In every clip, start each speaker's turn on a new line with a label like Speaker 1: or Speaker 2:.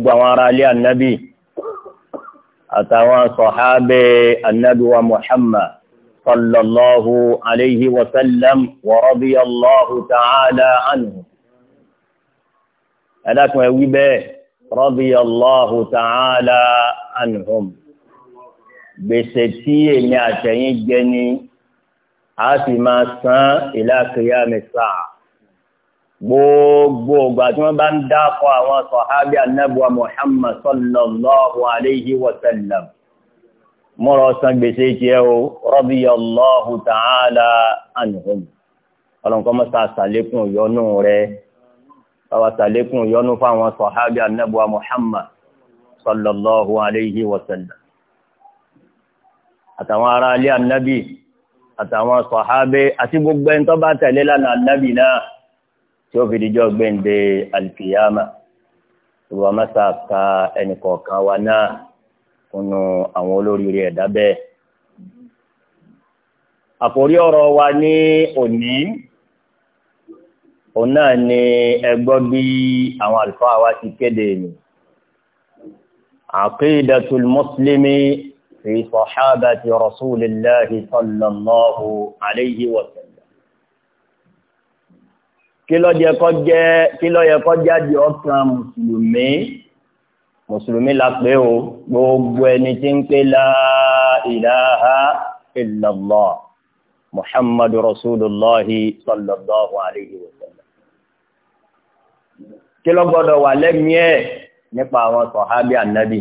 Speaker 1: gbogbo àwọn ará ilé ànábì àtàwọn sọ̀hábẹ́ ànábìwa Muhammad sallallahu alayhi wa sallam wa radiyallahu ta'ala anhu. ẹ dákun ẹ wí bẹ́ẹ̀ radiyallahu ta'ala anhum. gbèsè tí èmi àtẹ̀yìn jẹ ni a sì máa san ila qiyam gbogbo ọgbà tí wọ́n bá ń dákọ̀ àwọn sọ̀hábí anábùwà Muhammad sallallahu alayhi wa sallam mọ́rọ̀ san gbèsè tiẹ̀ o radiyallahu ta'ala anhum ọlọ́nkọ́ mọ́ sá sàlékún ìyọnú rẹ̀ bàbá sàlékún fáwọn sọ̀hábí anábùwà Muhammad sallallahu alayhi wa àtàwọn ará ilé àtàwọn sọ̀hábí àti gbogbo ẹni tó bá tẹ̀lé lánàá anábì náà tí ó fi dijọ́ gbẹ̀ǹde alikiyama ìwà masa ka ẹnìkọ̀ọ̀kan wa náà kunu àwọn olóríire ẹ̀dá bẹ́ẹ̀. àkórí ọ̀rọ̀ wa ní òní òun náà ni ẹ bí àwọn àlùfáà wa ti kéde ni. عقيدة المسلم في صحابة رسول الله صلى الله عليه وسلم kí ló yẹ kó jẹ́ kí ló yẹ kó jáde ọkàn mùsùlùmí mùsùlùmí la pé o gbogbo ẹni tí ń pè la ilaha illallah muhammadu rasulillahi sallallahu alayhi wa sallam kí ló gbọ́dọ̀ wà lẹ́mìí ẹ̀ nípa àwọn sọ̀hábí ànábì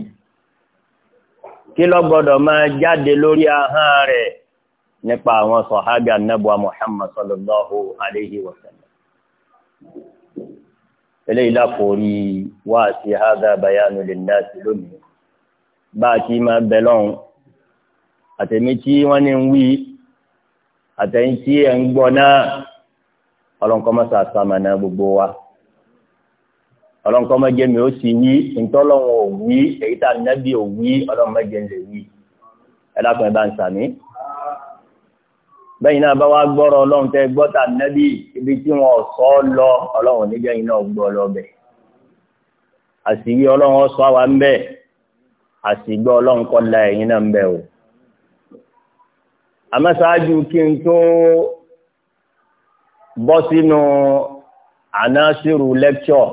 Speaker 1: kí ló gbọ́dọ̀ máa jáde lórí ahọ́n rẹ̀ nípa àwọn sọ̀hábí ànábì wa muhammad sallallahu alayhi wa sallam eléyìí lákòórí wá sí hadha bayanu linnasi lónìí bá a ti máa bẹ lọ́hùn àtẹ̀mí tí wọ́n ní ń wí àtẹ̀yìn tí ẹ̀ ń gbọ́ náà ọlọ́nkọ́mọ́sá sàmànà gbogbo wa ọlọ́nkọ́mọ́jẹ́ mi ó sì wí ntọ́lọ́wọ̀n ò wí èyí tá nàbí ò wí ọlọ́mọdé lè wí ẹ dákun bá ń sàmì. bẹ́ẹ̀ náà bá wá gbọ́rọ̀ ọlọ́run tẹ́ gbọ́ta nẹ́bí ibi tí wọ́n sọ lọ ọlọ́run níjẹ́ iná gbọ́ lọ ọlọ́run ọsọ sọ ń bẹ̀ àṣìgbọ́ ọlọ́run kọ́ la náà o. kí n tó bọ́ sínú lẹ́kṣọ̀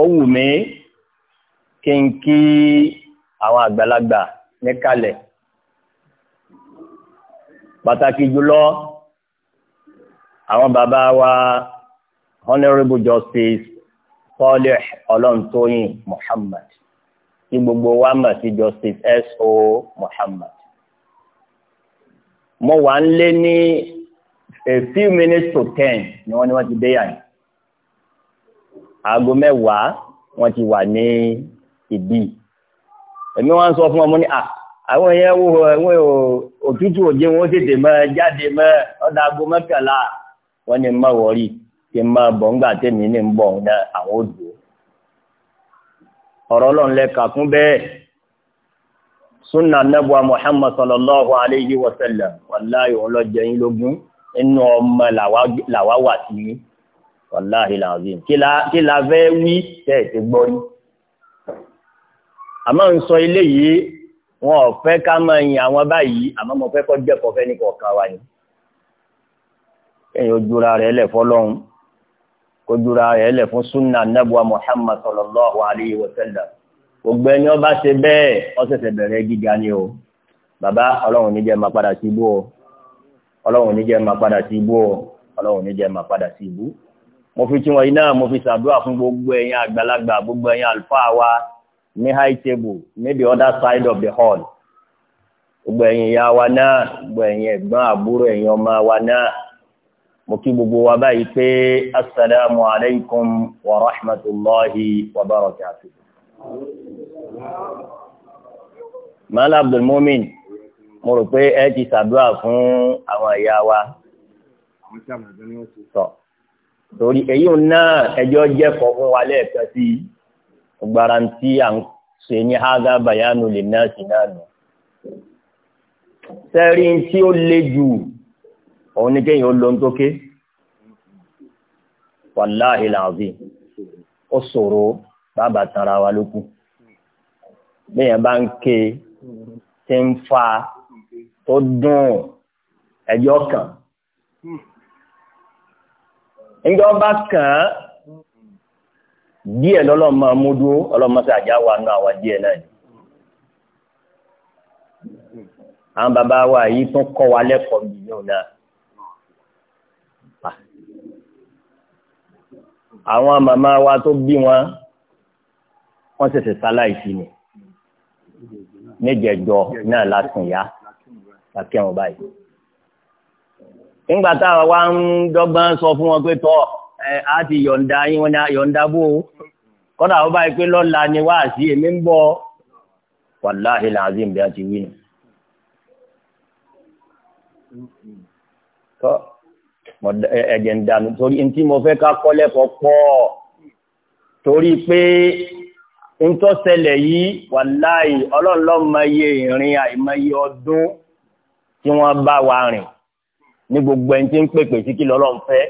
Speaker 1: ó wù mí kí pàtàkì jùlọ àwọn bàbá wa honourable justice Salih Ọlọ́ntóyìn Muhammad tí gbogbo wa mọ̀ sí justice S.O. Muhammad mo wà ń lé ní a few minutes to ten ni wọ́n ní wọ́n ti dé yàn aago mẹ́wàá wọ́n ti wà ní ìdí èmi wọ́n sọ fún ọmọ ní à. Ah, àwọn yẹn wo àwọn òtútù òjé wọn tètè mọ jáde mọ ọdọ aago mọ́kànlá wọn ni mọ wọrí kí n máa bọ̀ ńgbà tèmi ní bọ̀ ọ̀nà àwọn odò ọ̀rọ̀ ọlọ́run lẹ́ka kún sunna anabuwa muhammad sallallahu alayhi wa sallam wàláyé wọn lọ jẹyìn lógún inú ọmọ làwa wà sí i wàláhì làzim kí la fẹ́ wí tẹ̀ ẹ̀ ti gbọ́ yìí. àmọ́ ń sọ wọn ò fẹ́ ká máa yin àwọn báyìí àmọ́ mo fẹ́ kọ́ jẹ́kọ̀ọ́ fẹ́ ní kọ̀ọ̀kan wa ni. kéèyàn ojúra rẹ̀ lẹ̀ fọlọ́run kojúra rẹ̀ lẹ̀ fún sunna anabuwa muhammad sallallahu alayhi wa sallam gbogbo ẹni ọba ṣe bẹ́ẹ̀ ó ṣẹ̀ṣẹ̀ bẹ̀rẹ̀ gíga ni o Baba ọlọ́run níjẹ́ máa padà sí ibú o ọlọ́run níjẹ́ máa padà sí ibú o ọlọ́run níjẹ́ máa padà sí ibú mo fi tiwọn yìí náà mo fi ṣàdúrà fún gbogbo ẹ̀yin àgbàlagbà gbogbo ẹ̀yin àlùfáà wa ní high table maybe other side of the hall gbogbo ẹ̀yin ìyá wa náà gbogbo ẹ̀yin ẹ̀gbọ́n àbúrò ẹ̀yin ọmọ wa náà mo kí gbogbo wa báyìí pé asalaamu alaykum wa rahmatulahi wa barakatu. maala abdulmumin mo rò pé ẹ ti ṣàdúrà fún àwọn ìyá wa. tọ́ torí èyí ò náà ẹjọ́ jẹ́ kọ́ fún wa lẹ́ẹ̀kan sí i gbaranti à ń ṣe ní haza bayanu lè náà sí náà nù. sẹ́rí tí ó le jù òun ni kéèyàn ó lo ń tókè wàláhì làǹfì ó ṣòro bàbá tanra wa ló bẹ́ẹ̀ bá ń ké tí ń fa tó dùn ẹjọ́ kan. ǹjọ́ bá díẹ̀ lọ́lọ́run máa mú dúró ọlọ́run máa ṣàjà wà nù àwa díẹ̀ náà ni. àwọn bàbá wa yìí tún kọ́ wa lẹ́kọ̀ọ́ yìnyín náà. Ah. àwọn màmá wa tó bí wọn wọ́n ṣẹ̀ṣẹ̀ ṣaláìsí ni méjèèjọ náà lásùn yá lákẹ́wọn báyìí. nígbà táwa wá ń dọ́gbọ́n sọ fún wọn pé tọ́ ọ á eh, ti yọ̀ǹda yín wọ́n ní yọ̀ǹda bó o kọ́dà ó báyìí pé lọ́la ni wá sí èmi ń bọ̀ wàláhì làzim bí a ti wí nù. tọ́ ẹ̀jẹ̀ ń dànù torí ntí mo fẹ́ ká kọ́ lẹ́kọ̀ọ́ pọ̀ torí pé ntọ́sẹlẹ̀ yìí wàláhì ọlọ́ọ̀lọ́mọye ìrìn àìmọye ọdún tí wọ́n bá wa rìn ní gbogbo ẹni tí ń pèpè sí kí lọ́lọ́run fẹ́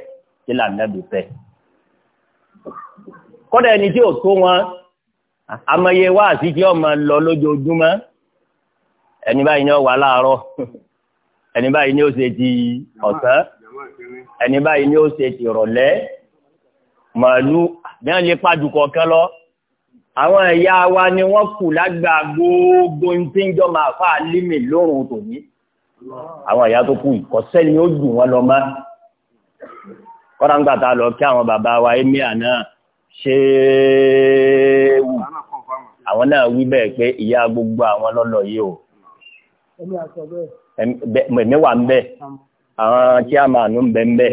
Speaker 1: kí là nàbì fẹ́ kódà ẹni tí ò tó wọn amẹyẹ wá àti tí ọmọ lọ lójoojúmọ́ ẹni báyìí ni ó wà láàárọ̀ ẹni báyìí ni ó ṣe ti ọ̀sán ẹni báyìí ni ó ṣe ti ìrọ̀lẹ́ màálù bí wọn lè pàdù kọ̀ọ̀kan lọ àwọn ẹ̀yà wa ni wọ́n kù lágbà gbogbo tí ń jọ máa fà límì lórun tòní àwọn ẹ̀yà tó kù ìkọ̀sẹ́ ni ó dùn wọn lọ mọ́ kọ́ra ń gbà tá a lọ kí àwọn bàbá wa emir náà ṣe é wù àwọn náà wí bẹ́ẹ̀ pé ìyá gbogbo àwọn lọ́lọ́ yìí o ẹ̀mí wà ń bẹ̀ àwọn tí a máa nú ń bẹ̀ ń bẹ̀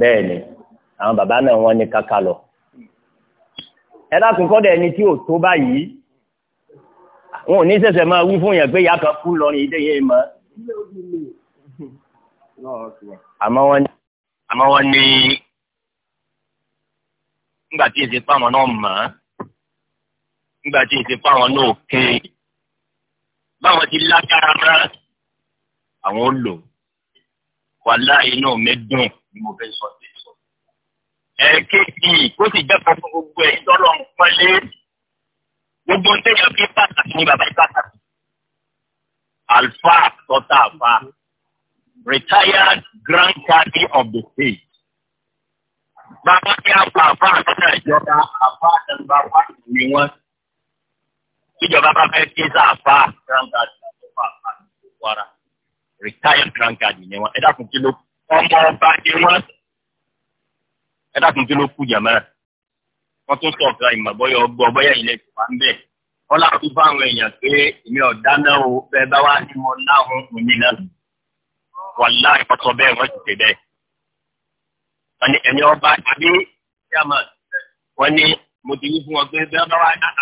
Speaker 1: bẹ́ẹ̀ ni àwọn bàbá náà wọ́n ní kàkà lọ. ẹ dákun kọ́ ẹni tí ò tó báyìí wọn ò ní ṣẹ̀ṣẹ̀ máa wí fún yẹn pé ìyá kan kú lọ ní ilé yẹn mọ́ àmọ́ wọ́n ní àmọ́ wọ́n ní nígbà tí èsì fáwọn náà mọ̀ ọ́ nígbà tí èsì fáwọn náà ké
Speaker 2: báwọn ti lágbára rẹ àwọn ò lò wàláhì inú mi dùn ni mo fẹ́ sọ sí sọ. ẹ̀ẹ́kejì
Speaker 3: kó
Speaker 1: sì jẹ́ fún gbogbo ẹ̀ tọ́lọ̀ ń pọ́nlé gbogbo ń tẹ̀yọ̀ fi pàtàkì ní bàbá ìpàtàkì àlùfáà tọ́ta àfáà retired
Speaker 2: grand caddy of the state. Bàbá ní apá àbá àtúnṣe ìjọba àbá àtẹnubá wà ní wọn. Ìjọba bá fẹ́ kí sá àbá
Speaker 1: grand caddy àbá àbá wàrà. Retired grand caddy ni wọn. Ẹ
Speaker 2: dákun kí ọmọ ọba ni wọn. Ẹ dákun kí kú jàmọ́. Wọ́n tún sọ̀kan ìmọ̀ bọ́yọ̀ ọgbọ́n bọ́yà ilẹ̀ tó wà ń bẹ̀ wọ́n láti àwọn èèyàn
Speaker 1: pé èmi ọ̀dáná o fẹ́ bá wá ní mo náà ń pè mí náà wàláì pọtọ bẹ́ẹ̀ wọ́n ti tẹ bẹ́ẹ̀. wọ́n ní ẹ̀mí ọba àbí yàmà wọ́n ní mo ti wí fún wọn pé bí wọ́n bá wà dáa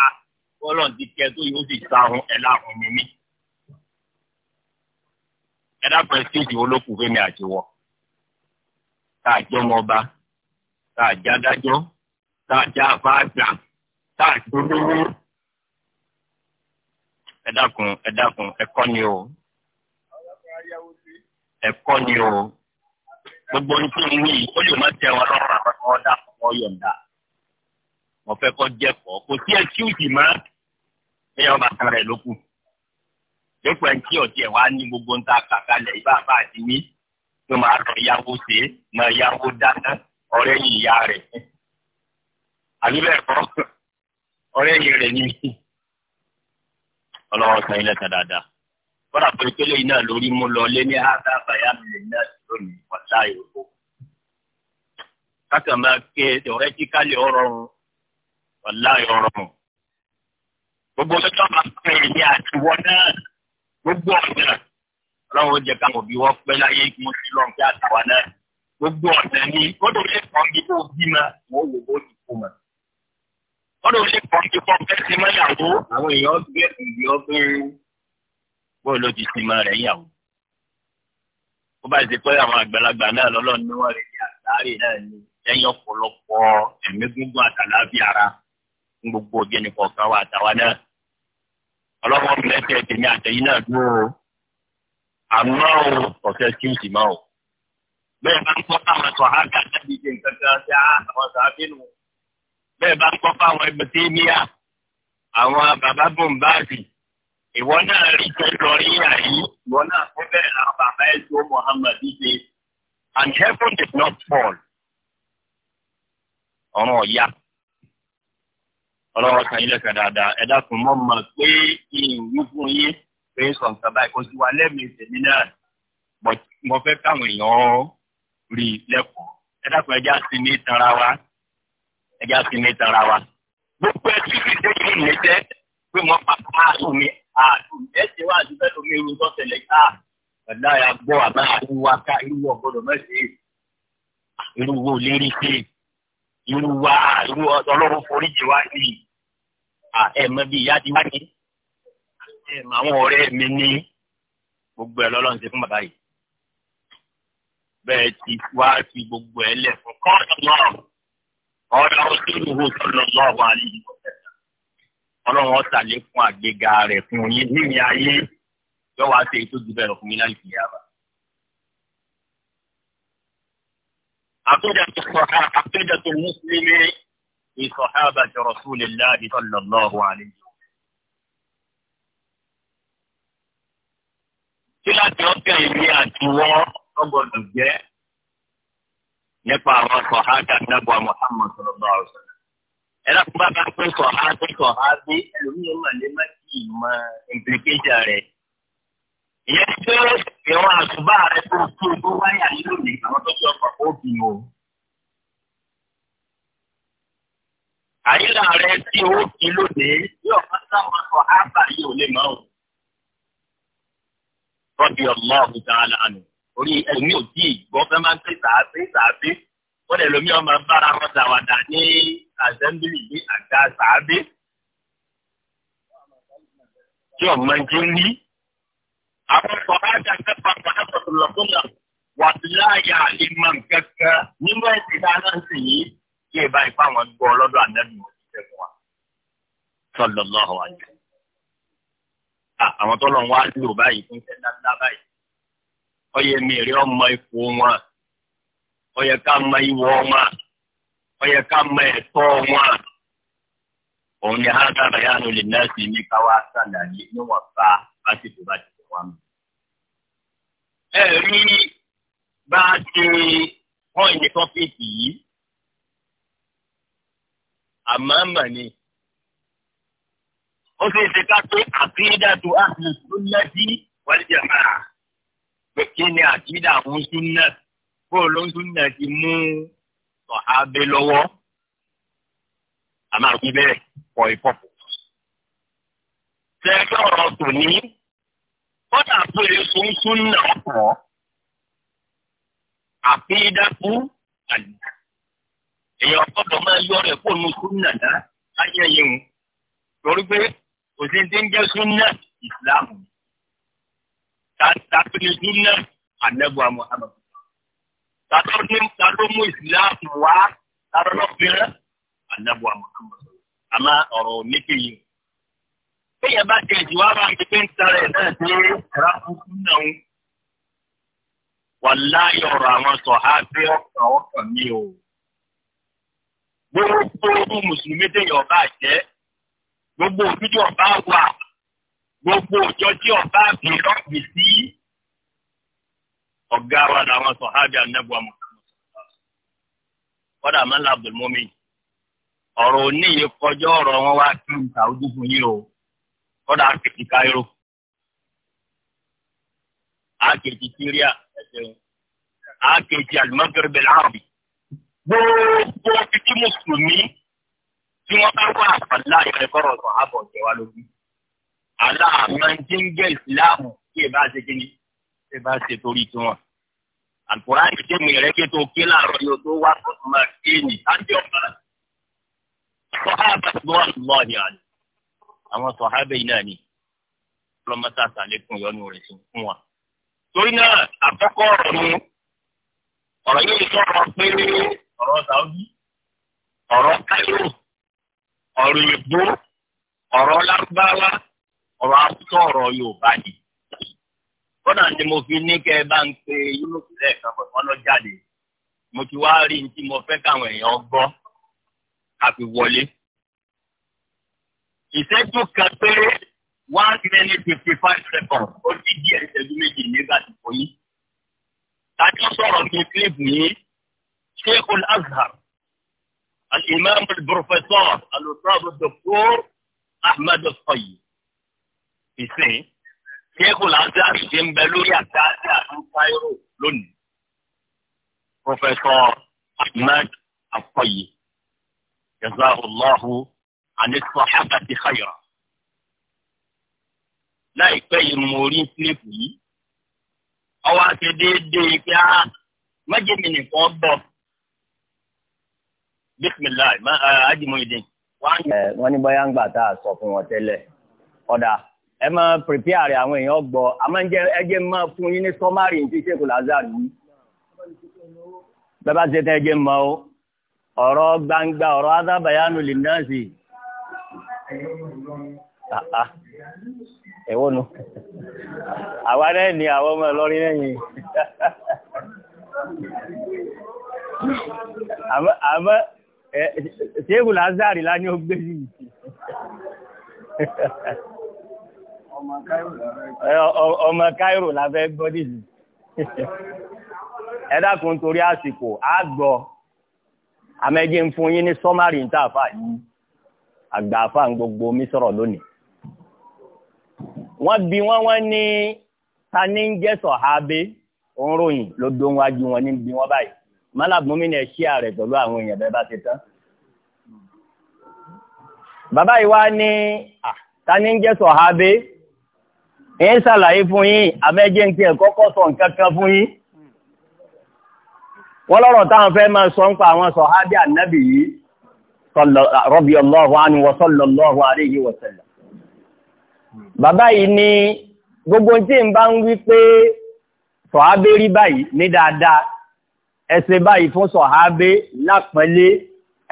Speaker 1: bọ́lọ̀ ti kẹ́ tó yóò sì sa ahun ẹ̀ láhùn mi mí. ẹ dákun
Speaker 2: ẹ stéèjì wo ló kù fẹ́mi
Speaker 1: àtiwọ́ tá a jẹ́ ọmọ ọba tá a já dájọ́ tá a já afá àgbà tá a tó lówó. ẹ dákun ẹ dákun ẹ kọ́ ni o ẹ̀kọ́ ni
Speaker 2: o gbogbo ní kí n wí ó lè má tẹ wọn lọ́rùn àwọn ọmọ ọ̀dà ọmọ yọ̀ǹda mo fẹ́ kọ́ jẹ́kọ̀ọ́ kò sí ẹ̀kíwìtì mọ́ ẹ̀ ọba kan rẹ̀ ló
Speaker 1: kù dẹ́kun ẹ̀ tí ọ̀tí ẹ̀ wá ní gbogbo ń ta kàkálẹ̀ ibà bá ti ní tó máa lọ yàwó ṣe máa yàwó dáná ọ̀rẹ́ yìí ìyá rẹ̀ àbí bẹ́ẹ̀ kọ́ ọ̀rẹ́ yìí rẹ̀ ní ọlọ́wọ́ sọ ilẹ̀ kan dáadáa kọ́dà pé pélé iná lórí mú lọ lé ní àgbà bàyá mi náà lónìí wọ́tá ìròkó. kákan máa ké tẹ̀wẹ́tíkálì ọ̀rọ̀run wọ́lá ìrọ̀rùn. gbogbo ọjọ́ máa pẹ́ ẹ̀mí àtiwọ́ náà gbogbo ọ̀nà ọlọ́run jẹ́ káwọn òbí wọ́n pẹ́ láyé kí wọ́n ti lọ́n kí àtàwa náà gbogbo ọ̀nà ni kódò lè kàn bí kò bímọ
Speaker 3: wọ́n wò ó ti
Speaker 1: kú mọ́. kódò lè bí kò
Speaker 2: bẹ́ẹ̀ bóyá ló ti sinmi rẹ̀ yàwó ó bá ti pẹ́ àwọn àgbàlagbà náà lọ́lọ́ ní wọ́n rẹ̀ yà láàrin náà ní lẹ́yìn ọ̀pọ̀lọpọ̀ ẹ̀mí gúngún àtàlábí ara ní gbogbo òjò nìkan kan wà àtàwa náà
Speaker 1: ọlọ́wọ́ mẹ́tẹ̀ tèmi àtẹ̀yìn náà dúró àmọ́ ò
Speaker 2: ọ̀sẹ̀ tí ó sì máa o
Speaker 1: bẹ́ẹ̀ bá ń kọ́ fáwọn ẹ̀sọ́ àgà láti ṣe nǹkan kan sí àwọn sàbínú bẹ́ẹ̀ bá ń kọ́ fáwọn ẹgbẹ́ tèmíà
Speaker 2: ìwọ náà rí
Speaker 1: tẹ́lọrí àyí ìwọ náà tó bẹ̀rẹ̀ náà bàbá ẹ̀ tó Muhammad ṣe and heaven did not fall ọ̀ràn ọ̀yá ọlọ́wọ́ kan ilé kan dáadáa ẹ dákun mọ́ mọ́ pé ìwú fún yín pé sọ̀nkà báyìí kò sí wa lẹ́mìí tèmi náà mo fẹ́ káwọn èèyàn rí lẹ́kọ̀ọ́ ẹ dákun ẹja sí ní tanra wa ẹja sí ní tanra wa gbogbo ẹ tí kìí ṣe yìí lè jẹ́ pé mo pàpà àtúnmi
Speaker 2: ẹsẹ̀ wa àti bẹ́ẹ̀ lómi irú tó tẹ̀lé ká ah, ẹ̀dá ya gbọ́ àbá irú wa ká irú wa gbọ́dọ̀ mẹ́sẹ̀
Speaker 1: irú wo lérí pé irú wa irú ọlọ́run forí jì wá sí ah, ẹ̀ mọ bí ìyá ti wá ní
Speaker 3: ẹ̀ mọ àwọn ọ̀rẹ́
Speaker 1: mi ní gbogbo ẹ̀ lọ́lọ́run ṣe fún bàbá yìí bẹ́ẹ̀ ti wá fi gbogbo ẹ̀ lẹ̀ fún kọ́ọ̀tù náà ọ̀rọ̀ ọ̀sùn ìhòòhò sọ̀rọ̀ lọ́wọ́ àlejò ọlọ́run ọ̀sàlékún àgbéga rẹ̀ fún
Speaker 2: yín níbi ayé yóò wá ṣe ètò ìdìbò ẹ̀rọ fún mi láì fìyà bá. àpéjọ tó mùsùlùmí
Speaker 1: ìsọ̀hábà rasulillahi sallallahu alaihi wasallam. tí láti ọ̀sẹ̀ èmi àti wọ́n jẹ́ nípa àwọn sọ̀hábà nàbọ̀ Muhammad sallallahu alaihi wasallam ẹ̀rọ fún bàbá pé kọ̀ á pé kọ̀ á gbé ẹlòmíràn mà lè má kì í mọ implication rẹ̀. ìyẹn ti pé ìwọ̀n àtúbà rẹ̀ tó kú ojú
Speaker 3: wáyà nínú mi àwọn tó fi ọkọ̀ kó bì o.
Speaker 1: àyílà rẹ̀ tí ó fi lóde yóò fọ́ sáwọn kọ̀ á bà yóò lè mọ́ o. rọ́bì ọ̀mọ́ ọ̀gùn tán lánàá orí ẹ̀mí ò gbọ́ fẹ́ máa ń pè sàáfẹ́ sàáfẹ́ wọ́n lè lómi ọmọ bára wọn ṣàwàdà ní assembly ní àga sàábé tí ọmọ ń jí ń rí. àwọn ọ̀rọ̀ ajá kẹfà pàtàkì lọ́kùn náà wà láàyè àlèmọ̀ kẹkẹ nínú ẹ̀sìn dáná sí yìí kí ẹ bá ipá wọn gbọ́ lọ́dọ̀ àdánù ìṣẹ́ fún wa.
Speaker 2: sọlọ lọ́hùn àjẹ. àwọn tó lọ wá lò báyìí fún
Speaker 1: ìṣẹ́ dáadáa báyìí.
Speaker 2: ọyẹ mi rí ọmọ
Speaker 1: ipò wọn ó yẹ ká mọ ìwọ ọmọ ó yẹ ká mọ ẹ̀tọ́ ọmọ òun ni hada bayanu lè nẹẹsì ní káwá sàlàyé níwọn bá lásìkò bá ti tó wọn. ẹ rí bá a ti hàn ní tọ́pìkì yìí àmọ́ mà ni ó sì ṣe ká pé àkídàtu ahlu sunnati wal jamaa pé kí ni àkídà àwọn súnà bóòlù ńsúnyà ti mú
Speaker 2: ọ̀hábẹ́ lọ́wọ́ àmọ́ àbí bẹ́ẹ̀ pọ̀ ìpọ̀pọ̀. Sẹ́ẹ̀kẹ́ ọ̀rọ̀
Speaker 3: tò ní kọ́dà péré súnsúnà ọ̀pọ̀ àfídákú àdá. Èèyàn gbọ́dọ̀ máa yọ rẹ̀
Speaker 1: kó nu súnà dá ayẹyẹ wọn. Torí pé kò sí ti ń jẹ́ súnà ìsìláàmù. Tàbí súnà àdẹ́gbọ̀ àmọ́ àmọ́ tàbí ní tàbí mú ìsìláàmù wá tàbí lọ́gbẹ̀rẹ́ àdàbọ̀ àmọ̀kànmọ̀ àmọ́ ọ̀rọ̀ níbi yìí. Bẹ́ẹ̀ bá jẹ ìjìwá bá ń gbé ń tara ẹ̀ náà dé
Speaker 3: rákùnkùn náà ń.
Speaker 1: Wàláyé ọ̀rọ̀ àwọn
Speaker 2: sọ̀hábí ọ̀kan ọ̀kan mi o. Gbogbo ohun Mùsùlùmí téèyàn ọba jẹ́, gbogbo òbí tí ọba wà, gbogbo òjọ tí ọba bì lọ́ọ̀bì sí ọ̀gá wa
Speaker 1: làwọn sọ̀hábì ànẹ́bùwà mọ̀. kọ́dà mọ́lá abdulmọ́mí ọ̀rọ̀ oníyè kọjọ́ ọ̀rọ̀ wọn wá kí n ta ojú fún yín o kọ́dà àkèkì káírò àkèkì síríà àkèkì alimọ́gẹ́rẹ́ bẹ̀rẹ̀ àrùbí gbogbo títí mùsùlùmí tí wọ́n bá wà àpàlà ìrẹ́kọ̀rọ̀ sọ̀hábọ̀ jẹ́ wa lórí aláàmọ́ jíńgẹ́ ìsìláàmù kí ẹ bá ṣe kí ni ṣe bá ṣe torí tiwọn. àkùrá ìṣe mi rẹ kí tó ké láàárọ̀ yóò tó wá fún ọmọ kéènì láti ọ̀gá. sọ́hábà tó wà lọ́wọ́ ni àná. àwọn sọ́hábà yìí náà ni lọ́mọ́tà sàlékún yọnu rẹ̀ sí fún wa. torí náà àkọ́kọ́ ọ̀rọ̀ mi ọ̀rọ̀ yìí sọ̀rọ̀ pé
Speaker 3: ọ̀rọ̀ sàwùjí
Speaker 1: ọ̀rọ̀ káyọ̀ ọ̀rọ̀ ìbò ọ̀rọ̀ lárúbáwá ọ̀rọ̀ àwùjọ ọ̀rọ̀ Yorùbá ni kọ́nà ni mo fi ní kẹ́ ẹ bá ń pe yunus lẹ́ẹ̀kan pẹ̀lú ọlọ́jáde mo ti wá rí ní tí mo fẹ́ káwọn èèyàn gbọ́ àfi wọlé. ìṣẹ́jú kan péré one minute fifty five seconds ó ti di ìṣẹ́jú méjì nígbà tí kò yí. tájọ́ sọ̀rọ̀ ní kílíìpù yìí sheikh al-azhar al-imam
Speaker 2: al-professor al-ustad al-doctor ahmed al-tayyib. ìsìn ṣéèkù lazarus ti ń bẹ lórí àtàtì àti cairo lónìí pọfẹsọ ahmed akọyè jazakallahu anisọ abati khayra
Speaker 1: láìpẹ́ yìí mo rí sílẹ̀kù yìí ọwọ́ àti déédéé pé a ah, méjèèjì nìkan bọ̀ bisimilayi ah, ajimu idin. wọ́n ní bóyá ń gbà tá a sọ fún wọn tẹ́lẹ̀ ọ̀dà ẹ máa prepare rẹ̀ àwọn èèyàn gbọ́ a máa ń jẹ́ ẹjẹ́ máa fún yín ní sọ́márì tí sèkò lazaro yìí bẹ́ẹ̀ bá ṣe tẹ́ ẹjẹ́ mọ́ o ọ̀rọ̀ gbangba ọ̀rọ̀ adábàyánu lè náà sí ẹ̀wọ́ nu àwa náà ni àwọn ọmọ Ìlọrin lẹ́yìn àmọ́ sèkò lazaro la ní ó gbé yìí
Speaker 3: ọmọ
Speaker 1: Cairo la fẹ́ gbọ́ dìsí ẹ dákun torí àsìkò á gbọ́ amẹ́jì ń fún yín ní sọ́márì ń tàfà yìí àgbà àfà ń gbogbo mi sọ̀rọ̀ lónìí wọ́n bi wọ́n wọ́n ní ta ní ń jẹ́ sọ̀hábé ló dóhun wọn ní bí wọ́n báyìí málàbùnmí náà ààrẹ pẹ̀lú àwọn èèyàn bẹ́ẹ̀ bá ti tán bàbá yìí ní ah, ta ní ń jẹ́ ẹ ń ṣàlàyé fún yín abẹ́jẹ́ ń tiẹ̀ kọ́kọ́ sọ nǹkan kan fún yín wọ́n lọ́rọ̀ táwọn fẹ́ máa sọ ń pa àwọn sọ̀hábí ànábì yìí radiyallahu anhu wa sallallahu alayhi wa sallam bàbá yìí ni gbogbo tí ń bá ń wí pé sọ̀hábé rí báyìí ní dáadáa ẹsẹ̀ báyìí fún sọ̀hábé lápẹ́lé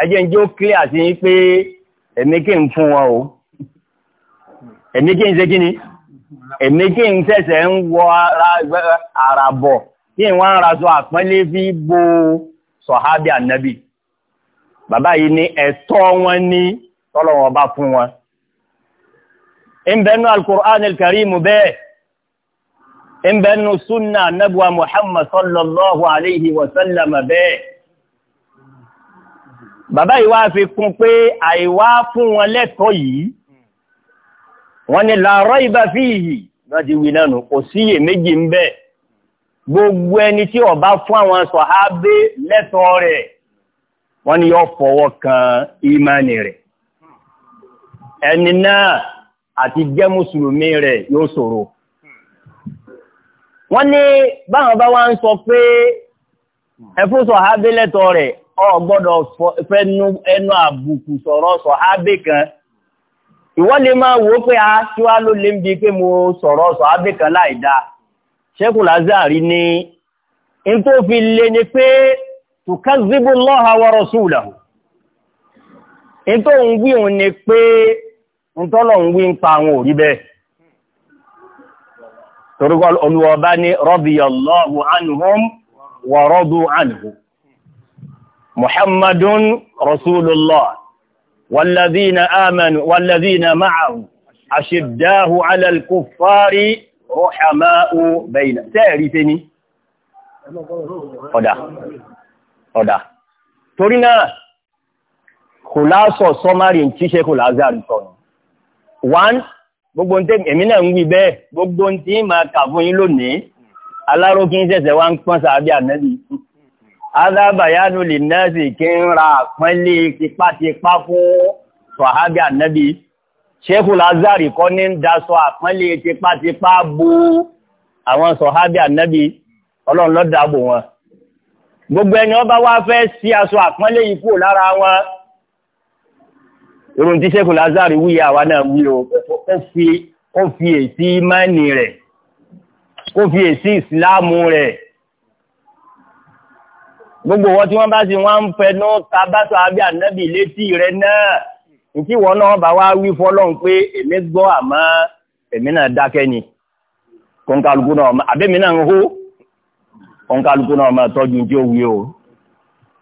Speaker 1: ẹjẹ́ ń jẹ́ ó clear sí pé èmi kí n fún wọn o èmi kí n ṣe kí ni èmi tí ń ṣẹ̀ṣẹ̀ ń wọ ara bọ̀ tí ń wọ́n ra sọ àpọ́nlé fi bo sọ̀hábì ànábì bàbá yìí ní ẹ̀tọ́ wọn ní tọ́lọ̀wọ̀n bá fún wọn ìbẹ̀nu al-Qur'an al-Karim bẹ́ẹ̀ ìbẹ̀nu súnà nẹ́bùwa Muhammad sallallahu alayhi wa sallam bẹ́ẹ̀ bàbá yìí wá fi kún pé àìwá fún wọ́n ní la rayba fihi láti wí náà nù kò síyè méjì ń bẹ gbogbo ẹni tí ó bá fún àwọn sọ̀hábé lẹ́tọ̀ọ́ rẹ̀ wọ́n ní yóò fọwọ́ kan ìmánì rẹ̀ ẹni náà àti jẹ́ mùsùlùmí rẹ̀ yóò ṣòro wọ́n ní báwọn bá wá ń sọ pé ẹfún sọ̀hábé lẹ́tọ̀ọ́ rẹ̀ ó gbọ́dọ̀ fẹnu ẹnu àbùkù sọ̀rọ̀ sọ̀hábé kan ìwọ lè máa wò ó pé a ah, kí wá ló lè ń bi pé mo sọ̀rọ̀ sọ abẹ́ kan láì dáa ṣẹ́kù lázàrí ni in tó fi lè ní pé tukazzibu Allaha wa rasulahu tó ń wí òun ni pé Muhammadun rasulullah والذين آمنوا والذين معه أشداه على الكفار رحماء بين تعرفني ọ̀dá ọ̀dá torí náà kò lásọ̀ sọ́márì tí ṣe kò lázàrí sọ̀rọ̀ one gbogbo tí èmi náà ń wí bẹ́ẹ̀ gbogbo tí ma kà fún yín lónìí aláró kí ń ṣẹ̀ṣẹ̀ wá ń pọ́n sàábí ànẹ́bí adábàyánu lè nẹ́ẹ̀sì kí ń ra pẹ́lẹ̀ tipátipá fún sọ̀hábí ànẹ́bí ṣékù lázàrì kọ́ ní ń daṣọ àpẹ́lẹ̀ tipátipá bú àwọn sọ̀hábí ànẹ́bí ọlọ́run ló dáàbò wọn gbogbo ẹni ọba wá fẹ́ sí aṣọ àpọ́nlé yìí kúrò lára wọn irun tí ṣékù lázàrì wúyẹ àwa náà wí o kó fi èsì ìmánì rẹ̀ kó fi èsì ìsìláàmù rẹ̀ gbogbo wọn tí wọn bá sì wọn ń fẹnu tabasa abẹ anabi létí rẹ náà ntí wọn náà bá wá wí fọlọ́n pé èmi gbọ́ àmọ́ èmi náà dákẹ́ ni kọ́ńkálukú náà ọmọ àbẹ́mi náà ń hó kọ́ńkálukú náà ọmọ tọ́jú tí ó wí o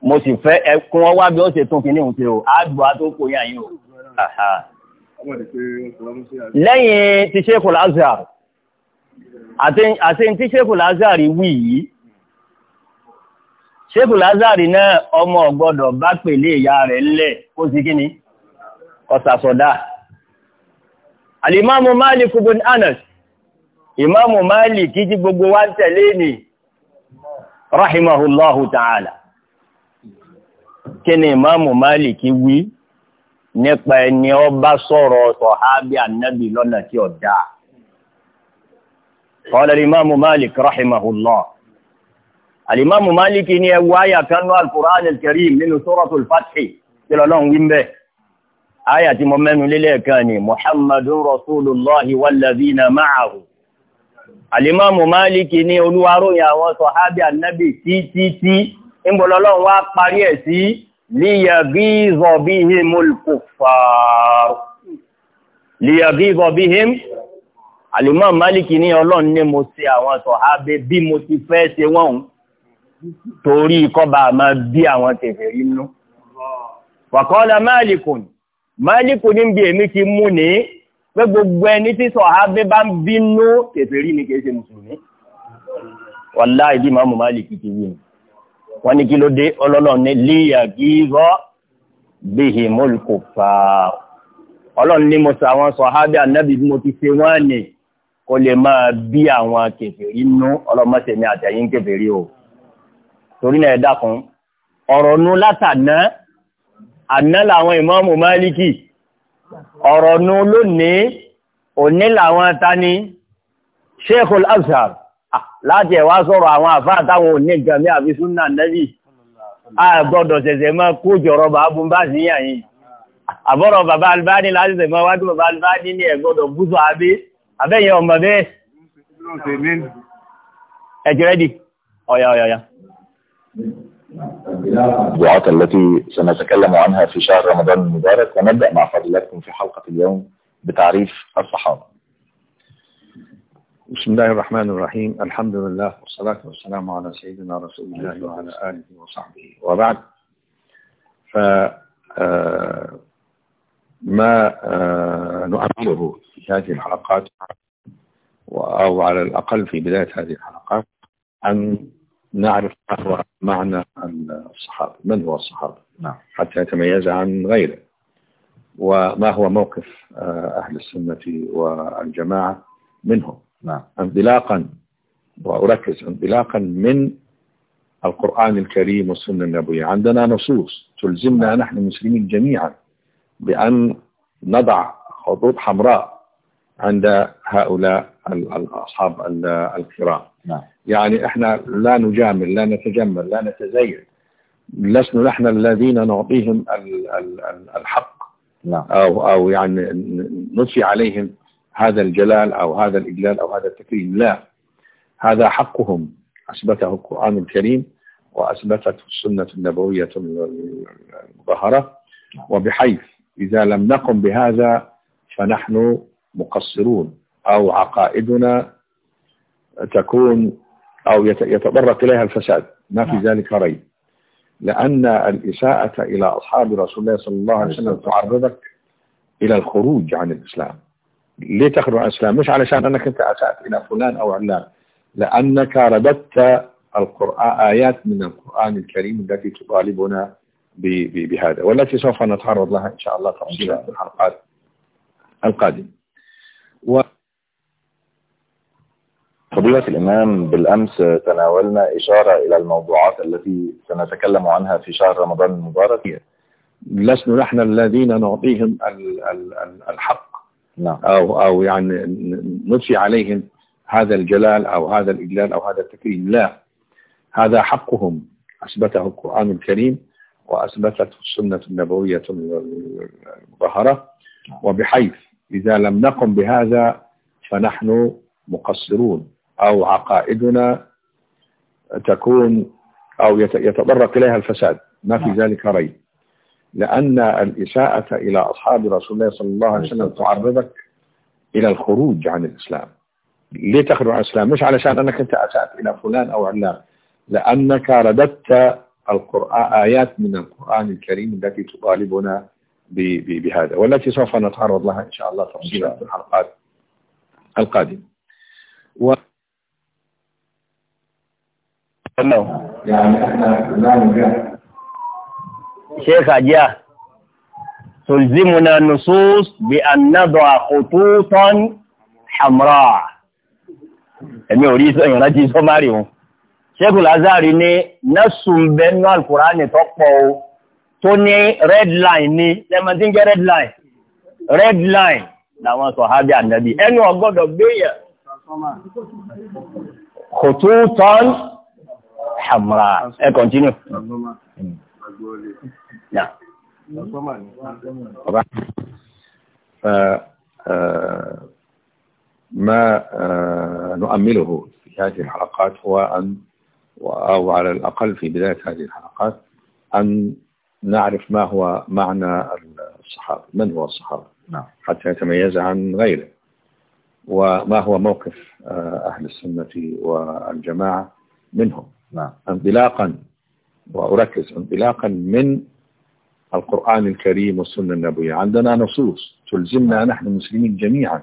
Speaker 1: mo sì fẹ́ ẹkún ọwọ́ abẹ́ ó ṣe tún kínní òun ṣe o àdùn àtòkò yà yín o. lẹ́yìn tí lazar àti tí sẹ́kù lazar wí yìí ṣékù lázàrì náà ọmọ ọ̀gbọ́dọ̀ bá pèlé ìyá rẹ̀ ńlẹ̀ kó sí kí ni ọ̀sàsọ̀dá alimamu Malik ibn Anas imamu Malik kí jí gbogbo wá ń tẹ̀lé ni rahimahullahu ta'ala kí ni imamu Malik kí wí nípa ẹni ọ bá sọ̀rọ̀ sọ̀hábí annabi lọ́nà tí ó dáa qala alimamu rahimahullahu alimamu maliki ni ẹwọ àyà kanú al-Qur'an al-Karim nínú suratul Fath tí lọ́lọ́run wí ń bẹ́ẹ̀ àyà tí mo mẹ́nu lélẹ̀ kan ni muhammadun rasulullahi wallazina ma'ahu alimamu maliki ni olúwaróyìn àwọn sọ̀hábí annabi tí tí tí ń bọ̀ lọ́lọ́run wá parí ẹ̀ sí liyaghiza bihim alimam maliki ni ọlọ́run ní mo ṣe àwọn sọ̀hábí bí mo ti fẹ́ ṣe wọ́n torí kọba máa bí àwọn tẹ̀fẹ̀ inú. Wàkọ́lá Máàlìkùn, Máàlìkùn ní bí èmi ti mú ní pé gbogbo ẹni tí sọ̀hábé bá ń bínú tẹ̀fẹ̀ rí ni kìí ṣe Mùsùlùmí. Wàlá ìdí Màmú Máàlìkì ti yìí. Wọ́n ní kí ló dé ọlọ́lọ́ ní torí náà ẹ̀dá kan ọ̀rọ̀ nu látàná àná làwọn ìmáàmù Málíkì ọ̀rọ̀ nu lónìí òní làwọn tani Sheikhul Azhar ah, láti ẹ̀wá sọ̀rọ̀ àwọn àfáà táwọn òní gàmí àfi súnà nẹ́bì àgbọ́dọ̀ ṣẹ̀ṣẹ̀ máa kó jọ̀rọ̀ bàbá bá sí yàyìn àbọ̀rọ̀ bàbá Albani láti ṣẹ̀ máa wájú bàbá Albani ní ẹ̀gbọ́dọ̀ búzọ abé abẹ́yẹ ọmọ bẹ́ẹ̀ ẹ̀jẹ̀rẹ́dì ọ̀yà ọ̀yà ọ̀yà
Speaker 2: الموضوعات التي سنتكلم عنها في شهر رمضان المبارك ونبدأ مع فضيلتكم في حلقة اليوم بتعريف الصحابة بسم الله الرحمن الرحيم الحمد لله والصلاة والسلام على سيدنا رسول الله وعلى آله وصحبه وبعد ف آه، ما آه، نؤمله في هذه الحلقات أو على الأقل في بداية هذه الحلقات أن نعرف ما هو معنى الصحابة من هو الصحابة نعم. حتى يتميز عن غيره وما هو موقف آه، أهل السنة والجماعة منهم نعم. انطلاقا وأركز انطلاقا من القرآن الكريم والسنة النبوية عندنا نصوص تلزمنا نعم. نحن المسلمين جميعا بأن نضع خطوط حمراء عند هؤلاء الأصحاب الكرام نعم. يعني احنا لا نجامل لا نتجمل لا نتزين لسنا نحن الذين نعطيهم الحق لا. نعم. أو, أو يعني نطفي عليهم هذا الجلال أو هذا الإجلال أو هذا التكريم لا هذا حقهم أثبته القرآن الكريم وأثبتته السنة النبوية المطهرة وبحيث إذا لم نقم بهذا فنحن مقصرون أو عقائدنا تكون أو يتطرق إليها الفساد ما في نعم. ذلك ريب لأن الإساءة إلى أصحاب رسول الله صلى الله عليه وسلم تعرضك إلى الخروج عن الإسلام ليه تخرج عن الإسلام مش علشان أنك أنت أسأت إلى فلان أو علان لأنك رددت القرآن آيات من القرآن الكريم التي تطالبنا بهذا والتي سوف نتعرض لها إن شاء الله تفصيلا في الحلقات القادمة و فضيلة الإمام بالأمس تناولنا إشارة إلى الموضوعات التي سنتكلم عنها في شهر رمضان المبارك لسنا نحن الذين نعطيهم الحق
Speaker 3: نعم. أو,
Speaker 2: أو يعني نطفي عليهم هذا الجلال أو هذا الإجلال أو هذا التكريم لا هذا حقهم أثبته القرآن الكريم وأثبتته السنة النبوية المظهرة نعم. وبحيث إذا لم نقم بهذا فنحن مقصرون أو عقائدنا تكون أو يتطرق إليها الفساد ما في نعم. ذلك ريب لأن الإساءة إلى أصحاب رسول الله صلى الله عليه وسلم تعرضك إلى الخروج عن الإسلام ليه تخرج عن الإسلام مش علشان أنك أنت أسأت إلى فلان أو علان لأنك رددت القرآن آيات من القرآن الكريم التي تطالبنا بهذا والتي سوف نتعرض لها إن شاء الله تفصيلا في الحلقات القادمة و ọ̀nà.
Speaker 1: Sheikh Ajia, Tulzimuna Nusus bi Annadu Akututan Hamra. Ẹ̀mí orí sọ́yìn rántí sọ́márì wọn. Sheikh Lazari ní Násùn Bẹ́nú Alkùránì tó pọ̀ o, tó ní red line ní, lẹ́mọ̀ tí ń jẹ́ red line. Red line làwọn sọ̀hábí ànábì. Ẹnu ọgọ́dọ̀ gbéyà. Kòtútọ́n حمراء
Speaker 2: كونتينيو إيه، نعم آه، آه، ما آه، نؤمله في هذه الحلقات هو أن أو على الأقل في بداية هذه الحلقات أن نعرف ما هو معنى الصحابة من هو الصحابة نعم. حتى يتميز عن غيره وما هو موقف أهل السنة والجماعة منهم نعم انطلاقا وأركز انطلاقا من القرآن الكريم والسنة النبوية عندنا نصوص تلزمنا نعم. نحن المسلمين جميعا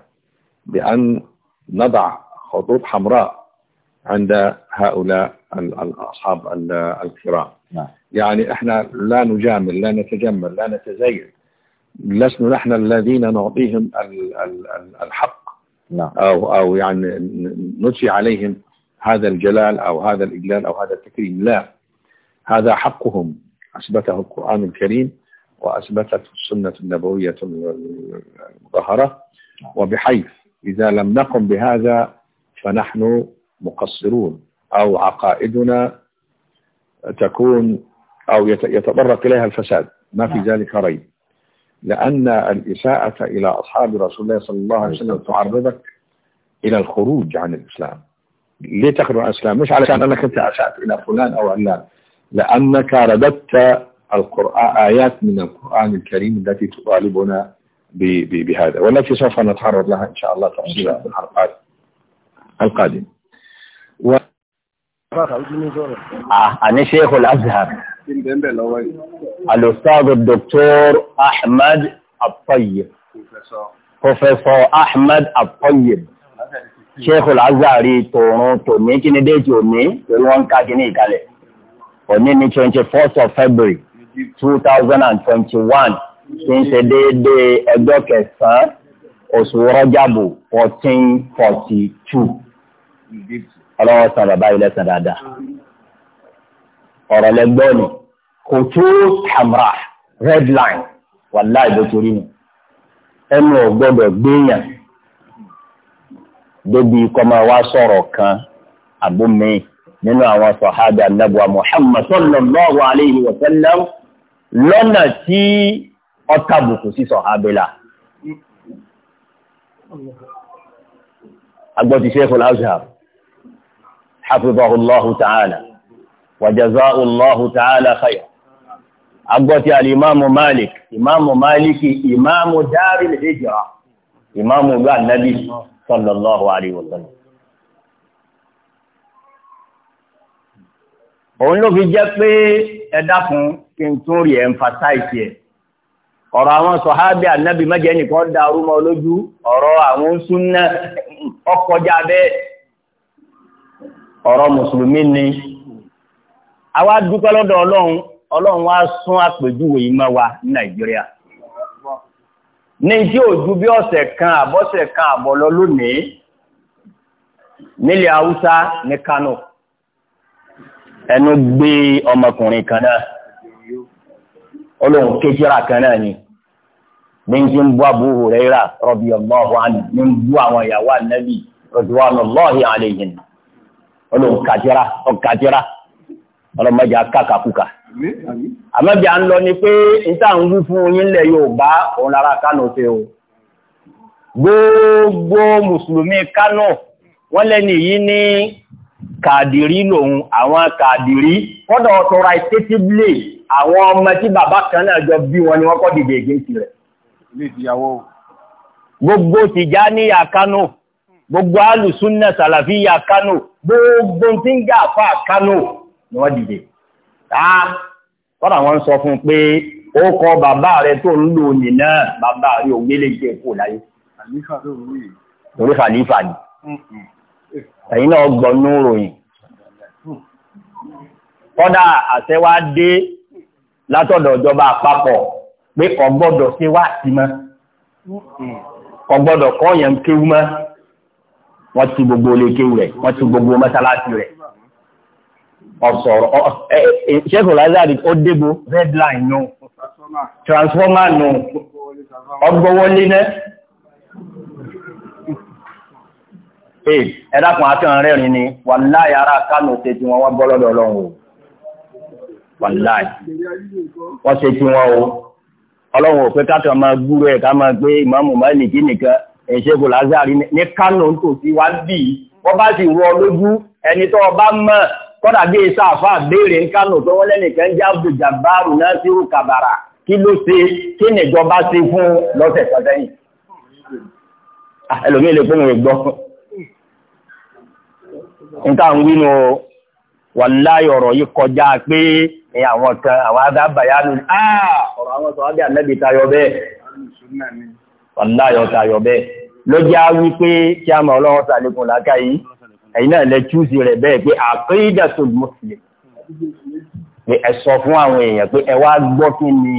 Speaker 2: بأن نضع خطوط حمراء عند هؤلاء الأصحاب الكرام نعم. يعني احنا لا نجامل لا نتجمل لا نتزين لسنا نحن الذين نعطيهم الحق نعم. أو, أو يعني نجي عليهم هذا الجلال أو هذا الإجلال أو هذا التكريم لا هذا حقهم أثبته القرآن الكريم وأثبتته السنة النبوية المظهرة وبحيث إذا لم نقم بهذا فنحن مقصرون أو عقائدنا تكون أو يتطرق إليها الفساد ما في نعم. ذلك ريب لأن الإساءة إلى أصحاب رسول الله صلى الله عليه وسلم نعم. تعرضك إلى الخروج عن الإسلام ليه تخرج عن الإسلام مش علشان أنك أنت أسأت إلى فلان أو علان لأنك رددت القرآن آيات من القرآن الكريم التي تطالبنا بهذا والتي سوف نتعرض لها إن شاء الله تفصيلا في الحلقات القادمة و... آه، أنا شيخ الأزهر الأستاذ الدكتور أحمد
Speaker 1: الطيب بروفيسور أحمد الطيب sheikh al-azari tòrun tòní kíni déètì òní torí wọn ń ka kíní ìkàlẹ̀ òní ní twenty first of february two thousand and twenty one tí ń ṣe déédéé ẹgbẹ́ kẹsàn-án oṣù rọ́jàbù fourteen forty two ọlọ́wọ́ san bàbá ilẹ̀ san dáadáa ọ̀rọ̀ lẹ́gbẹ́ ni kò tó hamra red line wàláì bó torí ni ẹnu ò gbéyàn débi kọ́mọ wa sọ̀rọ̀ kan àbúmi nínú àwọn sọ̀hádà nàbùwà Muhammad sallallahu alayhi wa sallam lọ́nà
Speaker 2: tí ọ̀tá
Speaker 1: bùkún sí sọ̀hábìlà. agbọ́tí Sheikhul Azhar hafizahullahu ta'ala wa jazahullahu ta'ala khayr agbọ́tí alimamu Malik imamu Maliki imamu daril hijra imamu gbà nàbí. sallallahu alayhi wa sallam. òun ló fi jẹ́ pé ẹ dákun kí n tún rí emphasize ẹ̀ ọ̀rọ̀ àwọn sọ̀hábí ànábì nìkan da orúmọ lójú ọ̀rọ̀ àwọn súnná ọkọjá bẹ́ẹ̀ ọ̀rọ̀ mùsùlùmí ni àwa dúpẹ́ lọ́dọ̀ ọlọ́run ọlọ́run wá sún àpèjúwe ìmọ̀ wa ní ní tí ò ju bí ọ̀sẹ̀ kan àbọ̀sẹ̀ kan àbọ̀ lọ lónìí nílẹ̀ haúsá ní kánò ẹnu gbé ọmọkùnrin kan náà olóhùn kéjìrà kan náà ni bíńkì ń bú Abu Huraira radiyallahu anhu ní ń bú àwọn ìyàwó ànábì radwanullahi alayhin olóhùn kàjẹ́ra ọ̀kàjẹ́ra ọlọ́mọdé akákàkùkà àmọ́bí à ń lọ ni pé ìta ń wú fún yínlẹ̀ Yorùbá òun lára Kánò tẹ o gbogbo mùsùlùmí Kánò wọ́n lẹ́ni yìí ní kàdìrí lòun àwọn kàdìrí kọ́dọ̀ ọ̀tọ̀ra ìtẹ́tíblé àwọn ọmọ tí bàbá kan náà jọ bí wọn ni wọ́n kọ́ dìde ègéǹtì rẹ̀ gbogbo ni wọ́n dìde á kọ́nà wọ́n sọ fún pé ó kọ bàbá rẹ tó ń lò ní náà bàbá rẹ ò gbélé jẹ kó láyé torí khalifa ni ẹ̀yin náà gbọ́nú ròyìn kọ́dà àṣẹwá dé látọ̀dọ̀ ìjọba àpapọ̀ pé kò gbọ́dọ̀ ṣe wá sí mọ́ kò gbọ́dọ̀ kọ́ yẹn kéwú mọ́ wọ́n ti gbogbo olè kéwú rẹ̀ wọ́n ti gbogbo mọ́sálásí rẹ̀ ọ̀sọ̀rọ̀ ṣẹ́kù lazard ó débò red line nù transformer nù ọgbọ́wọ́lé náà ẹ̀dàkùn àtàn rẹ̀rin ni wàláì ara kánù ṣe tí wọ́n wá bọ́lọ́dọ̀ lọ́wọ́ wàláì
Speaker 3: wọ́n ṣe tí wọ́n o
Speaker 1: ọlọ́run ò pé káàtọ̀ máa gbúrò ẹ̀ ká máa gbé ìmáàmù Málíkì nìkan ẹ̀ṣẹ́kù lazard ní kánù tòsí wá bì wọ́n bá sì wọ lójú ẹni tó ọba mọ́ kọ́dà bí i sáàfà béèrè ń kánò tó wọ́n lẹ́nìkan já bùjà báàrù náà sí ó kàbàrà kí ló ṣe kí nìjọba ṣe fún lọ́sẹ̀ sọ́sẹ́yìn ah, ẹlòmíì lè fún mi gbọ́ nǹkan ń wínú wàláyé ọ̀rọ̀ yìí kọjá pé àwọn kan àwọn adábàyá ní ah, ọ̀rọ̀ àwọn sọ̀rọ̀ bí ànábì tayọ bẹ́ẹ̀ wàláyé ọ̀tayọ bẹ́ẹ̀ lọ́jà wípé kí a mọ̀ ọlọ́wọ́ sàlékún làákàyè ẹ̀yin náà lẹ chúùsì rẹ̀ bẹ́ẹ̀ pé aqidatul muslim pé ẹ sọ fún àwọn èèyàn pé ẹ wá gbọ́ kí ni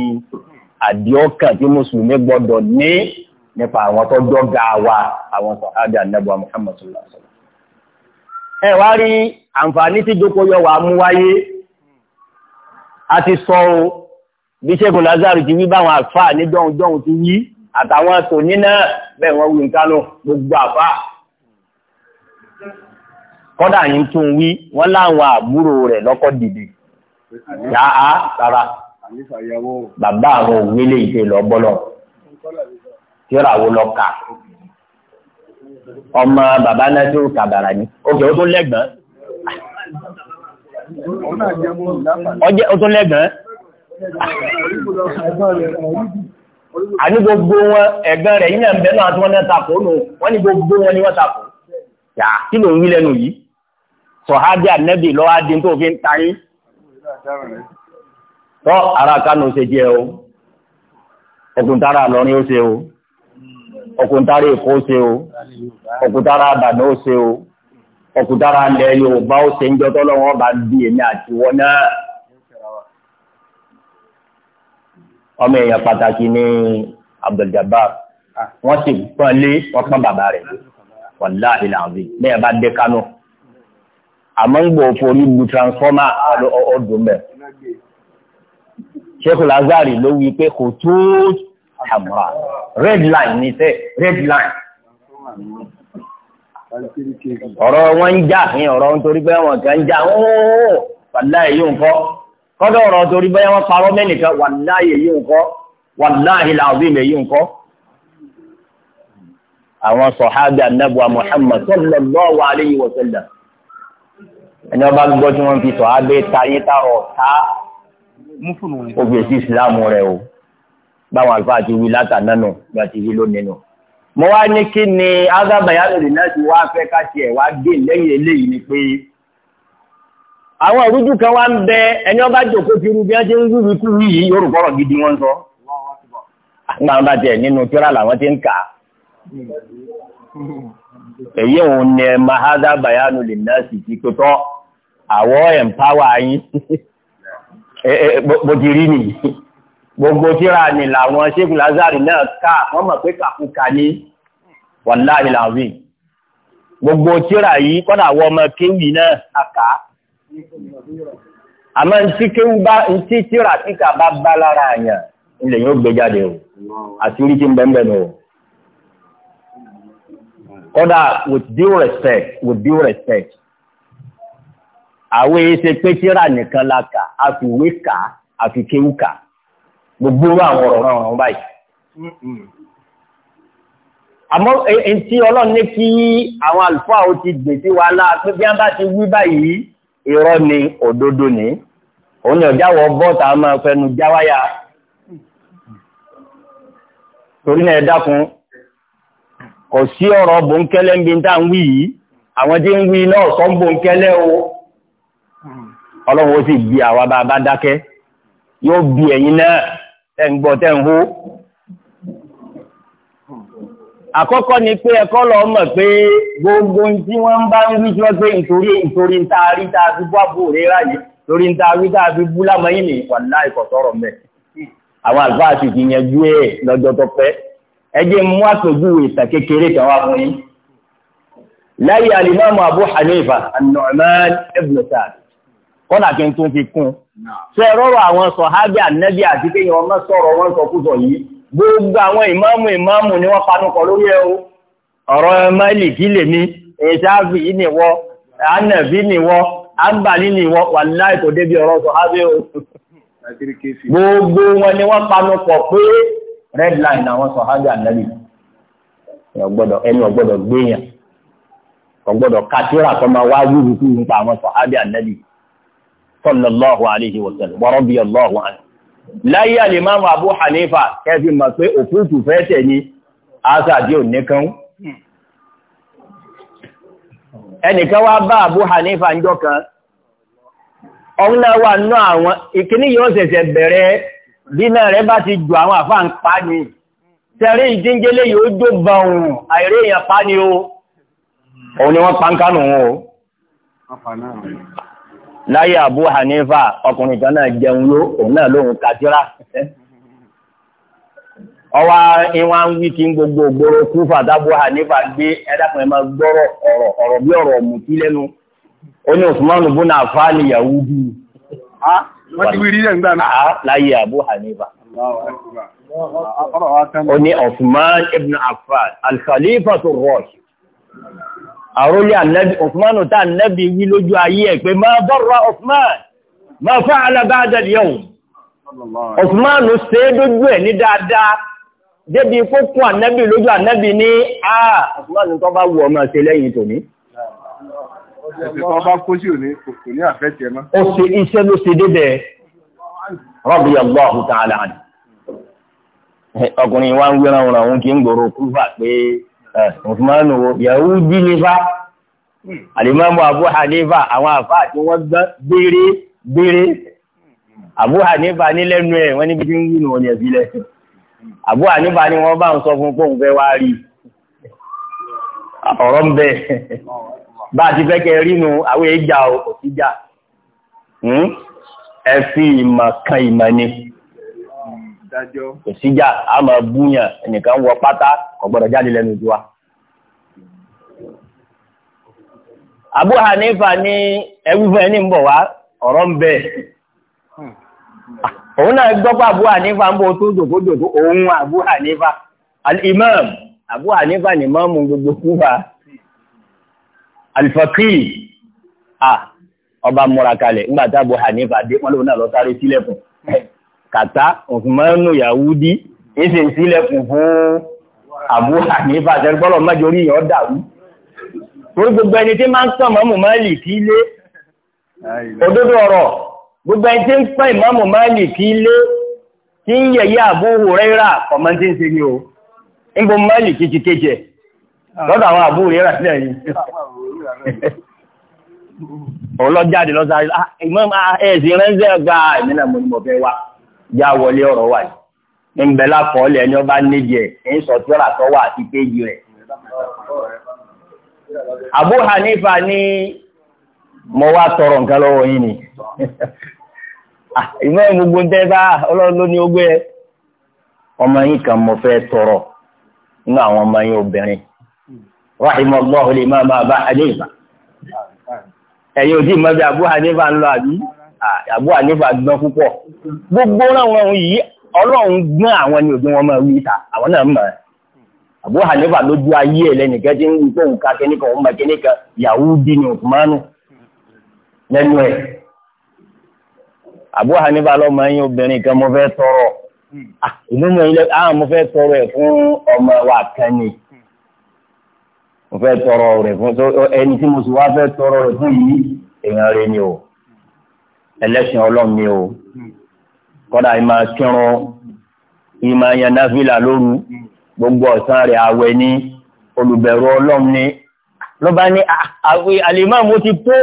Speaker 1: àdìọ́kàn tí mùsùlùmí gbọ́dọ̀ ní nípa àwọn tó dọ́gà wa àwọn sọ̀hádà nẹ́bù Muhammad sallallahu alaihi wasallam. ẹ wá rí àǹfààní tí jókòó yọ wà mú wáyé a ti sọ o bí sẹ́gun lazaro ti wí báwọn àfáà ní dọ́hundọ́hun ti yí àtàwọn tòní náà bẹ́ẹ̀ wọ́n wí nǹkan lọ gbogbo àfáà kọ́dà yín tún wí wọ́n láwọn àbúrò rẹ̀ lọ́kọ́ dìde yàá rárá bàbá àwọn òwélé ìṣe lọ bọ́lọ̀ tíra wo lọ kà ọmọ bàbá náà tó kàbàrà ni oge ó tún lẹ́gbọ̀n ọjẹ́ ó tún lẹ́gbọ̀n àní gbogbo wọn ẹ̀gbọ́n rẹ̀ yín náà ń bẹ́ náà tí wọ́n náà takò nù wọ́n ní gbogbo wọn ni wọ́n takò yà kí ló ń wí lẹ́nu yìí sọ̀hábí ànẹ́bì lọ́wọ́ adi tó fi ń ta yín tọ́ ara kánú ṣe jẹ o ọkùntara lọrin ó ṣe o ọkùntara èkó ó ṣe o ọkùntara àbànú ó ṣe o ọkùntara ilẹ̀ yorùbá ó ṣe ń jọ tọ́lọ́wọ́ bá bí èmi àti wọn náà ọmọ èèyàn pàtàkì ní Abdul-Jabbar wọ́n sì pọ́n lé wọ́n pọ́n bàbá rẹ̀ wàláhìláàbí bẹ́ẹ̀ bá dé kánú àmọ́ ń gbọ́ forí lu transformer ọdún bẹ̀. sheikh lazari ló wí pé kò tó àmọ́ra red line ní sẹ́ red line. ọ̀rọ̀ wọn ń jà ní ọ̀rọ̀ nítorí pé wọn kàn ń jà óò wàláyé yóò ń kọ́ kọ́dọ̀ ọ̀rọ̀ torí bẹ́ẹ̀ wọ́n parọ́ mẹ́nìkan wàláyé yóò ń kọ́ wàláyé làwọn bí yóò ń kọ́. àwọn sọ̀hábì anábùwà muhammad sallallahu alayhi wa sallam. ẹni ọba gbọ́ tí wọ́n fi sọ abẹ́ ta yín obìnrin ìsìlámù rẹ o báwọn àlùfáà ti wí látà nánà bí ti wí lónìí nù. mo wá ní kí ni azabayalori náà ti wá fẹ́ ká tiẹ̀ wá gbé lẹ́yìn eléyìí ni kan wá ń bẹ ẹni ọba ti rú bí wọ́n ti ń yìí yóò gidi wọ́n sọ. àwọn àwọn nínú tíra làwọn ti ń kà á èyí àwọ̀ ẹ̀mpáwà yín eh, eh, bòdìrí nìyí gbogbo tíra ni làwọn ṣéèkù lázàrì náà ká wọ́n mọ̀ pé kàkúkà ní wàláhì làwìn gbogbo tíra yìí kọ́dà wọ ọmọ kéwì náà àká àmọ́ ntí kéwù bá ntí tíra kíkà bá bá lára àyàn ilẹ̀ yóò gbé jáde o àti orí tí ń bẹ́ẹ̀ bẹ́ẹ̀ o kọ́dà with due respect with due respect àwọn èsè pé tíra nìkan la kà á fi ìwé kà á fi kéwú kà gbogbo àwọn ọ̀rọ̀ náà wọ́n báyìí. àmọ́ etí e, ọlọ́run ní kí àwọn àlùfáà ó ti gbèsè wa láà pé bí wọ́n bá ti wí báyìí irọ́ ni òdodo ni òun ni ọ̀jáwọ̀ bọ́ọ̀tà máa fẹnu jáwáyà torí náà ẹ dákun kò sí ọ̀rọ̀ bòńkẹ́lẹ́ ń bi tá ń wí yìí àwọn tí ń wí náà sọ ń bòńkẹ́lẹ́ o ọlọ́run ó sì bí àwa bá a bá dákẹ́ yóò bí ẹ̀yin náà tẹ́ ń gbọ́ tẹ́ ń hó. àkọ́kọ́ ni pé ẹ̀kọ́ lọ mọ̀ pé gbogbo tí wọ́n bá ń wí jọ pé nítorí nítorí níta rí tá a fi bú àbú òrera yìí torí níta rí tá fi bú lámọ́yìn ní ìpàdé ìkọ̀sọ̀rọ̀ mẹ́. àwọn àlùfáà sì ti yanjú ẹ̀ lọ́jọ́ tó pẹ́ ẹ jẹ́ mú àtòjú ìtàn kékeré kan wá fún yín. láyé alimami abu hanifa an-nu'man kọ́nà kí n tún fi kún un. ṣe rọrọ àwọn sọ̀hábì ànẹ́bí àti kéèyàn ọmọ sọ̀rọ̀ wọn sọ yìí gbogbo àwọn ìmáàmù ìmáàmù ni wọ́n panukọ̀ lórí ẹ̀ o ọ̀rọ̀ mẹ́lì kí mi ìṣáàfì yìí nìwọ ànẹ́bí nìwọ àǹbàlí nìwọ wà láì tó débi ọ̀rọ̀ sọ̀hábì o. gbogbo wọn ni wọ́n panukọ̀ pé red line àwọn sọ̀hábì ànẹ́bí ẹni ọ̀gbọ́dọ̀ ọ̀gbọ́dọ̀ kọ́ máa wá nípa àwọn sọ̀hábì ànẹ́bí sallallahu alayhi wa sallam wa radiyallahu anhu láyé alimami abu hanifa kẹfì mọ̀ pé òkútù fẹ́ tẹ̀ ní asáàdì òníkan ẹnìkan wá bá abu hanifa ń jọ kan ọ̀hún náà wà náà àwọn ìkíní yóò ṣẹ̀ṣẹ̀ bẹ̀rẹ̀ bínà rẹ̀ bá ti jù àwọn àfáà ń pa ní tẹ̀rí ìdíngélé yóò jó bá òun àìrí pa ní o
Speaker 2: òun ni pa ń o
Speaker 1: láyé Abu Hanifa ọkùnrin kan náà jẹun ló òun náà lóun kàdíra ọwọ́ ìwọ̀n ń wí kí n gbogbo gbòòrò kú fàtàbù Hanifa gbé ẹ̀dàkùn ẹ̀ máa gbọ́rọ̀ ọ̀rọ̀ ọ̀rọ̀ bí ọ̀rọ̀ mùtí lẹ́nu ó ní Usman bun Affan Yahudi wọ́n ti wí rí ẹ̀gbà náà láyé Abu Hanifa ó ní Usman ibn Affan al-Khalifa àrólé ànábì ọ̀fúnmánù tá ànábì wí lójú ayé ẹ̀ pé máa bọ́rọ̀ ọ̀fúnmán máa fún alábàádà yẹ̀wò ọ̀fúnmánù ṣe é dójú ẹ̀ ní dáadáa débi kókó ànábì lójú ànábì ní a ọ̀fúnmánù tó bá wù ọmọ ṣe lẹ́yìn tòní. ọkùnrin wa ń gbéra òun kì í gbòòrò kúrúfà pé Eh, Usman wo Yahudi ni fa hmm. Alimamu Abu Hanifa àwọn àfa tí wọ́n gbọ́ béèrè béèrè Abu Hanifa ní lẹ́nu ẹ̀ wọ́n níbi tí ń wí ni wọ́n yẹ fi lẹ̀ Abu Hanifa ni wọ́n bá ń sọ fún pọ́ùn fẹ́ wá rí ọ̀rọ̀ ń bẹ bá a ti fẹ́ kẹ́ rí nu àwọn èèjà ò sí jà hmm? ẹ ìmọ̀ kan ìmọ̀ ni. kò síjà a máa búyàn ẹnìkan wọ pátá kò jáde lẹ́nu wa. Abu Hanifa ní ẹwúfẹ́ ní ń bọ̀ wá ọ̀rọ̀ ń bẹ hmm. òun náà gbọ́ pé Abu Hanifa ń bọ̀ tó jòkójòkó òun Abu Hanifa imam Abu Hanifa ni mọ́mù gbogbo kúfà al ah, ọba múra kalẹ̀ ńgbà tá Hanifa dé wọn lóun tàtà òfìmọ́nù yahudi ìṣe ìsílẹ̀kùn fún Abu Hanifa àtẹ́gbọ́lọ̀ mẹ́jọrí yàn dàrú torí gbogbo ẹni tí máa ń tàn mọ́mù máàlì kí lé òdodo ọ̀rọ̀ gbogbo ẹni tí ń pẹ́ ìmọ́mù máàlì kí tí ń yẹ̀yẹ́ Abu Huraira ọmọ tí ń ṣe ni o ń bo máàlì kìtìkejì
Speaker 3: lọ́dọ̀ àwọn Abu Huraira sílẹ̀ yìí
Speaker 1: ọlọ́jáde lọ́sàájú ah, ah, ẹ̀sìn ránṣẹ́ gba ìmìnà mọ̀ wa. já wọlé ọ̀rọ̀ wà ní ń bẹ lákọọ́lẹ̀ ẹni ọba nídìí ẹ̀ ń sọ tíra tó wà àti péjì rẹ̀. Hanifa ní wá tọrọ nǹkan lọ́wọ́ yín ni ah, ìmọ̀ ìmúgbó ń tẹ́ bá ọlọ́run ló ní ogbé ẹ ọmọ kan fẹ́ tọrọ nínú àwọn ọmọ obìnrin ẹ̀yin ò àbú ànífà gbọ́n púpọ̀ gbogbo ráwọn ohun yìí ọlọ́run gbọ́n àwọn ni òbí wọn máa wí na àwọn náà mọ̀ àbú àlefà lójú ayé ẹ̀ tí ń wí pé kẹ́nìkan ni lẹ́nu ẹ̀ tọrọ ìlú mi ilé mo fẹ́ tọrọ ẹ̀ fún ọmọ wa kan ni mo fẹ́ tọrọ rẹ̀ fún ẹni tí mo sì wá fẹ́ tọrọ rẹ̀ fún yìí èèyàn ni o. ẹlẹ́sìn ọlọ́run ni o kọ́dà yìí máa kírun yìí máa yan náfìlà lóru gbogbo ọ̀sán rẹ̀ àwẹ̀ ní olùbẹ̀rù ọlọ́run ni ló bá ní àwọn àlèmọ́ mo ti tó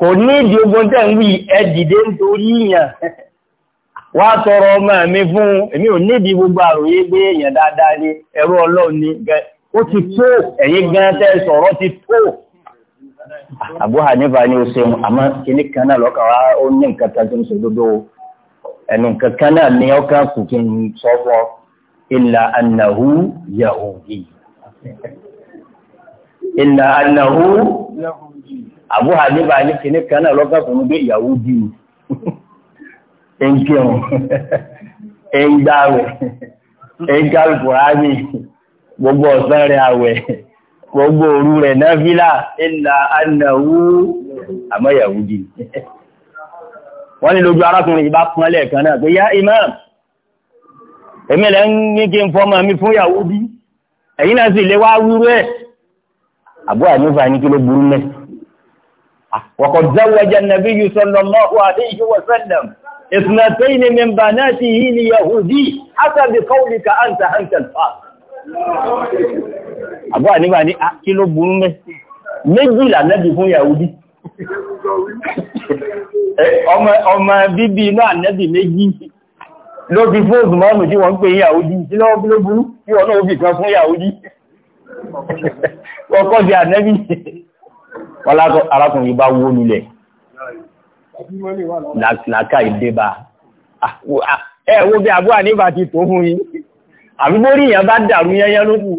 Speaker 1: kò ní ìdí ogun tẹ́ ń wí ẹ dìde nítorí yàn wá tọrọ ọmọ mi fún èmi ò nídìí gbogbo àròyé gbé èèyàn dáadáa ní ẹrú ọlọ́run ni ó ti tó ẹ̀yin gan tẹ́ sọ̀rọ̀ ti tó. Abu Hanifa ni o ṣeun àmọ́ kíní kan náà lọ́kàn wá ó ní nǹkan kan tó ń ṣòdodo o ẹnu nǹkan kan náà ni ọkàn kù kí n sọ fọ illa annahu yahudi illa annahu Abu Hanifa ni kíní kan náà lọ́kàn kù ní bí yahudi ẹnkẹun ẹngbàwẹ ẹnkàlùkù gbogbo ọ̀sán rẹ̀ àwẹ̀ gbogbo òru rẹ̀ náfílà ìlà anàwú àmọ́yàwó jì wọ́n ní lójú arákùnrin ìbá fún ẹlẹ́ kan náà pé yá imam èmi lẹ́ ń ní kí n fọ́mọ mi fún yàwó bí ẹ̀yin náà sì lè wá wúrú ẹ̀ àbú ànífà ní kí ló burú mẹ́ ah, wọ́kọ̀ zawwaja nabiyyu sallallahu alayhi wa sallam اثنتين من بناته ليهودي حسب قولك أنت أنت الفاق àbọ̀ àníbà ní ah, kí ló burú mẹ́ méjìlá nẹ́bì fún yahudi ọmọ bíbí inú ànẹ́bì méjì ló fi fún òsùmọ́nù tí wọ́n ń pè yahudi tí lọ́wọ́ bí ló burú tí wọ́n náà fi kan fún yahudi kọ́kọ́ di ànẹ́bì arákùnrin bá wó lulẹ̀ láká ìdébà ah, ah, ẹ wo bí àbúrò àníbà ti tó fún yín àbúgbórí èèyàn bá dàrú yẹnyẹn lókùn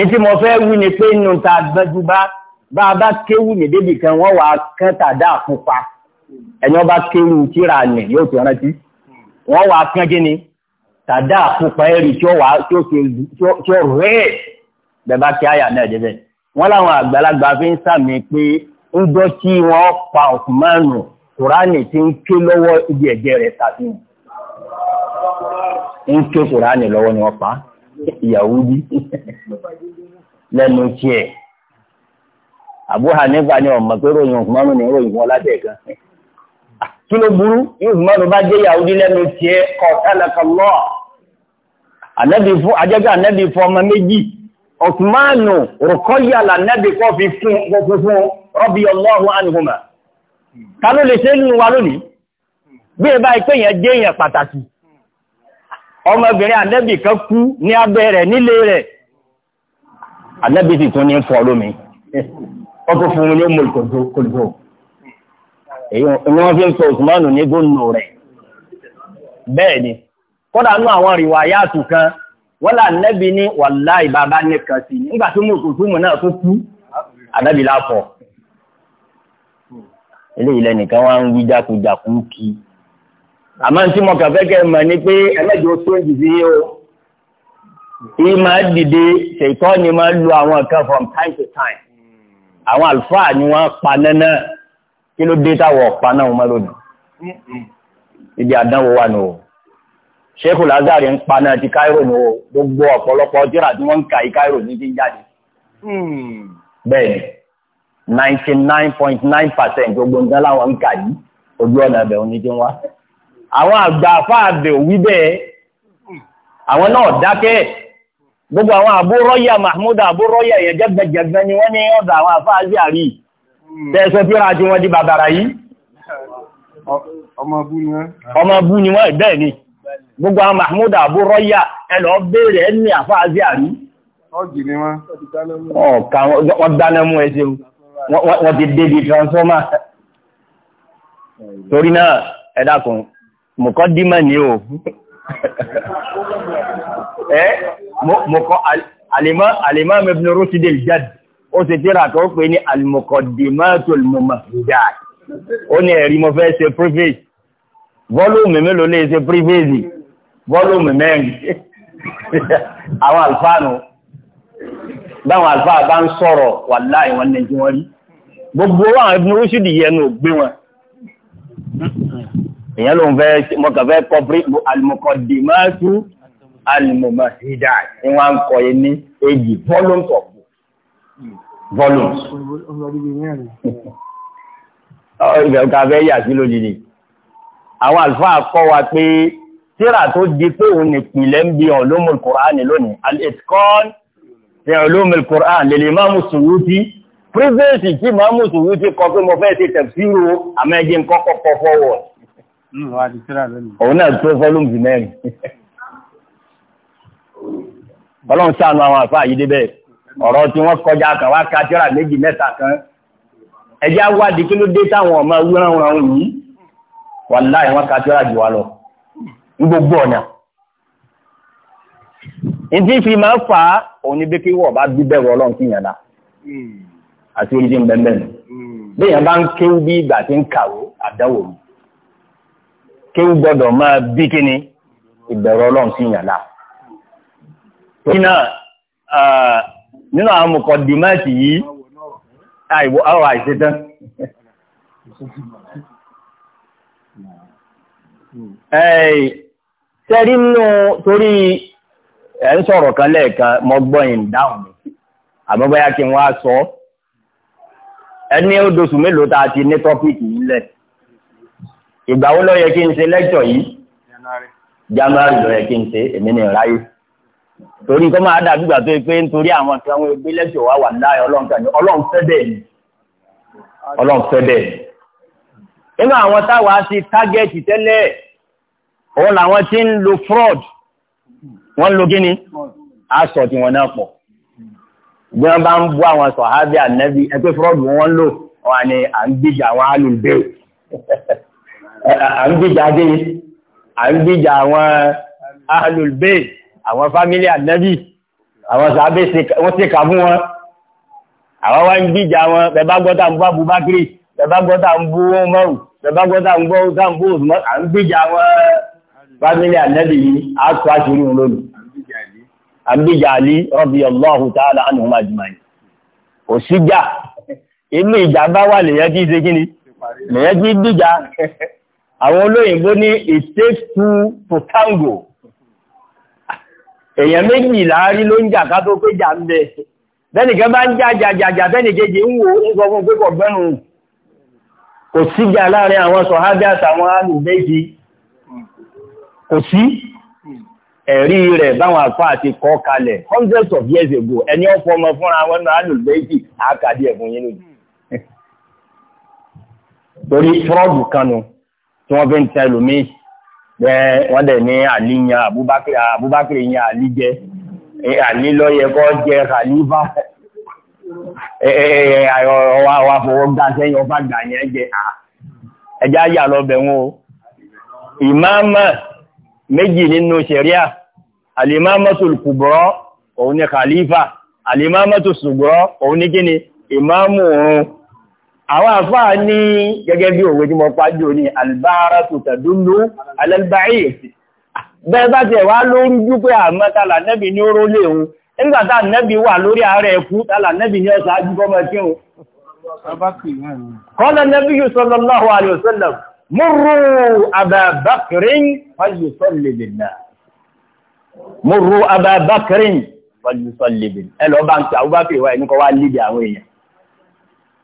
Speaker 3: Ètí mo fẹ́ wí ni pé
Speaker 1: nù ta gbẹ́jú bá bá bá kéwù ní débì kan wọ́n wà kán tàdá àpupa. Ẹni ọba kéwù tíra nì yóò ti rántí. Wọ́n wà kán gíní tàdá àpupa ẹ̀rì tí ó wà tí ó rẹ̀ bẹ̀bá kí àyà náà débẹ̀. Wọ́n láwọn àgbàlagbà fi ń sàmì pé ń gbọ́ tí wọ́n pa Osmanu Kùránì ti ń ké lọ́wọ́ ibi ẹ̀jẹ̀ rẹ̀ tàbí. Ń ké Kùránì lọ́wọ́ ni wọ́n pa Yahudi lẹ́nu tiẹ̀ Abu Hanifa ni ọmọ pé ròyìn Usman ní ròyìn wọn lábẹ́ ah, kí ló burú bí bá jẹ́ Yahudi lẹ́nu tiẹ̀ kọ́ tálàkàlọ́ ànábì fún ọmọ méjì Usman Ruqayya lànábì kọ fún fún ta ló lè ṣe é nínú wa lónìí bí ẹ bá ẹ pé yẹn ọmọbìnrin ànẹ́bì kan kú ní abẹ́ rẹ̀ nílé rẹ̀ ànẹ́bì sì tún ní fọ́ lómi ọkọ̀ fún un ní mọ̀ kòlùkò èyí wọ́n fi ń sọ Usmanu ní gómìnà rẹ̀ bẹ́ẹ̀ ni kódà nú àwọn rìwà yáàtù kan wọ́n là nẹ́bi ní wàláì bàbá nìkan sí nígbà tí mo tòtú mọ̀ náà tó kú ànẹ́bì láfọ̀ eléyìí lẹ́nìkan wá ń wí jákujàkú kí àmọ́ tí mo kàn fẹ́ kẹ́ ẹ mọ̀ ni pé ẹlẹ́jọ́ tó ń dìde yìí o yìí máa dìde ṣètọ́ ni máa lu àwọn kan from time to time àwọn àlùfáà ni wọ́n pa nánà kí ló dé táwọn ọ̀pá náà wọ́n máa lónìí ibi àdánwò wà nù o sheikh lazari ń pa náà ti cairo nù o gbogbo ọ̀pọ̀lọpọ̀ tíra tí wọ́n ń kà í cairo ní ti ń jáde bẹ́ẹ̀ ninety nine point nine percent gbogbo nǹkan láwọn ń kà yìí ojú ọ̀nà ẹ̀bẹ̀ òní ti ń wá àwọn àgbà fáàbẹ̀ òwí bẹ́ẹ̀ àwọn náà dákẹ́ gbogbo àwọn àbúrọ́yà mahmud àbúrọ́yà yẹn jẹ́gbẹ̀jẹ̀gbẹ̀ ni wọ́n ní ọ̀dọ̀ àwọn àfáàzí àrí hmm. tẹ́ẹ̀sọ fíra tí wọ́n di bàbàrà yìí ọmọ bú ni wọ́n bẹ́ẹ̀ ni gbogbo àwọn mahmud àbúrọ́yà ẹlọ béèrè ẹni àfáàzí àrí wọ́n dáná mú ẹ ṣeun wọ́n ti débi transformer torí náà ẹ dákun mùkọ́dímà ni o ẹ́ mùkọ́ alimami ibn rushd al-jadd ó sì tíra tó pé ní al-muqaddimatul mumahhidat ó ní ẹ̀rí mo fẹ́ ṣe preface volume mélòó lè ṣe preface volume mẹ́rin àwọn alfáànù báwọn alfáà bá ń sọ̀rọ̀ wallahi wọn ní jí wọ́n rí gbogbo àwọn ibn rushd yẹnu gbé wọn èèyàn ló ń fẹ́ mọ̀kànfẹ́ kọ́ bíríkù alimọ̀kọ́dìmáṣú alimọ̀mọ̀sídà ni wọ́n ń kọ́ yẹn ní èjì volumes of volumes. ìbẹ̀rù ká fẹ́ yà sí lójijì. àwọn àlùfáà kọ́ wa pé tíra tó di pé òun nìpìlẹ̀ ń bi ulumul Qur'an lónìí al-itqan fi ulumul Qur'an lil Imam Suyuti private tí Imam Suyuti kọ pé mo fẹ́ ṣe tafsiru àmẹ́jì ń kọ́kọ́
Speaker 2: òun náà tó fọ́lùmù sí mẹ́rin
Speaker 1: ọlọ́run ṣàánú àwọn àfáà yìí débẹ̀ ọ̀rọ̀ tí wọ́n kọjá kan wá ka tíra méjì mẹ́ta kan ẹjẹ́ awádìí kí ló dé táwọn ọmọ wúran ran yìí wàláì wọ́n ka tíra jù wá lọ ní gbogbo ọ̀nà ìdí fi máa fà á òun ni bí kí wọ́n bá bí bẹ̀rù ọlọ́run sí yàrá àti orí tí ń bẹ́ẹ̀ bẹ́ẹ̀ hmm. bí èèyàn bá ń kéwú bí ìgbà tí ń kàwé àdáwò mi. kéwù gbọ́dọ̀ máa bí kíni ìbẹ̀rù ọlọ́run sí yàn lá. torí náà nínú àwọn mọ̀kọ́dìmáàtì yìí àìwọ àwọn àìṣetán. sẹ́rí nínú torí ẹ̀ ń sọ̀rọ̀ kan lẹ́ẹ̀kan mo gbọ́ yín dáhùn mi àmọ́ bóyá kí n wá sọ ẹni ó doṣù mélòó tá ti ní tọ́pìkì yìí lẹ̀ ìgbà wo ló yẹ kí n ṣe lẹ́jọ̀ yìí january ló yẹ kí n ṣe èmi ní ìráyè torí kọ́ máa dàbí ìgbà tó yẹ pé nítorí àwọn kan wọn gbé lẹ́jọ̀ wá wà láàyè ọlọ́run kan ní nínú àwọn táwa ti tágẹ́ẹ̀tì tẹ́lẹ̀ òun làwọn ti ń lo fraud wọ́n ń lo kí ni aṣọ tí wọ́n náà pọ̀ bí wọ́n bá ń bú àwọn sọ̀hábì ànẹ́bí ẹgbẹ́ fraud wọ́n ń lò wọn ni à ń gbìjà àwọn alùbẹ́ẹ̀ à ń gbìjà dé à ń gbìjà àwọn alùlùbé àwọn fámílì ànábì àwọn sàábé wọ́n sì kà fún wọn àwọn wá ń gbìjà wọn bẹ̀bá gbọ́ta ń bú Abubakar bẹ̀bá gbọ́ta ń bú Umaru bẹ̀bá gbọ́ta ń gbọ́ ta ń bú Usman à ń gbìjà wọn fámílì ànábì yìí á tó àṣírí àwọn olóyìnbó ní it takes two to tango èèyàn méjì láàrí ló ń jà ká tó pé jà ń bẹ bẹ́nìkan bá ń jà jàjàjà bẹ́nìkejì ń wo ń sọ fún pé kò gbẹ́nu kò síjà láàrin àwọn sọ̀hábí àtàwọn alùbẹ́jì kò sí ẹ̀rí rẹ̀ báwọn àfáà àti kọ́ kalẹ̀ hundreds of years ago ẹni ọ̀pọ̀ ọmọ fúnra wọn náà alùbẹ́jì àkàdé ẹ̀fún yín lónìí torí fúrọ́ọ̀dù kanu tí wọ́n fi ń tẹ lómi bẹ́ẹ̀ wọ́n dẹ̀ ní àlíyan Abubakar Abubakar yan àlí jẹ àlí lọ́yẹ kọ́ jẹ khalifa ọwọ́ fọwọ́ gbà sẹ́yìn ọba gbà yẹn jẹ ẹjẹ́ ayé àlọ́bẹ̀ wọn o ìmáàmà méjì nínú ṣẹ̀ríà alimamatul kubra òun ni khalifa alimamatul sugra òun ni kíni ìmáàmù òun àwọn àfáà ní gẹ́gẹ́ bí òwe tí mo pàjò ní albára tó tàdúlú alẹ́lbáyé bẹ́ẹ̀ bá tẹ̀ wá lórí jú pé àmọ́tàlà nẹ́bì ní oró lè hun nígbàtà nẹ́bì wà lórí ààrẹ ẹ̀kú tàlà nẹ́bì ní ọ̀sá ajúkọ́mọ̀ tí hun kọ́lá nẹ́bì yóò sallallahu alaihi wasallam murru
Speaker 2: Aba Bakrin
Speaker 1: falyusalli billah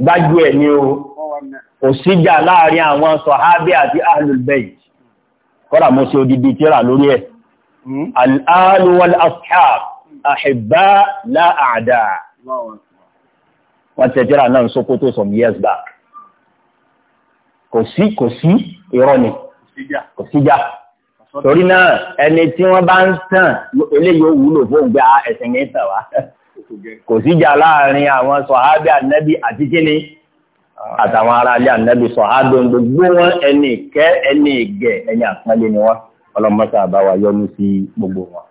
Speaker 1: gbájú ẹ̀ ni o kò síjà láàrin àwọn sọ̀hábí àti ahlulbayt kọ́ra mo ṣe odidi tíra lórí ẹ̀ hmm? al'alu wal ashab ahibba la a'da wọ́n tẹ̀ tíra náà Sókótó some years back kò sí kò sí irọ́ ni kò síjà
Speaker 3: torí náà
Speaker 1: ẹni tí wọ́n bá ń tàn eléyìí ó wúlò fóun gba ah, ẹ̀sìn yẹn kò síjà láàrin àwọn sọ̀hábì ànẹ́bí àti kíni àtàwọn ará alẹ́ ànẹ́bí sọ̀hábì gbogbo wọn ẹni ìkẹ́ ẹni ìgẹ̀ ẹni àpọ́nlé ni wọn ọlọ́mọṣà bá wa yọ́nú sí gbogbo wọn.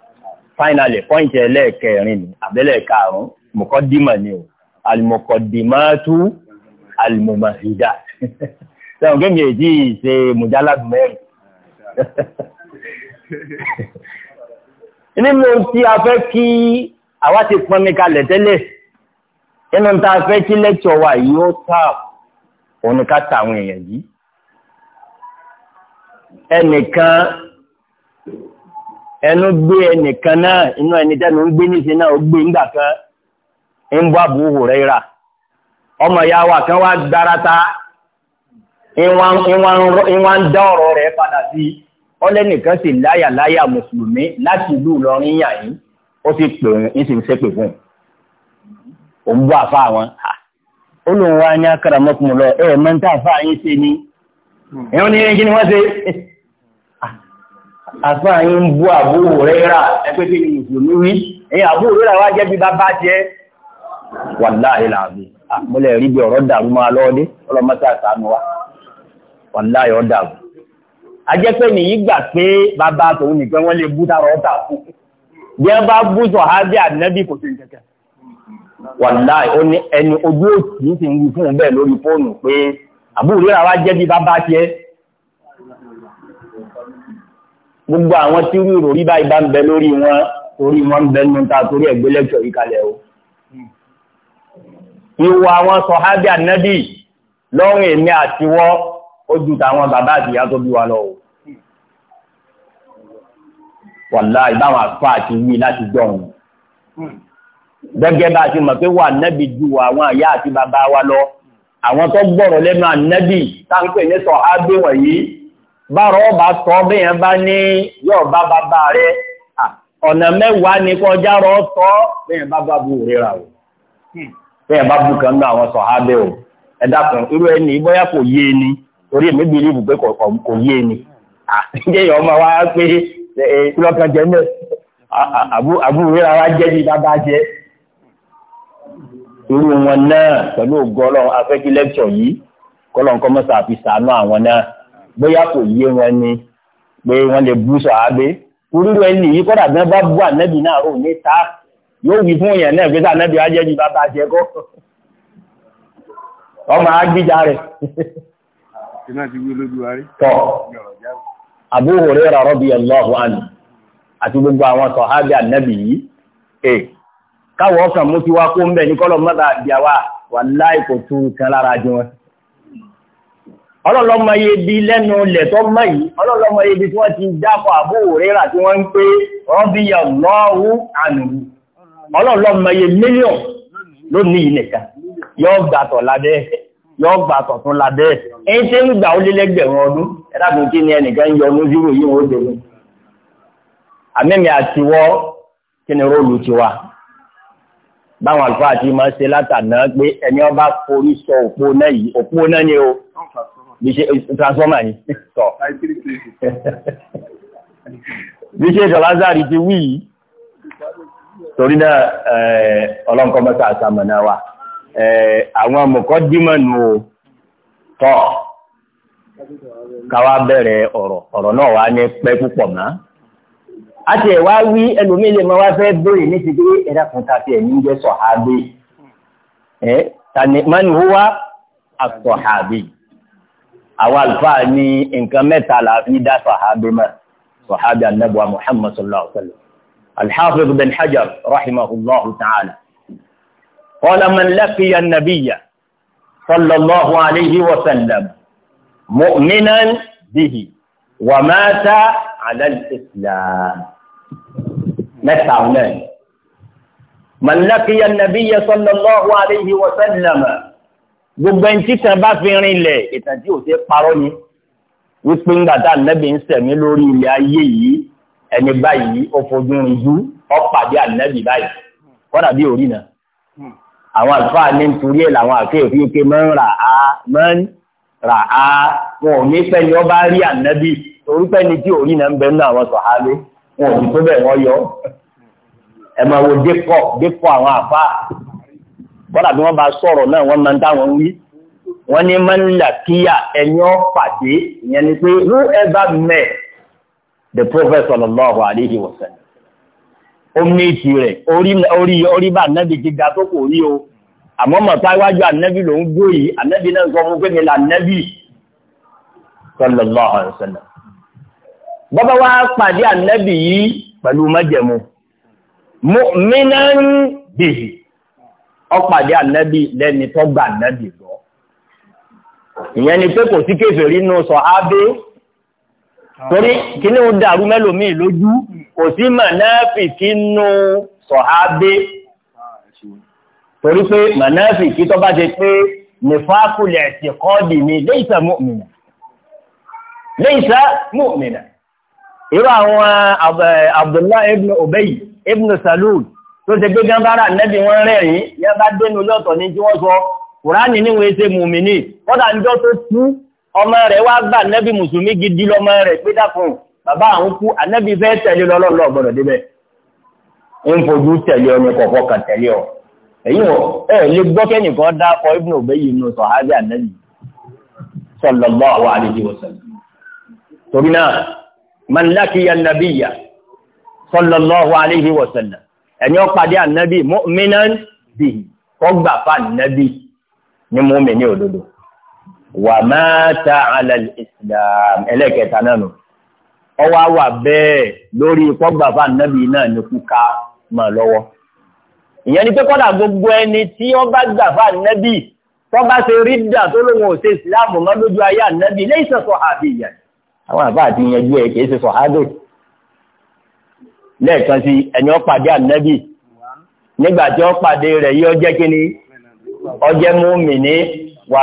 Speaker 1: finally point ẹlẹ́ẹ̀kẹrin ni àbẹ́lẹ̀ karùn-ún mọ̀kọ́dìmọ̀ ni o alimọ̀kọ́dìmọ̀tú alimọ̀mọ̀sídà sẹ́wọ̀n kémi èjì ṣe mùjálàdùmẹ́rin nínú tí a fẹ́ kí àwa ti pọn mi kalẹ̀ tẹ́lẹ̀ nínú tá a fẹ́ kí lẹ́kṣọ̀ wa yìí ó tà ta àwọn èèyàn yìí ẹnìkan ẹnu gbé ẹnìkan náà inú ẹni tẹnu ń gbé níṣẹ náà ó gbé nígbà kan ń bọ Abu Huraira ọmọ ìyá wa kan wá gbarata ìwà ń dá ọ̀rọ̀ rẹ̀ padà sí ọlẹ́nìkan sì láyà láyà mùsùlùmí láti ìlú Ìlọrin yàn yìí ó sì pè òun ń sì ń sépè fún un òun bú àfa àwọn ó lóun wá ní akara mọ́kùnrin lọ ẹ mọ ní tàfà yín ṣe ni ẹ̀wọ̀n ní kí ni wọ́n ṣe àfa yín ń bú àbúrò rẹ̀ rà ẹgbẹ́ tí ni mùsùlùmí wí ẹ̀yìn àbúrò rẹ̀ rà wá jẹ́ bí bàbá tiẹ̀ wàláhì làbí àmúlẹ̀ rí bí ọ̀rọ̀ dàrú máa lọ́ọ́dé ọlọ́mọ́sá àtàánú wa wàláhì ọ̀dàrú ajẹ́pẹ́ nìyí gbà pé bàbá tòun nìkan wọ́n lè bú tààrọ̀ ọ̀tà fún un bí ẹ bá bú sọ̀hábí ànábì kò sí kẹ̀kẹ́ wàláì ó ní ẹni ojú òtí ti ń wí fún un bẹ́ẹ̀ lórí fóònù pé àbúrò rà wá jẹ́ bí bàbá tiẹ̀ gbogbo àwọn tí irú ìròrí báyìí bá ń bẹ lórí wọn torí wọn ń bẹ nínú ta torí ẹgbẹ́ lẹ́kọ̀ọ́ o ìwà àwọn sọ̀hábí ànábì lọ́rùn èmi àtiwọ́ ó ju tàwọn bàbá àtìyá tó bí wa lọ o wàlá ìbáwọn àfa àti wí láti dọ̀hún. Hmm. gẹ́gẹ́ bá a ti mọ̀ pé wà nẹ́bi ju àwọn àyá àti bàbá wa lọ àwọn tó gbọ́rọ̀ lẹ́nu ànẹ́bì táǹpẹ̀ ní sọ ágbé wọ̀nyí bárọ̀ ọba sọ bẹ́yẹn bá ní yóò bá bàbá rẹ̀ ọ̀nà mẹ́wàá ní kọjá rọ̀ sọ bẹ́yẹn bá bá bu òrera o hmm. bẹ́yẹn bá bu kan náà àwọn sọ ágbé o ẹ dákun irú ẹni bóyá kò yé ni torí èmi bìlíìfù pé kò yé ni wa pé ìlọ́kan jẹ́ mẹ́ àbúrò ara jẹ́ ní bàbá jẹ́ irú wọn náà pẹ̀lú ògo ọlọ́run afẹ́kí lẹ́kṣọ̀ yìí kọ́lọ́n kọ́mọ́sà fi sàánú àwọn náà bóyá kò yé wọn ni pé wọ́n lè bú sọ̀hábé orúurú ẹni yìí kọ́dà bí wọ́n bá bú ànábì náà ò ní ta yóò wí fún èèyàn náà pé sá ànábì wájẹ́ ní bàbá jẹ́ kọ́ ọmọ agbíjà rẹ̀. ṣé náà ti wí lójú wa rí. tọ́ Abu Hurairah radiyallahu anhu àti gbogbo àwọn sọ̀hábì ànábì yìí e káwọ̀ mú ti wá kó ń bẹ̀ ní kọ́lọ̀ mọ́ta wà láì kan lára jù wọn. ọlọ́lọ́mọ yé bi lẹ́nu lẹ̀tọ́ mọ́ yìí ọlọ́lọ́mọ yé bi tí wọ́n ti tí wọ́n ń pé ọlọ́lọ́mọ mílíọ̀n lónìí nìkan gbàtọ̀ gbàtọ̀ tún èyí tí ń gbà ó lé ọdún ẹ̀dàkùn kí ni ẹnìkan yọ ọdún zero yìí wọ́n dé mi àmẹ́mi àtiwọ́ kí ni róòlù ti wà báwọn àlùfáà ti máa ṣe látàná pé ẹni ọba forí sọ òpó náà yìí òpó náà ni o bí ṣe transformer ni sọ bí ṣe sọ lázàrí ti wí yìí torí náà ọlọ́nkọ́ mọ́tà àṣàmọ̀nà wa àwọn mọ̀kọ́ dímọ̀ nù o. tọ́ káwá bẹ̀rẹ̀ ọ̀rọ̀ ọ̀rọ̀ náà wá ní pẹ́ púpọ̀ mọ́ àti ẹ̀ wá wí ẹlòmíì lè máa wá fẹ́ bóyè ní ti dé ẹ̀dá kan ta fi ẹ̀mí jẹ́ sọ̀hábì ẹ̀ tani mani huwa asọ̀hábì àwọn àlùfáà ní nǹkan mẹ́ta la fi dá sọ̀hábì mọ́ sọ̀hábì anábọ̀ muhammad sallallahu alayhi wa sallam alḥafiz bin hajar rahimahullahu ta'ala
Speaker 2: qala man laqiya
Speaker 1: an-nabiyya. صلى الله عليه وسلم mu'minan به ومات على الإسلام. al-islam mẹ́ta náà man laqiya an-nabiyya sallallahu alayhi wa sallam gbogbo ẹni tí kan bá fi rin lẹ̀ ìtàn tí ò ṣe parọ́ ni wípé ńgbà tá ànábì ń sẹ̀mí lórí ilẹ̀ ayé yìí ẹni báyìí ó fojú rin jú ó pàdé ànábì báyìí kọ́dà bí orí náà àwọn àlùfáà ní nítorí ẹ̀ làwọn àkéèfé pé mọ́ ń rà á mọ́ rà á wọn ò ní pẹ́ ni wọ́n bá rí ànábì torí pẹ́ ni tí òrí náà ń bẹ nínú àwọn sọ̀hálé wọn ò sì tó bẹ̀ wọ́n yọ ẹ máa wo dépọ̀ dépọ̀ àwọn àfa bọ́dà bí wọ́n bá sọ̀rọ̀ náà wọ́n máa ń táwọn wí wọ́n ní máa là kíyà ẹni pàdé ìyẹn ni pé whoever met the prophet sallallahu alayhi wa sallam ó méjì rẹ̀ orí orí bá ànábì ti ga tó kò rí o àmọ́ mọ̀tá iwájú ànábì ló ń gbó yìí ànábì náà sọ fún pé mi là ànábì sallallahu alaihi wasallam bàbá wa pàdé ànábì yìí pẹ̀lú májẹ̀mú mu'minan bihi ó pàdé ànábì lẹ́ni tó gba ànábì gbọ́ ìyẹn ni pé kò sí kèfèrí nù sọ ábé torí kíní ó dàrú mẹ́lòmíì lójú kò sí mọ̀náfìkì nù sọ̀hábé torí pé mọ̀náfìkì tó bá ṣe pé nìfàkùlẹ̀ ti kọ́ọ̀dì ni léìsà mọ́mìnà léìsà mọ́mìnà irú àwọn Abdullahi ibn Ubay ibn Salul tó ṣe gbé gánbára nẹ́bí wọn rẹ̀rìn yẹn bá dénú lọ́tọ̀ ní tí wọ́n sọ kùránì níwèé ṣe mùmìnì kọ́dà níjọ́ tó tú ọmọ rẹ̀ wá gbà nẹ́bí mùsùlùmí gidi lọ́mọ rẹ̀ pé dákun bàbá àwọn kú ànábì fẹ́ tẹ̀lé lọ́lọ́lọ́ gbọ́dọ̀ débẹ̀ ń fojú tẹ̀lé ọ ní kọ̀ọ̀kan kan tẹ̀lé ọ èyí wọn ẹ lè gbọ́ kẹ́nìkan dákọ̀ ibùn òbẹ́yìí nù sọ̀hábì ànábì sallallahu alaihi wasallam torí náà man laqiya an-nabiyya sallallahu alaihi wasallam ẹni ó pàdé ànábì mu'minan bihi kọ́gbà fa ànábì ní òdodo wa mata ala al náà nù ọwọ́ wà bẹ́ẹ̀ lórí pọ́gbàfà nẹ́bí náà ní kúka mọ̀ lọ́wọ́ ìyẹn ni pé kọ́dà gbogbo ẹni tí wọ́n bá gbàfà nẹ́bí tó bá ṣe rí dà tó lóun ò ṣe ìsìláàmù mọ́ lójú ayé ànẹ́bí ilé ìṣẹ́ sọ̀hábì yẹn àwọn àbá àti ìyẹnjú ẹ̀ kìí ṣe sọ̀hábì lẹ́ẹ̀kan sí ẹni ó pàdé ànẹ́bí nígbà tí ó pàdé rẹ̀ yóò jẹ́ kí ni ó jẹ́ mùmínì wà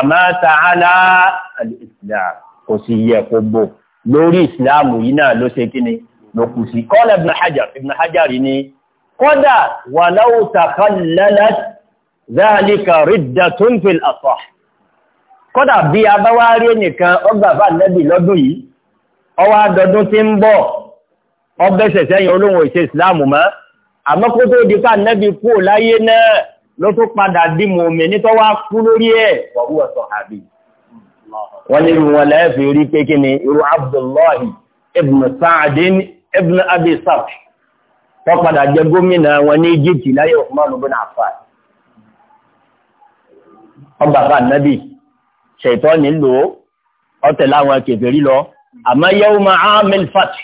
Speaker 2: kò sì yẹ kó bò lórí
Speaker 1: ìsìláàmù yìí náà ló ṣe kí ni ló kù sí kọ́lẹ̀ ibn hajar ibn hajar ni kọ́dà wà láwù tàkàlẹ́lẹ́ záàlìkà rídà tó ń fil àtọ̀ kọ́dà bí a bá wá rí nìkan ọgbà bá lọ́dún yìí ọwọ́ adọdún tí ń bọ̀ ọbẹ̀sẹ̀ sẹ́yìn wọ́n ní irú wọn lẹ́ẹ̀fì rí pé kí ni irú abdullahi ibn sa'adin ibn abi sarh wọ́n padà jẹ́ gómìnà wọn ní egypt láyé Uthman ibn Affan ọgbà bá nàbì ṣètò nílò ọtẹ láwọn kèfèrí lọ àmọ́ yawma aami al-fath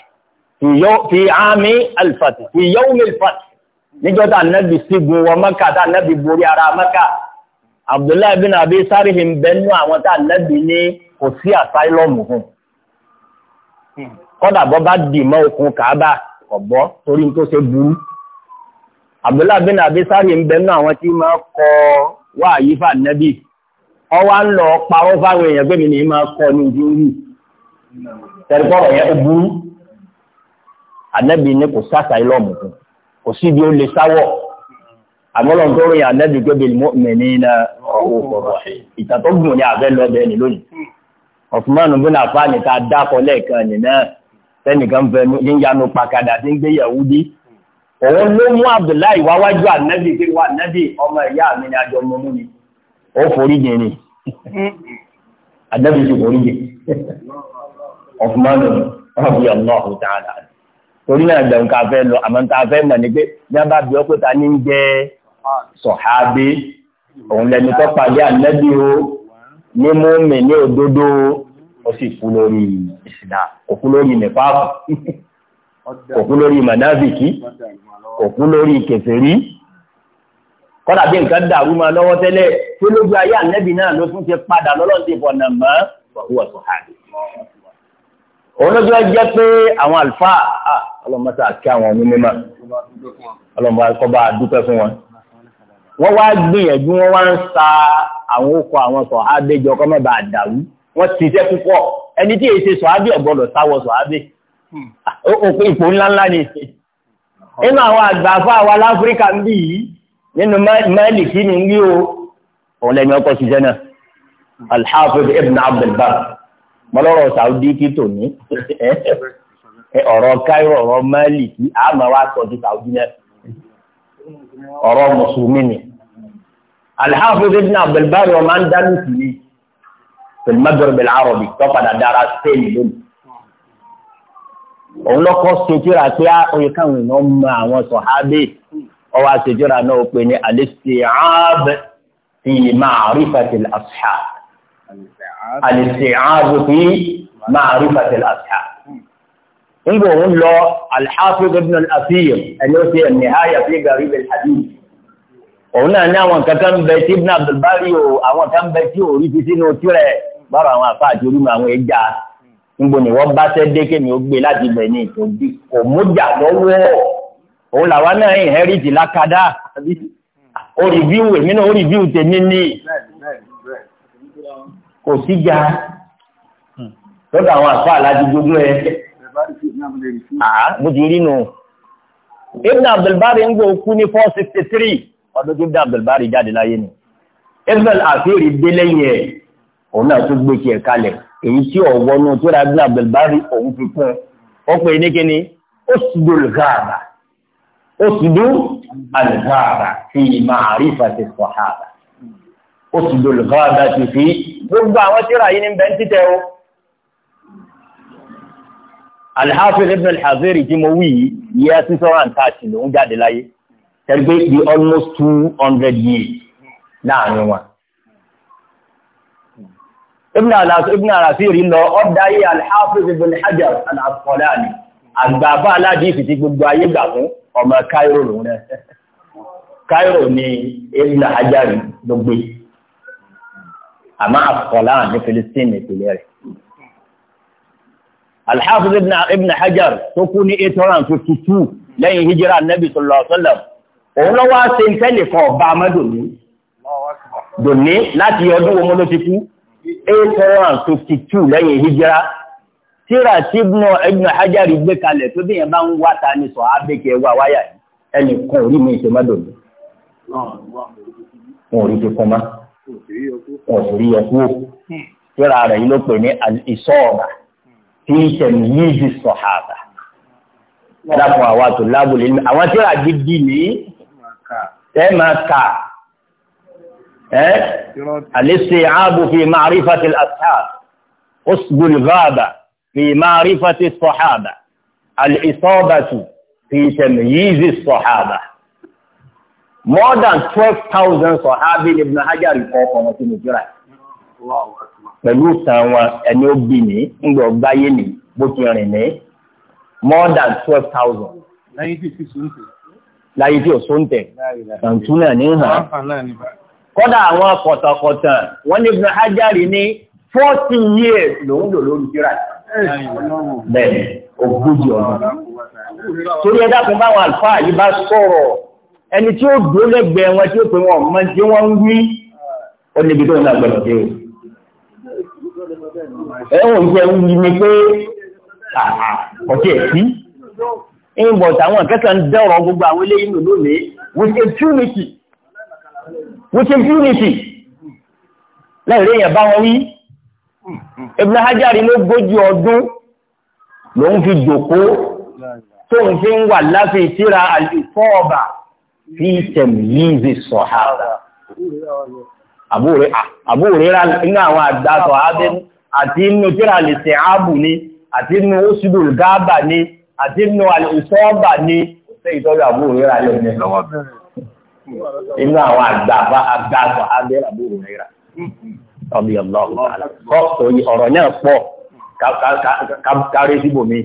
Speaker 1: fi aami al fi yawmi al-fath níjọ́ tá sígun wọn Mẹ́kà tá nàbì borí ara Mẹ́kà abdullahi bin abi sáréhì ń bẹ nú àwọn tá a lẹ́bi ní kò sí àsáìlọ́mù fún hmm. kọ́dà bọ́ bá dì mọ́ okùn kàábà ọ̀bọ́ torí tó ṣe burú abdullahi bin abi sáréhì ń bẹ nú àwọn tí máa kọ wáàyí fà nẹ́bì ọwá ń lọ parọ́ fáwọn èèyàn pé mi ní máa kọ ní ojú rí tẹ̀lifọ́rọ̀ yẹn ó burú ànẹ́bì ní kò sí àsáìlọ́mù fún kò síbi ó lè sáwọ̀ àmọ́lọ̀ tó rìn ànẹ́bì pé bil mu'minina ìtàtọ́gùn ní àfẹ́ lọ́bẹ̀ẹ́ ní lónìí Uthman bin Affan ta dákọ̀ lẹ́ẹ̀kan nìna tẹ́nìkan fẹ́ ní yanu pakadà tí ń gbé Yahudi òun ló mú Abdullahi wáwájú ànẹ́bì pé wà ànẹ́bì ọmọ ìyá mi ni àjọ mọ́mú ni ó forí jẹ ni ànẹ́bì sì forí jẹ Uthman radiyallahu ta'ala torí náà gbẹ̀ǹkà fẹ́ lọ àmọ́ ta fẹ́ mọ̀ ní pé bí a bá bí ọ pé ta ní ń jẹ́ sọ̀hábí òun lẹni tó pàdé ànábì o ní mú mi ní òdodo ó sì kú lórí ìsìlá òkú lórí nìpáàpù òkú lórí mànáfìkì òkú lórí kèfèrí kọ́dà bí nǹkan dàrú máa lọ́wọ́ tẹ́lẹ̀ tí lójú ayé ànábì náà ló tún ti padà lọ́lọ́run ti fọ̀nà mọ́ wàhúwà sọ̀hábí
Speaker 3: olójú ẹjẹ pé
Speaker 1: àwọn àlùfáà ah, ọlọmọ sáà kí àwọn onímọ̀ ọlọmọ akọba dúpẹ́ fún wọn wọ́n wá gbìyànjú wọ́n wá ń sa àwọn okọ̀ àwọn sọ̀hábé jọ kọ́ mẹ́ba àdàrú wọ́n ti tẹ́ púpọ̀ ẹni tí èsì sọ̀hábé ọ̀gbọ́dọ̀ sáwọ sọ̀hábé òpin hmm. ipò ńláńlá ni nínú àwọn àgbàfọ́ àwa láfíríkà ń bì yìí nínú mẹ́lì kí ni ń rí o òun lẹ́ni ọkọ̀ ṣiṣẹ́ náà alhafiz ibn abdulbar mọlọ́rọ̀ saudi kí tòní ọ̀rọ̀ cairo ọ̀rọ̀ mẹ́lì kí àmọ́ wa sọ ti saudi náà ọ̀rọ̀ mùsùlùmí ni Al-Hafiz Ibn Abdul Bari ọmọ Andalus ni pẹ̀lú Maghrib al-Arabi tó padà dára Spain lónìí òun lọ́kọ́ sojúra pé oyè káwọn èèyàn mọ àwọn sọ̀hábẹ́ ọwọ́ sojúra náà pè ní al-isti'ab fi ma'rifati al-ashab
Speaker 3: al-isti'ab
Speaker 1: fi ma'rifati al-ashab nígbà òun lọ al-Hafiz ibn al-Athir ẹni ó ṣe an-Nihaya fi Gharib al-Hadith òun náà ní àwọn kankan bẹ tí ibn Abdul Bari o àwọn kan bẹ tí òórí fi sínú tirẹ̀ bára àwọn afa àti orí mi àwọn ẹja níbo ni wọ́n bá ṣẹ́ dé kémi ó gbé láti bẹ̀ ní ìtòbí kò mújà lọ́wọ́ òun làwa náà inherit lákàdá ó rìvíw èmi náà ó rìvíw tèmi ní kò síjà lọ́dọ̀ àwọn afa aládùúgbò ẹ̀ bójú ah, rí nù. ibn abdulbari ń gbọ́ kú ní four sixty three ọdún tí ibn abdulbari jáde láyé ni ibn al-afiri dé lẹ́yìn ẹ̀ òun náà tún gbé tiẹ̀ kalẹ̀ èyí tí ọ̀wọ́ náà tó ra ibn abdulbari òun fi kún ọ pé ní kíni ó sì dúró gáàbà ó sì dúró àlùgáàbà fi ma'rifati sahaba ó sì dúró gáàbà ti fi gbogbo àwọn tíra yìí ní bẹ́ẹ̀ o alhafiz ibn alhaziri tí mo wí yìí yẹ six hundred and thirty ló ń jáde láyé tẹ́lifí di almost two hundred years láàrin wọn. ibn alhaziri lọ ọ̀dà yìí alhafiz ibn hajar al-asqalani àgbàbá aládìsí ti gbogbo ayé gbà fún ọmọ cairo lòun rẹ cairo ni ibn hajar ló gbé àmọ́ asqalani ní philistine ìpìlẹ̀ alhafiz ibn hajar tó kú ní eight hundred and fifty two lẹ́yìn hijira anabi sallallahu alaihi wa sallam òun lọ́wọ́ ṣe ń tẹ́lẹ̀ kan ọba amádòní
Speaker 3: dòní láti ọdún wo
Speaker 1: mo ló ti kú eight hundred and fifty two lẹ́yìn hijira tíra tí ibn hajar gbé kalẹ̀ tó bí yẹn bá ń wá ta ni sọ abẹ́kẹ́ wá wáyà ẹnì kan orí mi ṣe má dòní wọn ò rí ti kọ́ ma wọn ò sì rí yọkú tíra rẹ̀ yìí ló pè ní ìsọ̀ọ̀bà fi tamyiz as-sahaba dákun àwa tó lábòlé ní àwọn tí ra gidi ní ẹ máa kà ẹ al-isti'abu fi ma'rifati al-ashab usbu al-ghaba fi ma'rifati as-sahaba al-isabatu fi tamyiz as-sahaba more than twelve thousand sahabi ibn hajar kọ́ ọkọ̀ wọn sínú jura pẹ̀lú ìtàn wọn ẹni ó bì ní ńgbọ̀ báyé ní bó ti rìn ní more than twelve thousand.
Speaker 2: láyé tí òsó ń tẹ̀.
Speaker 1: láyé tí òsó ń tẹ̀.
Speaker 3: tàǹtún náà ní hàn.
Speaker 1: kódà àwọn kọ̀tàkọ̀tà wọ́n ní Ibn Hajar ní fourteen years lòún lò lórí kíra. bẹ́ẹ̀ni ogójì ọdún. torí ẹ dákun báwọn àlùfáà yìí bá sọ̀rọ̀ ẹni tí ó dúró lẹ́gbẹ̀ẹ́ wọn tí ó pè wọn mọ tí wọ́n ń wí ó níbi tó ń lágbẹ̀rẹ̀ dé o ẹ̀wọ̀n jẹ́ wí ni pé ọ̀jẹ̀ sí ìbọ̀ táwọn akẹ́kọ̀ọ́ ń dẹ́rọ̀ gbogbo àwọn eléyìí nù lónìí with impunity with impunity lẹ́yìn èèyàn bá wọn wí Ibn Hajar ló gójì ọdún lòun fi jókòó tóun fi ń wà láti síra àlùfọ́ọ̀bà fi tẹ̀míyìí sọ̀hárà àbúrẹ́ra nínú àwọn àgbà sọ̀hárà àti inú tíra lè tẹ̀ áàbù ni àti inú oṣùgbò gáàbà ni àti inú ìṣọ́ọ̀bà ni ṣe ìtọ́jú àbúrò rẹ̀ alẹ́ ní lọ́wọ́
Speaker 3: inú àwọn àgbààgbà àgbààgbà
Speaker 1: abẹ́rẹ́ àbúrò rẹ̀ rà ọmọ ìyọ̀lọ́ọ̀lọ́ ọ̀rọ̀ náà pọ̀ kárí síbòmí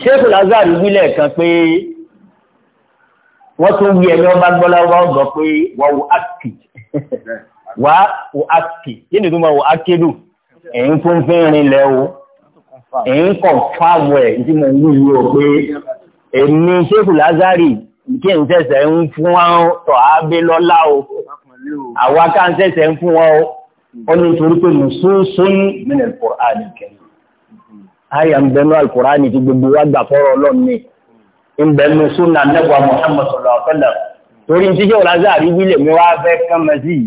Speaker 1: ṣéèkù lázàrí wílẹ̀ kan pé wọ́n tún wí ẹni ọba gbọ́lá wọ́n gbọ́ pé wọ́n wò ákì wọ́n ákì kí ni tó máa wò ákì dùn èyí tó ń fẹ́ rin o èyí kọ̀ fáàmù ẹ̀ tí mo wú yìí o pé èmi ṣéèkù lázárì kí n ṣẹ̀ṣẹ̀ ń fún wa tọ̀ ábé lọ́lá o àwa ká ń ṣẹ̀ṣẹ̀ ń fún wa o ó ní torí pé mùsùlùmí nínú Al-Qur'ani kẹrin ń bẹnu Al-Qur'ani gbogbo wa gbà fọ́rọ̀ ọlọ́ọ̀ni ń bẹnu sunna nẹ́gbà Muhammad sallallahu alaihi wasallam torí ti ṣéèkù lázárì wílẹ̀ mi wá fẹ́ kán mọ́ yìí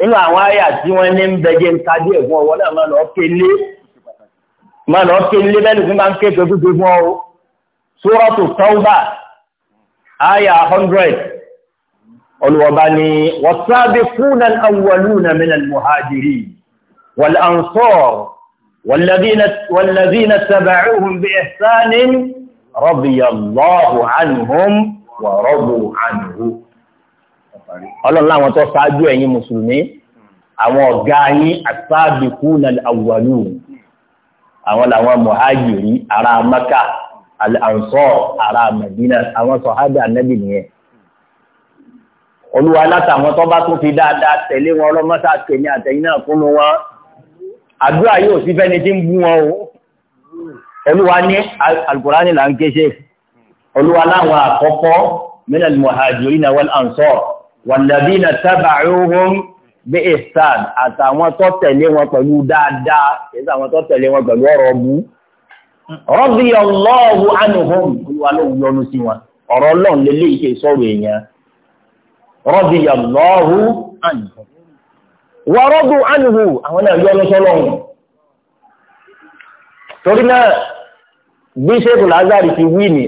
Speaker 1: nínú àwọn àyà tí wọ́n ní ń bẹ̀jẹ̀ ń ka díẹ̀ fún ọwọ́ náà máa lọ kélé máa lọ kélé bẹ́ẹ̀ lùfín máa ń ké kékeré fún ọ Suratu Tawba àyà hundred olùwọ̀ba ni was-sabiquna al-awwaluna min al-muhajirin wal-ansar والذين اتبعوهم بإحسان رضي الله عنهم ورضوا عنه ọlọ́run láwọn tó ṣáájú ẹ̀yin mùsùlùmí àwọn ọ̀gá yín as-sabiquna al-awwalun àwọn làwọn muhajiri ará maka al-ansar ará madina àwọn sọ̀hábì ànábì nìyẹn olúwa látàwọn tó bá tún fi dáadáa tẹ̀lé wọn ọlọ́mọ́sá tèmi àtẹ̀yìn náà kúnnú wọn àdúrà yóò sí fẹ́ni tí ń bú wọn o olúwa ní al là ń ké olúwa láwọn àkọ́kọ́ minal muhajirina wal ansar wàlàdínà tábàáhùn bí ihsan àtàwọn tó tẹ̀lé wọn pẹ̀lú dáadáa kìí sàwọn tó tẹ̀lé wọn pẹ̀lú ọ̀rọ̀ ọ̀bú rọ́bì ọlọ́ọ̀hù ánùhùn olúwa ló ń yọ́nú sí wọn ọ̀rọ̀ ọlọ́run lè léyìí ṣe èèyàn rọ́bì ọlọ́ọ̀hù ánùhùn wọ́n rọ́bù ánùhùn àwọn náà yọ́nú sọ́lọ́run torí náà bí sẹ́kù lázàrì ti wí ní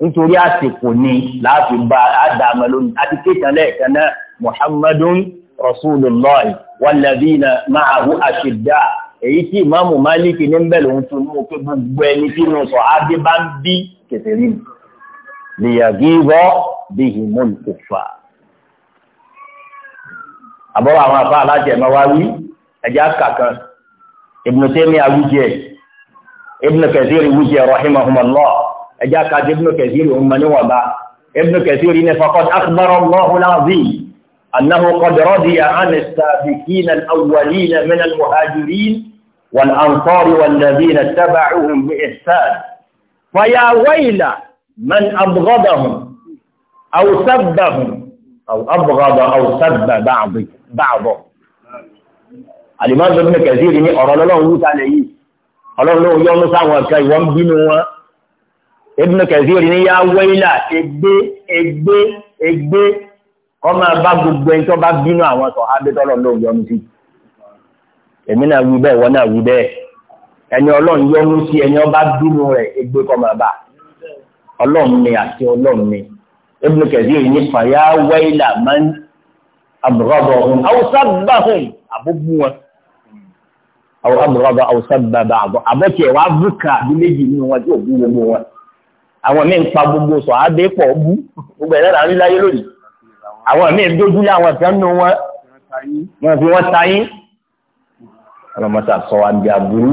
Speaker 1: nítorí àsìkò ni láti bá àdàmà lónìí àti kéèkàn lẹ́ẹ̀kan náà muhammadun rasulullah wàlàbína ma'ahu ashidda èyí tí ìmáàmù málìkì ní bẹ́ẹ̀ lòun tún mú pé gbogbo ẹni tí inú sọ ábí bá ń bí kẹsẹ̀ rí mi lèyàgí rọ bíi mọ́lùkùfà. àbọ̀wọ̀ àwọn afá aláṣẹ ẹ̀mọ́ wá wí ẹ̀já kàkan ibnu tẹ́mi àwùjẹ ibnu kẹsìrì wùjẹ rahimahumullah. اجاك ابن كثير امن وبا ابن كثير فقد اخبر الله العظيم انه قد رضي عن السابقين الاولين من المهاجرين والانصار والذين اتبعوهم باحسان فيا ويل من ابغضهم او سبهم او ابغض او سب بعض بعضهم
Speaker 2: الامام ابن كثير ان ارى له
Speaker 1: تعالى ايه ارى له يوم سواك وان بينوا Ibn Kathir ní yá wẹ́yìlà ègbé ègbé ègbé
Speaker 2: ọmọ bá gbogbo
Speaker 1: ẹni tó bá bínú àwọn sọ abétọ́lọ̀ ló yọnu sí. èmi náà wí bẹ́ẹ̀ wọ́n náà wí bẹ́ẹ̀ ẹni ọlọ́run yọnu sí ẹni ọba bínú rẹ̀ ègbé kọ́ máa bá ọlọ́run ni àti ọlọ́run ni Ibn Kathir ní fàyà wẹ́yìlà man abrabahum aw
Speaker 2: sabbahum àbúgbù wọn
Speaker 1: aw abraba aw sabbaba àbọ̀ àbọ̀kẹ́ wàá bùkà bí méjì nínú wọn tí ò àwọn míì ń pa gbogbo sọ abé pọ̀ bú gbogbo ẹ̀rọ là ń rí láyé lónìí àwọn míì dójú lé àwọn kan nù wọn wọn fi wọn ta yín ọlọmọta sọ àgbà burú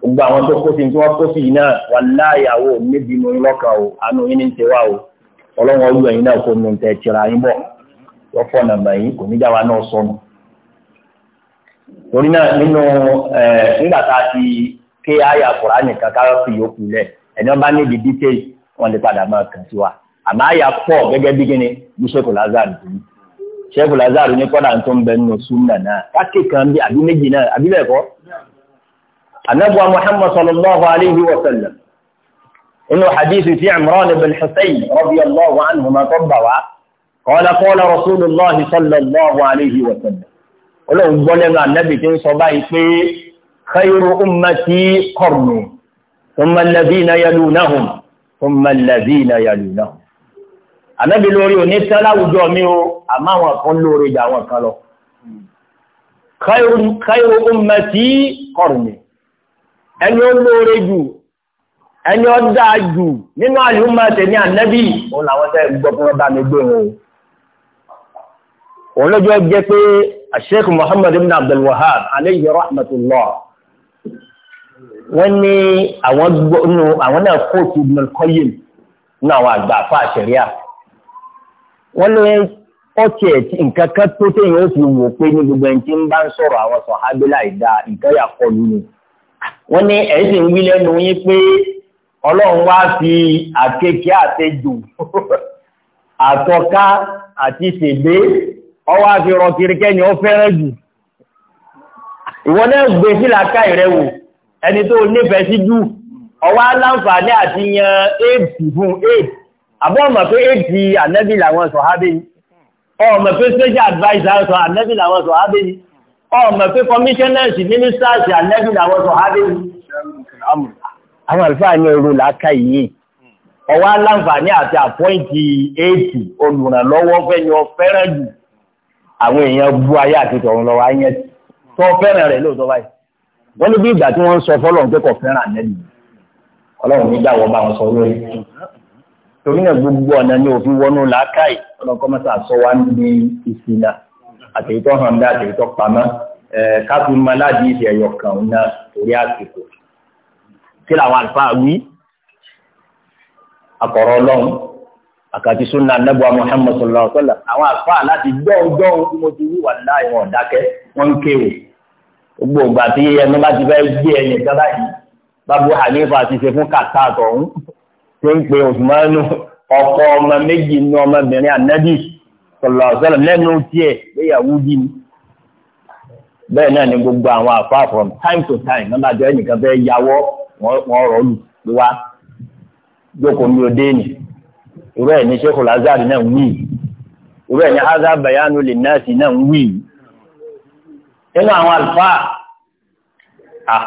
Speaker 1: gbogbo àwọn tó kó sí tí wọn kó sí yìí náà wà láàyàwó méjì nù yín lọ́kàn o àánú yín ní ń tẹwà o ọlọ́wọ́n olú ẹ̀yin náà kó nu tẹ tìra yín bọ̀ lọ́fọ̀ nàmà yín kò ní dáwà náà sọnù torí náà nínú ẹ̀ nígbà tá a ti ké àyà Kùránì kankan fi yòókù lẹ̀ ẹni ọba níbi detail wọn lè padà máa kàn sí wa àmọ́ àyà pọ̀ gẹ́gẹ́ bí kíni bí sheikh lazaro tó ní sheikh lazaro ní kọ́dà tó ń bẹ nínú sunna náà káàkiri kan bí àbí méjì náà àbí bẹ́ẹ̀ kọ́ anabu muhammad sallallahu alayhi wa sallam inú hadith ti imran ibn husayn radiyallahu anhu ma tó bà wá qala qala rasulillah sallallahu alayhi wa sallam olóògbọ́n lẹ́nu anabi ti ń sọ báyìí pé khayru ummati qarni thumma alladhina yalunahum thumma alladhina yalunahum. ànábì lórí òní tán láwùjọ mi o àmọ́ àwọn kan lóore jà àwọn kan lọ. khayru ummati qarni ẹni ó lóore jù ẹni ó dáa jù nínú àlùmọ̀ tèmi ànábì òun làwọn tẹ́ gbọ́ fún ọba mi gbé wọn o òun lójú ọjọ́ pé Sheikh Muhammad ibn Abdul Wahhab alayhi rahmatullah wọ́n ní àwọn gbọ́nù àwọn náà kóòtù Ibn al-Qayyim ní àwọn àgbà àfa àṣẹríà wọ́n ní ọ̀kẹ́ nǹkan kan tó téèyàn ó fi wò pé ní gbogbo ẹni tí ń bá ń sọ̀rọ̀ àwọn sọ̀hábílà ìdá ìkẹ́yà kọlu ni wọ́n ní ẹ̀sìn wí lẹ́nu yín pé ọlọ́run wá fi àkekè àtejò àtọ́ká àti ṣègbé ọwọ́ àfi rọ kiri kẹ́ni ó fẹ́ràn jù ìwọ náà gbé sílàkà ìrẹ́wò ẹni tó nífẹ̀ẹ́ sí jù ọwọ́ aláǹfààní àti yan éèdì fún éèdì àbọ́ ọmọ pé éèdì ànẹ́bì làwọn sọ̀hábé ni ọmọ pé special adviser sọ ànẹ́bì làwọn sọ̀hábé ni ọmọ pé commissioners ministers ànẹ́bì làwọn sọ̀hábé ni àwọn àlùfáà ní ẹrù làákà yìí ọwọ́ aláǹfààní àti àpọ́ìntì éèdì olùrànlọ́wọ́ fẹ́ni ọ fẹ́ràn jù àwọn èèyàn bú ayé àti tọ̀run lọ́wọ́ ayé tó fẹ́ràn rẹ̀ lóòótọ́ báyìí wọ́n ní bí ìgbà tí wọ́n ń sọ fọ́lọ́run pé kò fẹ́ràn ànẹ́bì ọlọ́run ní dáwọ́ bá wọn sọ lórí torí náà gbogbo ọ̀nà ni òfin wọnú làákàyè ọlọ́kọ́ mọ́tà sọ wá ní ìsìnà àtẹ̀yìntọ́ hàn dá àtẹ̀yìntọ́ pamọ́ káfí ma láti ìṣe ẹ̀yọ̀ kan náà torí àsìkò kí làwọn àlùfáà wí akọ̀rọ̀ ọlọ́run àkàtì sunna anábọ̀ Muhammad sallallahu alaihi wasallam àwọn àlùfáà láti dọ́ọ̀dọ́ọ̀ tí mo ti wí wà láì wọn dákẹ́ wọ́n ń kéwèé gbogbo ìgbà tí ẹnu bá ti fẹ́ gbé ẹni kan báyìí bábu hanifa ti ṣe fún kàtà àtọ̀hún tó ń pe osùmánù ọkọ ọmọ méjì ní ọmọbìnrin anabi sọlọ sọlọ lẹ́nu tiẹ̀ léyàwó bí mi bẹ́ẹ̀ náà ni gbogbo àwọn àfa from time to time nígbà tí ẹnìkan fẹ́ yàwọ́ wọn rọ̀ lù wá jókòó mi ò dé nì irú ẹ̀ ní sẹ́kù náà ń wí irú ẹ̀ ní bayanu lè náà sí náà ń wí yìí nínú àwọn àlùfáà à ah,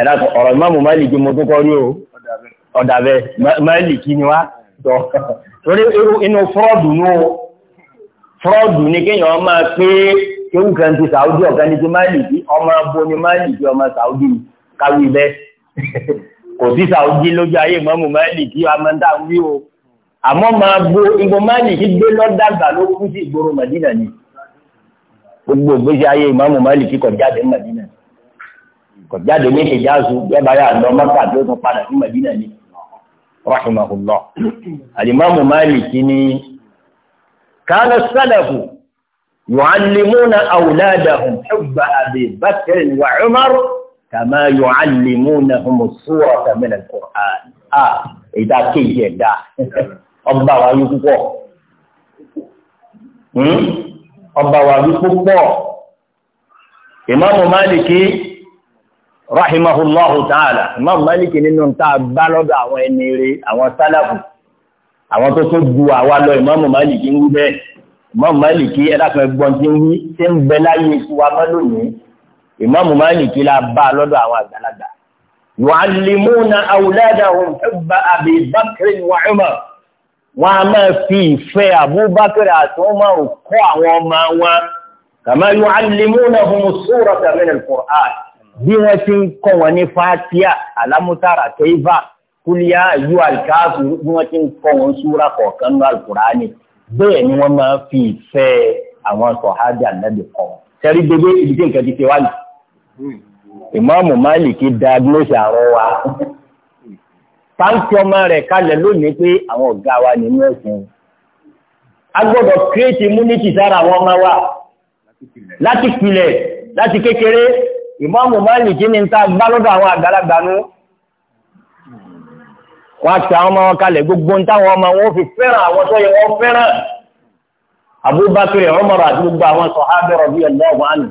Speaker 1: ẹ̀dá ọ̀rọ̀ ìmáàmù Málìkì mo tún kọ́ rí o ọ̀dà bẹ́ẹ̀ Málìkì ni wá tọ́ torí inú fúrọ́ọ̀dù ní o fúrọ́ọ̀dù ni kéèyàn máa pé kéwù kan ti Saudi ọ̀kan ní ti Málìkì ọmọ abo ni Málìkì ọmọ Saudi káwí bẹ́ẹ̀ kò sí Saudi lójú ayé ìmáàmù Málìkì amanda wí o àmọ́ máa bo ìgbò Málìkì gbé lọ́dàgbà ló kú sí ìgboro Màdínà ni gbogbo ìgbésí ayé ìmáàmù Málíkì kò jáde Mẹdínà kò jáde ní Hijazu yẹba yà lọ Mẹ́kà tó tún padà sí Mẹdínà ni rahimahullah alimami Málíkì ni kana salafu yu'allimuna awladahum hubba Abi Bakr wa Umar kàmá yu'allimunahum as-surata min a ìdá kéjì ẹ̀dá ọba wa yín púpọ̀. Hmm? ọba wà wí púpọ̀ ìmáàmù máàlìkì
Speaker 2: rahimahullahu ta'ala ìmáàmù
Speaker 1: máàlìkì nínú ta bá lọ́dọ̀ àwọn ẹni rere àwọn sálàfù àwọn tó tó ju àwa lọ ìmáàmù máàlìkì ń wí bẹ́ẹ̀ ìmáàmù máàlìkì ẹ̀dàkùn ẹgbọ́n ti ń wí ṣé ń bẹ láyé ìtura mọ́ lónìí ìmáàmù máàlìkì la bá lọ́dọ̀ àwọn àgbàlagbà yu'allimuna awladahum hubba Abi Bakr wa Umar wọn a máa fi ìfẹ́ Abubakar àti Umar kọ́ àwọn ọmọ wọn kama yu'allimunahum surata min al-Qur'an bí wọ́n ti ń kọ́ wọn ní Fatiha alamutara keiva kúlíà yu alkaafu bí wọ́n ti ń kọ́ wọn súra kọ̀ọ̀kan ní al-Qur'ani bẹ́ẹ̀ ni wọ́n máa fi ìfẹ́ àwọn sọ̀hádì ànábì kọ́ wọn. gbogbo ibi tí nǹkan ti ṣe wá lù. Hmm. ìmáàmù diagnose àrùn wa pàǹtí ọmọ rẹ̀ kalẹ̀ lónìí pé àwọn ọ̀gá wa nínú ẹ̀sìn a gbọ́dọ̀ create immunity sára àwọn ọmọ wa láti pilẹ̀ láti kékeré ìmọ̀ọ́mù máàlì kí ni ń ta gbá lọ́dọ̀ àwọn àgbàlagbà nú wọ́n á ti àwọn ọmọ wọn kalẹ̀ gbogbo ń táwọn ọmọ wọn fi fẹ́ràn àwọn tó yẹ wọ́n fẹ́ràn Abubakar Umar àti gbogbo àwọn sọ̀hábẹ́ rọ̀bí ọlọ́ọ̀gbọ́n àná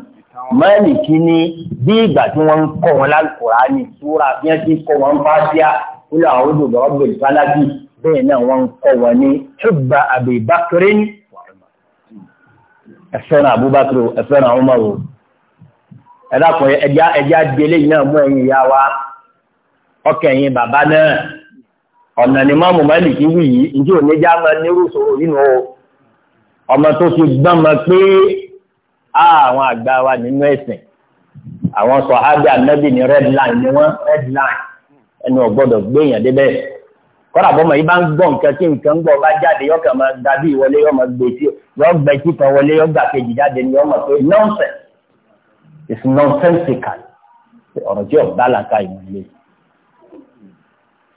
Speaker 1: máàlì kí ni bí ìgbà tí wọ́n ń kọ́ wọn lálùkùránì súra bí wọ́n ti kọ́ wọn fásíà kúlọ àwọn olùdó ọgbẹ ìfàlábì bẹ́ẹ̀ náà wọ́n ń kọ́ wọn ní ṣùgbà àbíbákérè ní ẹfẹ́ràn abubakar ẹfẹ́ràn umar ẹ̀dàkùn ẹja ẹja délé náà mú ẹ̀yin ìyá wa ọkẹ̀yìn bàbá náà ọ̀nà ni mọ́mù mẹ́lìkì wù yìí njẹ́ òní já máa nírú sòrò yìí nù ọmọ tó ti gbọ́n mọ pé àwọn àgbà wa nínú ẹ̀sìn àwọn sọ̀hábì ànábì ní red line ni wọ́n red line ẹnu ọ̀gbọ́dọ̀ gbéyàn débẹ̀ kọ́dà bọ́mọ yìí bá ń gbọ́ nǹkan tí nǹkan ń gbọ́ bá jáde yọ kàn máa dàbí ìwọlé yọ máa gbé tí yọ gbẹ tí kan wọlé yọ gbà kejì jáde ni yọ mọ̀ pé nonsense is nonsensical ọ̀rọ̀ tí ọ̀gbá làkà ìmọ̀lẹ́.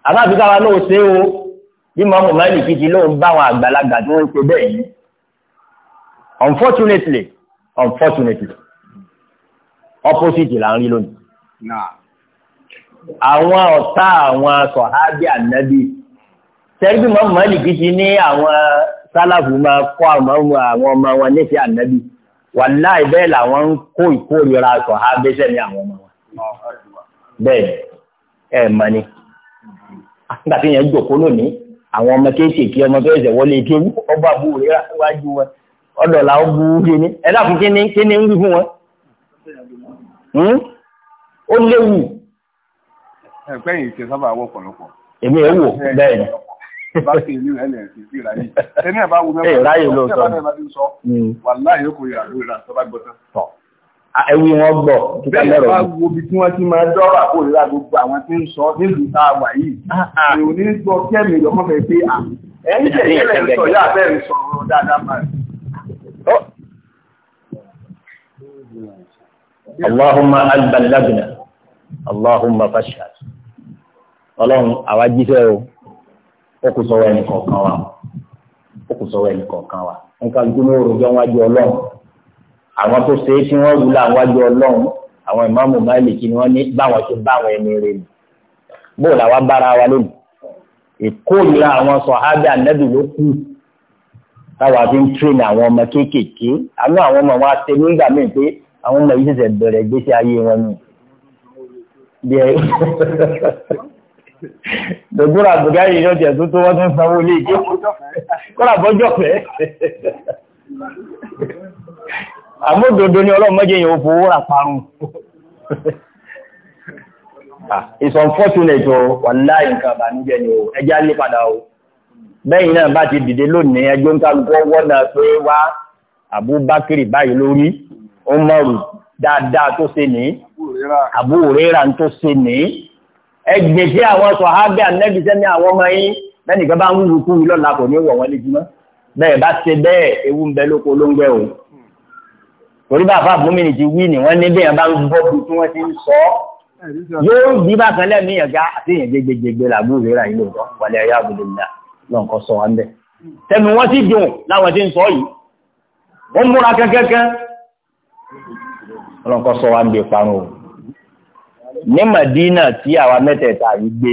Speaker 1: àbáfi káwa lóò ṣe o bí mọ́mú máìlì kìkì lóò bá àwọn àgbàlagbà tí wọ́n ń ṣe bẹ́ẹ̀ yìí unfortunately unfortunately opposite là ń rí lónìí. àwọn ọ̀tá àwọn sọ̀hábì ànábì sẹ́ríbì mọ́mọ́lì kìí ní àwọn sálàfù máa kọ́ àwọn ọmọ wọn nífẹ̀ẹ́ bẹ́ẹ̀ làwọn ń kó ìkórira àwọn ọmọ wọn bẹ́ẹ̀ ẹ̀ mọ́ ni nígbà tí yẹn jòkó ọmọ kéékèèké ọmọ tó ẹsẹ̀ wọlé ike ọba wájú wọn ọ̀dọ̀ làwọn bu kíni ẹ dàkún kíni kíni ń wí fún wọn hmm?
Speaker 2: ẹ̀pẹ́yìn ti sábà wọ́ pọ̀lọpọ̀. èmi ẹ̀ wò bẹ́ẹ̀ ni. bá ti ìlú ẹ̀ lẹ̀ sí sí ìráyè. ẹni ẹ̀ bá wù mẹ́fà ẹ̀ ráyè ló sọ. Hmm. wàláhì yóò kò yà lórí ra tọ́ bá gbọ́ tán. ẹwì wọn gbọ́ kíkà lọ́rọ̀. bẹ́ẹ̀ bá wo
Speaker 1: tí wọ́n ti máa dọ́rọ̀ àkórira gbogbo àwọn tí ń sọ nílùú tá a wà yìí. èrò ah, ah. ní gbọ́ kẹ́mi yọmọ fẹ́ pé à ẹ̀yìn tẹ̀lé sọ yá Allahumma fashhad ọlọ́run àwa jíṣẹ́ o ó kù sọ́wọ́ ẹnì kọ̀ọ̀kan wa ó kù sọ́wọ́ ẹnì kọ̀ọ̀kan wa nǹkan gbóná òrùjọ́ wájú ọlọ́run àwọn tó ṣe é tí wọ́n wù láwọn wájú ọlọ́run àwọn ìmáàmù máìlìkì ni wọ́n ní báwọn ṣe báwọn ẹni rè mí bóò làwa bára wa lónìí ìkórìíra àwọn sọ̀hábì ànábì ló kù táwa fi ń tírìn àwọn ọmọ kéékèèké àmọ́ àwọn ọmọ wa ṣe nígbà míì pé àwọn ọmọ yìí ṣẹ̀ṣẹ̀ bẹ̀rẹ̀ gbèsè ayé wọn ni díẹ̀ dògbòrò àgbègà yìí yọjẹ tó tó wọn tó ń sanwó ilé ìjọ kọlà bọjọ pẹ àmódodo ni Ọlọ́run mọjẹ yẹn ò fowó rà parun it's unfortunate o wàláì nǹkan àbànújẹ́ ni o ẹjẹ á lé padà o bẹ́yìn náà bá ti dìde lónìí ẹjọ́ ń kálukọ́ wọ́nà pé wá Abubakar báyìí lórí ó mọ̀rù dáadáa tó ṣe nìyí. Abu Huraira ń tó ṣe ní ẹgbẹ̀ tí àwọn sọ̀hábí ànẹ́bíṣẹ́ ní àwọn ọmọ yín lẹ́nì kan bá ń wù kú lọ́la kò ní wọ̀ wọ́n lé jùmọ́ bẹ́ẹ̀ bá ṣe bẹ́ẹ̀ ewu ń bẹ lóko ló ń gbẹ o torí bá fà bùnmí ni ti wí ni wọ́n ní bẹ́ẹ̀ bá ń gbọ́
Speaker 3: bí tí wọ́n ti ń sọ
Speaker 1: yóò bí bákan lẹ́mí ẹ̀gá àtẹ̀yìn gbégbégbé làbú ìrẹ́ra yìí lóòótọ́ wọlé ẹ̀yà àbúdé ńlá lọ́nkọ́ sọ wọn bẹ́ẹ̀ tẹ̀mí wọ́n sì dùn láwọn ti ń sọ yìí wọ́n múra kẹ́kẹ́kẹ́ lọ́nkọ́ sọ wọn bẹ́ẹ̀ parun o ní Madina tí àwa mẹ́tẹ̀ẹ̀ta yìí gbé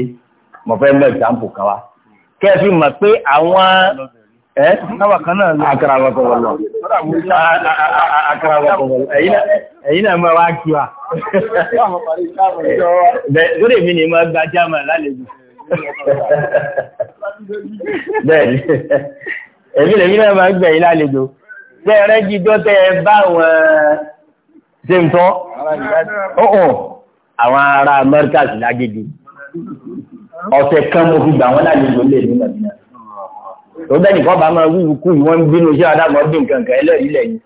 Speaker 1: mo fẹ́ mú ẹ̀sáǹpù kan wá kẹ́ ẹ fi mọ̀ pé àwọn ẹ́ àkàràwọ̀kọ̀wọ̀lọ̀ àkàràwọ̀kọ̀wọ̀lọ̀ ẹ̀yìn náà mọ̀ wá kí wa lórí èmi ni mo gba jáàmà lálejò bẹ́ẹ̀ni èmi lèmi náà máa ń gbẹ̀yìn lálejò tẹ́ ẹ rẹ́jíjọ́ tẹ́ ẹ bá àwọn ṣe ń tọ́ ọ̀hún àwọn ará Amẹ́ríkà sì lágége
Speaker 2: ọ̀sẹ̀ kan mo fi gbà wọ́n lálejò
Speaker 1: lè ní
Speaker 3: Nàìjíríà tó bẹ́ẹ̀ nìkan
Speaker 1: bá máa wúwo kú ìwọ́n ń bínú iṣẹ́ adámọ̀ bí nǹkan kan ẹlẹ́rìí lẹ́yìn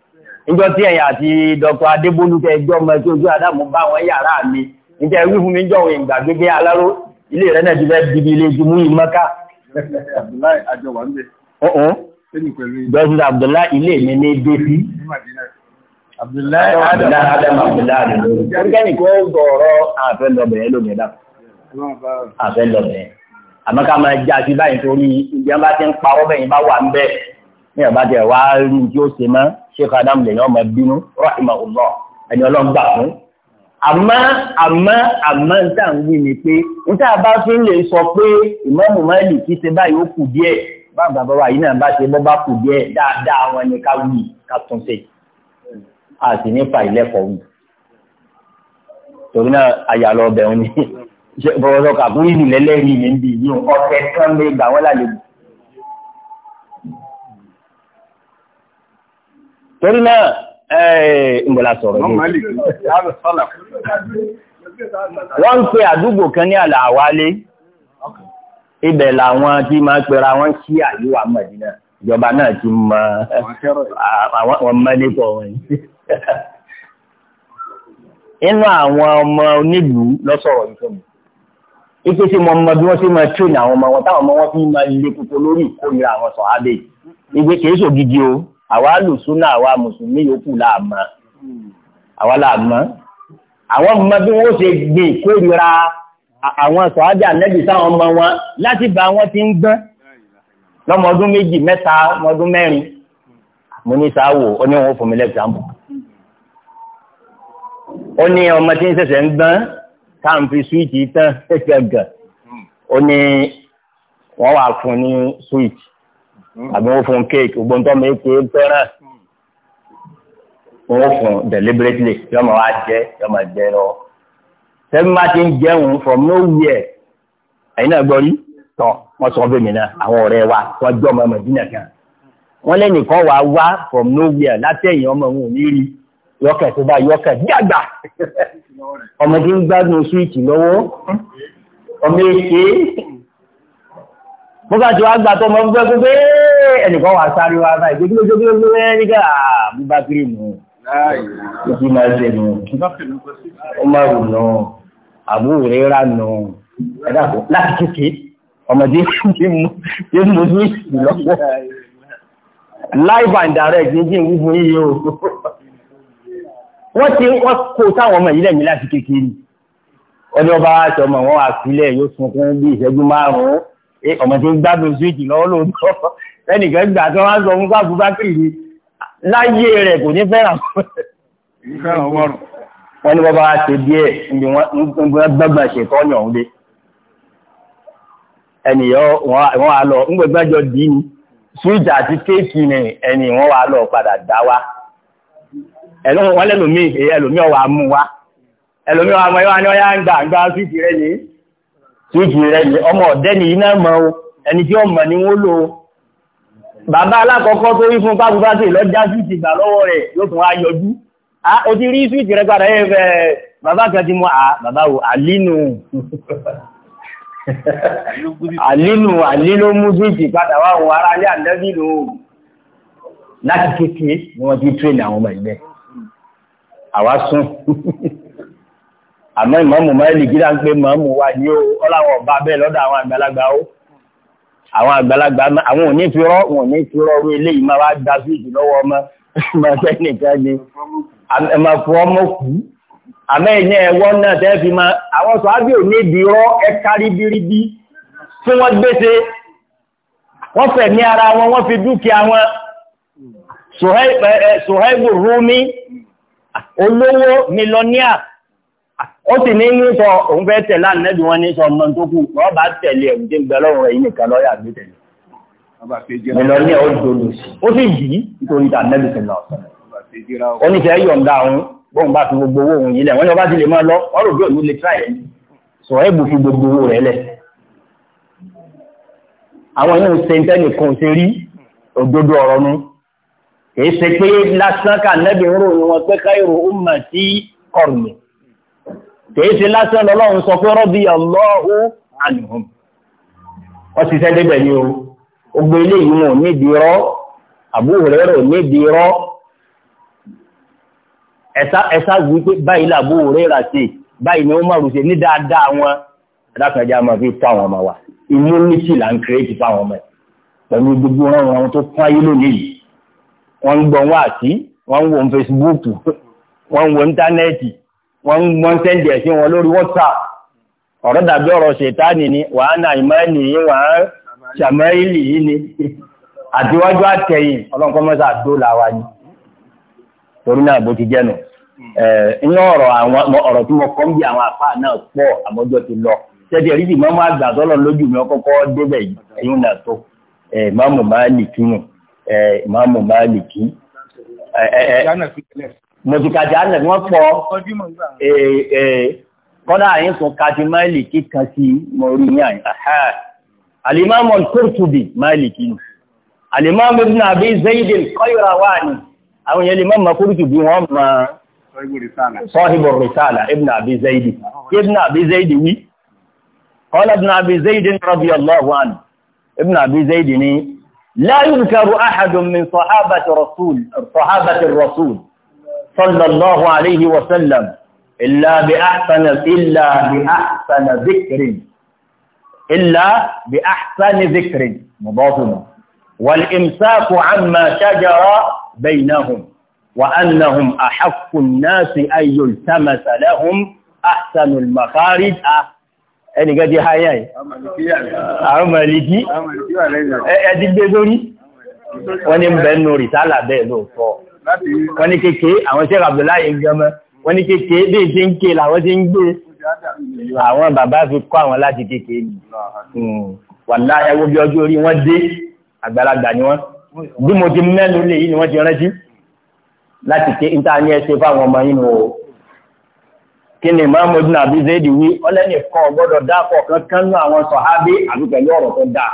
Speaker 1: níjọ́ tí ẹ̀yìn àti Dr. Adébólú tẹ ẹjọ́ ọmọ tí ojú adámọ̀ bá wọn yàrá mi níjẹ́ wí fún mi jọ òun ìgbà gbégbé aláró ilé rẹ̀ náà ti fẹ́ di ilé ju mú ìmọ́ká. Abdullahi àjọwà ń bẹ̀. Bẹ́sùn ilé mi ní Abdullahi Adam Abdullahi ló ń kẹ́ni kó gbọ̀ọ̀rọ̀ àfẹ́lọ́bẹ̀ẹ́ lónìí dà. Àfẹ́lọ́bẹ̀ẹ́. Àmọ́ ká máa já sí báyìí torí ibi ọba ti ń parọ́ bẹ́yìn bá wà ń bẹ̀. Ní ọba tẹ̀ wá rí tí ó ṣe mọ́, Sheikh Adam lèyàn ọmọ bínú, rahimahullah, ẹni ọlọ́run gbà fún. Àmọ́ àmọ́ àmọ́ ń tà ń wí ni pé ń tà bá fi lè sọ pé Imam Malik kí ṣe báyìí ó kù díẹ̀. Bàbá bàbá yìí náà bá ṣe bọ́ bá kù díẹ̀ dáadáa wọn ni ká wí ká tún ṣe
Speaker 2: àti nípa ìlẹ́kọ̀ọ́
Speaker 1: mi torí náà àyàlọ́ ọbẹ̀ òun ni bọ̀wọ̀sọ kàbúrú ìlẹ́lẹ́rìí mi ń bì yí ọ̀tẹ̀ kan lè gbà wọ́n lálejò. torí náà ǹgbọ́lá sọ̀rọ̀ yìí wọ́n ń pe àdúgbò kan ní àlàwálé ibẹ̀ làwọn tí máa pera wọn sí àyíwá mọ̀dínà ìjọba náà ti mọ àwọn mọ́lẹ́kọ̀ọ́ wọn yìí inú àwọn ọmọ onílùú lọ́sọ̀rọ̀ yìí fún mi ike tí mo mọ bí wọ́n ṣe máa tún àwọn ọmọ wọn táwọn ọmọ wọn fi máa le koko lórí ìkórira àwọn sọ̀hábẹ́ ìgbé kìí ṣògidì o àwa lùsúnà àwa mùsùlùmí yòókù láàmọ́ àwa láàmọ́ àwọn ọmọ bí wọ́n ṣe gbé ìkórira àwọn sọ̀hábẹ́ ànẹ́bí sáwọn ọmọ wọn láti bá wọn ti ń gbọ́n lọ́mọ ọdún méjì mẹ́ta ọmọ ọdún mẹ́rin mo ní sáwò oníwọ̀n fún mi lẹ́gbàmù ó ní ọmọ tí ń ṣẹ̀ṣẹ̀ ń gbọ́n tá à ń fi súwìtì tán gàngàn ó ní wọ́n wà fún ní súwìtì àbí wọ́n fún kéèkì gbogbo nǹkan mi kì í fẹ́ràn wọ́n fún deliberately yọmọ wa jẹ yọmọ jẹ lọ sẹ́mi máa ti ń jẹun from nowhere ẹ̀yin náà gbọ́ rí tọ́ wọ́n sọ fún mi náà àwọn ọ̀rẹ́ wa wọ́n jọ́ ọmọ Mẹdínà kan wọ́n lẹ́nìkan wà wá from nowhere látẹ̀yìn ọmọ òun ò ní rí yọkẹ̀ tó bá yọkẹ̀ gbàgbà ọmọ tí ń gbádùn súwìtì lọ́wọ́ ọmọ èké bókà tí wàá gbà tó ọmọ gbẹ gbẹ ẹnìkan wà sáré wa báyìí gbé gbé gbé gbé nígbà bíbá kiri mú
Speaker 2: ìdí máa ṣe nù ó máa wù nù
Speaker 1: àbúrò rẹ rà nù ẹ̀dá kó láti kékeré ọmọdé tí mo tí mo ní ìlọ́pọ̀ live and direct ní kí n wú fún yíyí o wọ́n ti wọ́n kó sáwọn ọmọ yìí lẹ́yìn láti kékeré ọdún ọba aṣọ ọmọ wọn àfilẹ̀ yóò sunkún bí ìṣẹ́jú márùn-ún ọmọ tí ń gbádùn síìtì lọ́wọ́ lóòótọ́ ẹnìkan gbà tí wọ́n sọ fún báàbù bákìrì láyé rẹ̀ kò ní fẹ́ràn wọ́n
Speaker 3: ní wọ́n bá ṣe díẹ̀
Speaker 1: ní wọ́n gbọ́gbọ́n ṣe tọ́ yàn dé ẹnìyàn wọ́n á lọ ń gbẹ̀gbẹ́jọ ní síìtì àti kéèkì ni ẹni wọ́n wá lọ padà dá wa ẹ̀lọ́wọ́ wọ́n lẹ́lòmí ẹ̀lòmí ọwà mú wa ẹ̀lòmí ọwà mọ́ ẹwà ní ọyá ń gbà ń gbà súùtì rẹ̀ yìí súùtì rẹ̀ yìí ọmọ ọ̀dẹ́ ni iná mọ́ o ẹni tí ó mọ̀ ni wọ́n lò ó bàbá alákọ̀ọ́kọ́ tó rí fún pápúpátì lọ́jà súùtì gbà lọ́wọ́ rẹ̀ yóò tún wá yọjú ó ti rí súùtì rẹ̀ padà yẹ fẹ́ bàbá kan ti mú a bàbá wo àlínú àlínú àlínú mú súùtì padà wá òun ará ilé àdẹ́bí lò ó láti kékeré ni wọ́n ti tún àwọn ọmọ ìgbẹ́ àwa sùn àmọ́ ìmọ̀mù máìlì gíga ń pè mọ̀mù wa ní o ọláwọ̀ bá bẹ́ẹ̀ lọ́dọ̀ àwọn àgbàlagbà o àwọn àgbàlagbà àwọn òní fi rọ́ wọn òní fi rọ́ orí eléyìí máa wá gba fíìsì lọ́wọ́ ọmọ máa fẹ́ nìkan ni ẹ máa fọ ọmọ kù àmọ́ ẹ̀yìn ẹ̀wọ́ náà tẹ́ fi máa àwọn sọ ábí òní di rọ́ ẹ kárí bíríbí tí wọ́n gbèsè wọ́n fẹ̀mí ara wọn wọ́n fi dúkìá wọn Suhaibu Rumi olówó mílọ́níà ó sì ní ní sọ òun fẹ́ tẹ̀lé ànẹ́bí wọn ní sọ ọmọ tó kù wọ́n bá tẹ̀lé ẹ̀mí tí ń gbẹ lọ́wọ́ ẹ̀yìn nìkan lọ́yà
Speaker 2: gbé tẹ̀lé mílọ́níà ó dolo
Speaker 1: sí ó sì yí nítorí ànẹ́bí ti lọ ó ní fẹ́ yọ̀ǹda òun bóun bá fi gbogbo owó òun yìí lẹ̀ wọ́n ní ọba ti lè máa lọ wọ́n rò bí òun lè tíráyẹ̀ sọ ẹ̀ bù fi gbogbo owó rẹ̀ lẹ̀ àwọn inú sentẹ́nì kan ti rí òdodo ọ̀rọ̀ nu kìí ṣe pé lásán kà nẹ́bí ń ròyìn wọn pé ó mà sí kọ̀rùnì kìí ṣe lásán lọ́lọ́run sọ pé rọ́bì ọlọ́hu àlùhùn wọ́n ti bẹ̀ ni o gbogbo eléyìí wọn ò níbi rọ́ àbúrò rẹ̀ rò pé báyìí làbúrò rà sí báyìí ni ó rùsẹ̀ ní dáadáa wọn adákanjá máa fi àwọn ọmọ wa ń ọmọ pẹ̀lú gbogbo wọ́n ń gbọ́ wá sí wọ́n ń wo Facebook wọ́n ń wo íńtánẹ́ẹ̀tì wọ́n ń wọ́n sẹ́ndì ẹ̀ wọn lórí WhatsApp ọ̀rọ̀ dàbí ọ̀rọ̀ ṣètáàni ni wàá nà ìmọ̀ẹ́nì yìí wàá ṣàmẹ́ìlì yìí ni àtiwájú àtẹ̀yìn ọlọ́nkọ́mọ́sá dóòlà wa ni torí náà bó ti jẹ́nu inú ọ̀rọ̀ àwọn ọ̀rọ̀ tí mo kọ́ ń bí àwọn àpá náà pọ̀ àmọ́jọ́ ti lọ tẹ́tí ẹ̀rí sì mọ́mú àgbà tọ́lọ̀ lójú mi ọkọ́kọ́ débẹ̀ yìí ẹ̀yún náà tó mọ́mú máa nì ìmáàmù Málìkì mọ̀tìkàjà ànà wọ́n fọ́ kọ́dà àyín sọ kàtí Málìkì kan sí mọ̀rí ní àyín alìmáàmù Qurtubi Málìkì ni alìmáàmù Ibn Abi Zayd al-Qayrawani àwọn yẹn alìmáàmù Qurtubi wọ́n mọ̀ صاحب الرسالة ابن أبي زيد ابن أبي زيد وي قال ابن أبي زيد رضي الله عنه ابن أبي زيد ني لا ينكر أحد من صحابة رسول صحابة الرسول صلى الله عليه وسلم إلا بأحسن إلا بأحسن ذكر إلا بأحسن ذكر مضافنا والإمساك عما شجر بينهم وأنهم أحق الناس أن يلتمس لهم أحسن المخارج ẹnìkan ti háyà yìí àwọn mọ̀lìkí ẹ̀ẹ́dì gbé sórí wọ́n ní bẹ̀ẹ́nu rìsálà bẹ́ẹ̀ lóòótọ́ wọ́n ní kéèké àwọn sẹ́rà Abdullahi gẹ́mọ́ wọ́n ní kéèké bí i ti ń ké làwọn ti ń gbé àwọn bàbá fi kọ́ àwọn láti kéèké ni hmm. wàlá ẹwọ́ bí ọjọ́ orí wọ́n dé àgbàlagbà ni wọ́n bí mo ti mẹ́nu lè yìí ni wọ́n ti rántí láti ké níta ní ẹsẹ̀ fáwọn ọmọ yìí nù o kí ni ìmáàmù ibùn àbí zéèdì wí ọlẹ́nì kan gbọ́dọ̀ dápọ̀ kankan ní àwọn sọ̀hábí àbí pẹ̀lú ọ̀rọ̀ tó dáa.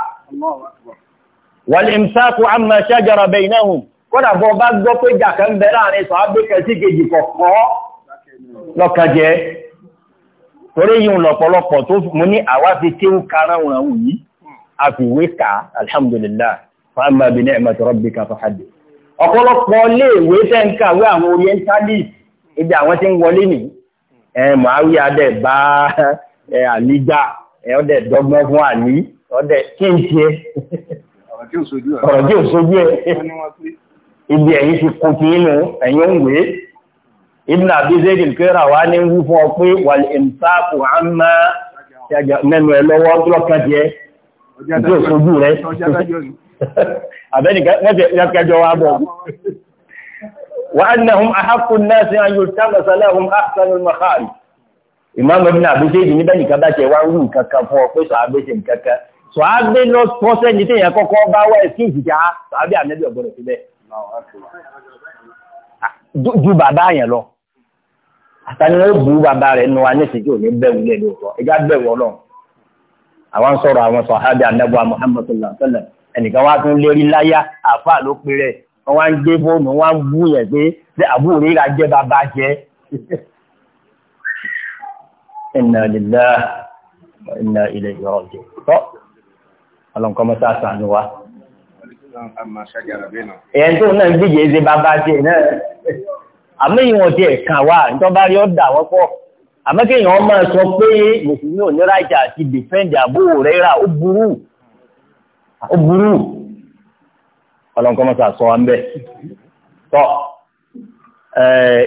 Speaker 1: wal imsaku amma shajara baynahum kódà bọ́ bá gbọ́ pé jàkẹ́ ń bẹ láàrin sọ̀hábí kẹsí kejì kọ̀kọ́ lọ́kàjẹ́ torí yìí lọ̀pọ̀lọpọ̀ tó mú ní àwa fi kéwú karahùn àwọn yìí a fi wé ka ibi àwọn tí ń wọlé nìyí ẹ màáwí adẹ bá ẹ àlígbà ẹ ọdẹ dọ́gbọ́n fún àlí ọdẹ kéǹtì ẹ
Speaker 2: ọ̀rọ̀ tí ò sojú ẹ ibi ẹ̀yin ti
Speaker 1: kò tí inú ẹ̀yin ń wé ibn abi zayd al-kira wa ni wí fún ọ pé wal imsaku amma mẹ́nu ẹ lọ́wọ́ lọ́kàn tiẹ̀ tí ò sojú rẹ abẹ́nìkan wọ́n ti yàtọ̀ kẹjọ wa bọ̀. وأنهم أحق الناس أن يلتمس لهم أحسن المخارج Imam Ibn Abi Zayd níbẹ̀ nìkan bá tẹ wá wù kankan fún ọ pé sọ̀hábẹ́ ṣe nǹkan kan sọ̀hábẹ́ lọ pọ́sẹ́ ní téèyàn kọ́kọ́ bá wá ẹ̀sìn ìjìjà sọ̀hábẹ́ ànẹ́bí ọ̀gbọ́dọ̀ síbẹ̀ ju bàbá yẹn lọ àtàní ó bu bàbá rẹ̀ nù wa níṣìṣẹ́ òní bẹ̀rù lẹ́nu ọ̀rọ̀ ẹja bẹ̀rù ọlọ́run àwọn sọ̀rọ̀ àwọn sọ̀hábẹ́ wọ́n wá ń gbé fóònù wọ́n ń bú yẹn pé ṣé àbúrò rírà jẹ́ bàbá jẹ́. inna lillahi wa inna ilayhi raji'un. tọ́ ọlọ́nkọ́mọ́sá sànù wa. ẹ̀yẹn tó náà ń díje ṣe bàbá jẹ́ náà àmì ìwọ̀n ti ẹ̀ka wa nítorí bá rí ọ́ dà wọ́n pọ̀ àmọ́ kéèyàn máa sọ pé mùsùlùmí ò ní rájà àti dìfẹ́ǹdì àbúrò rẹ̀ rà ó burú ó burú ọlọ́nkọ́ mọ́sá sọ wa ń bẹ̀. tọ́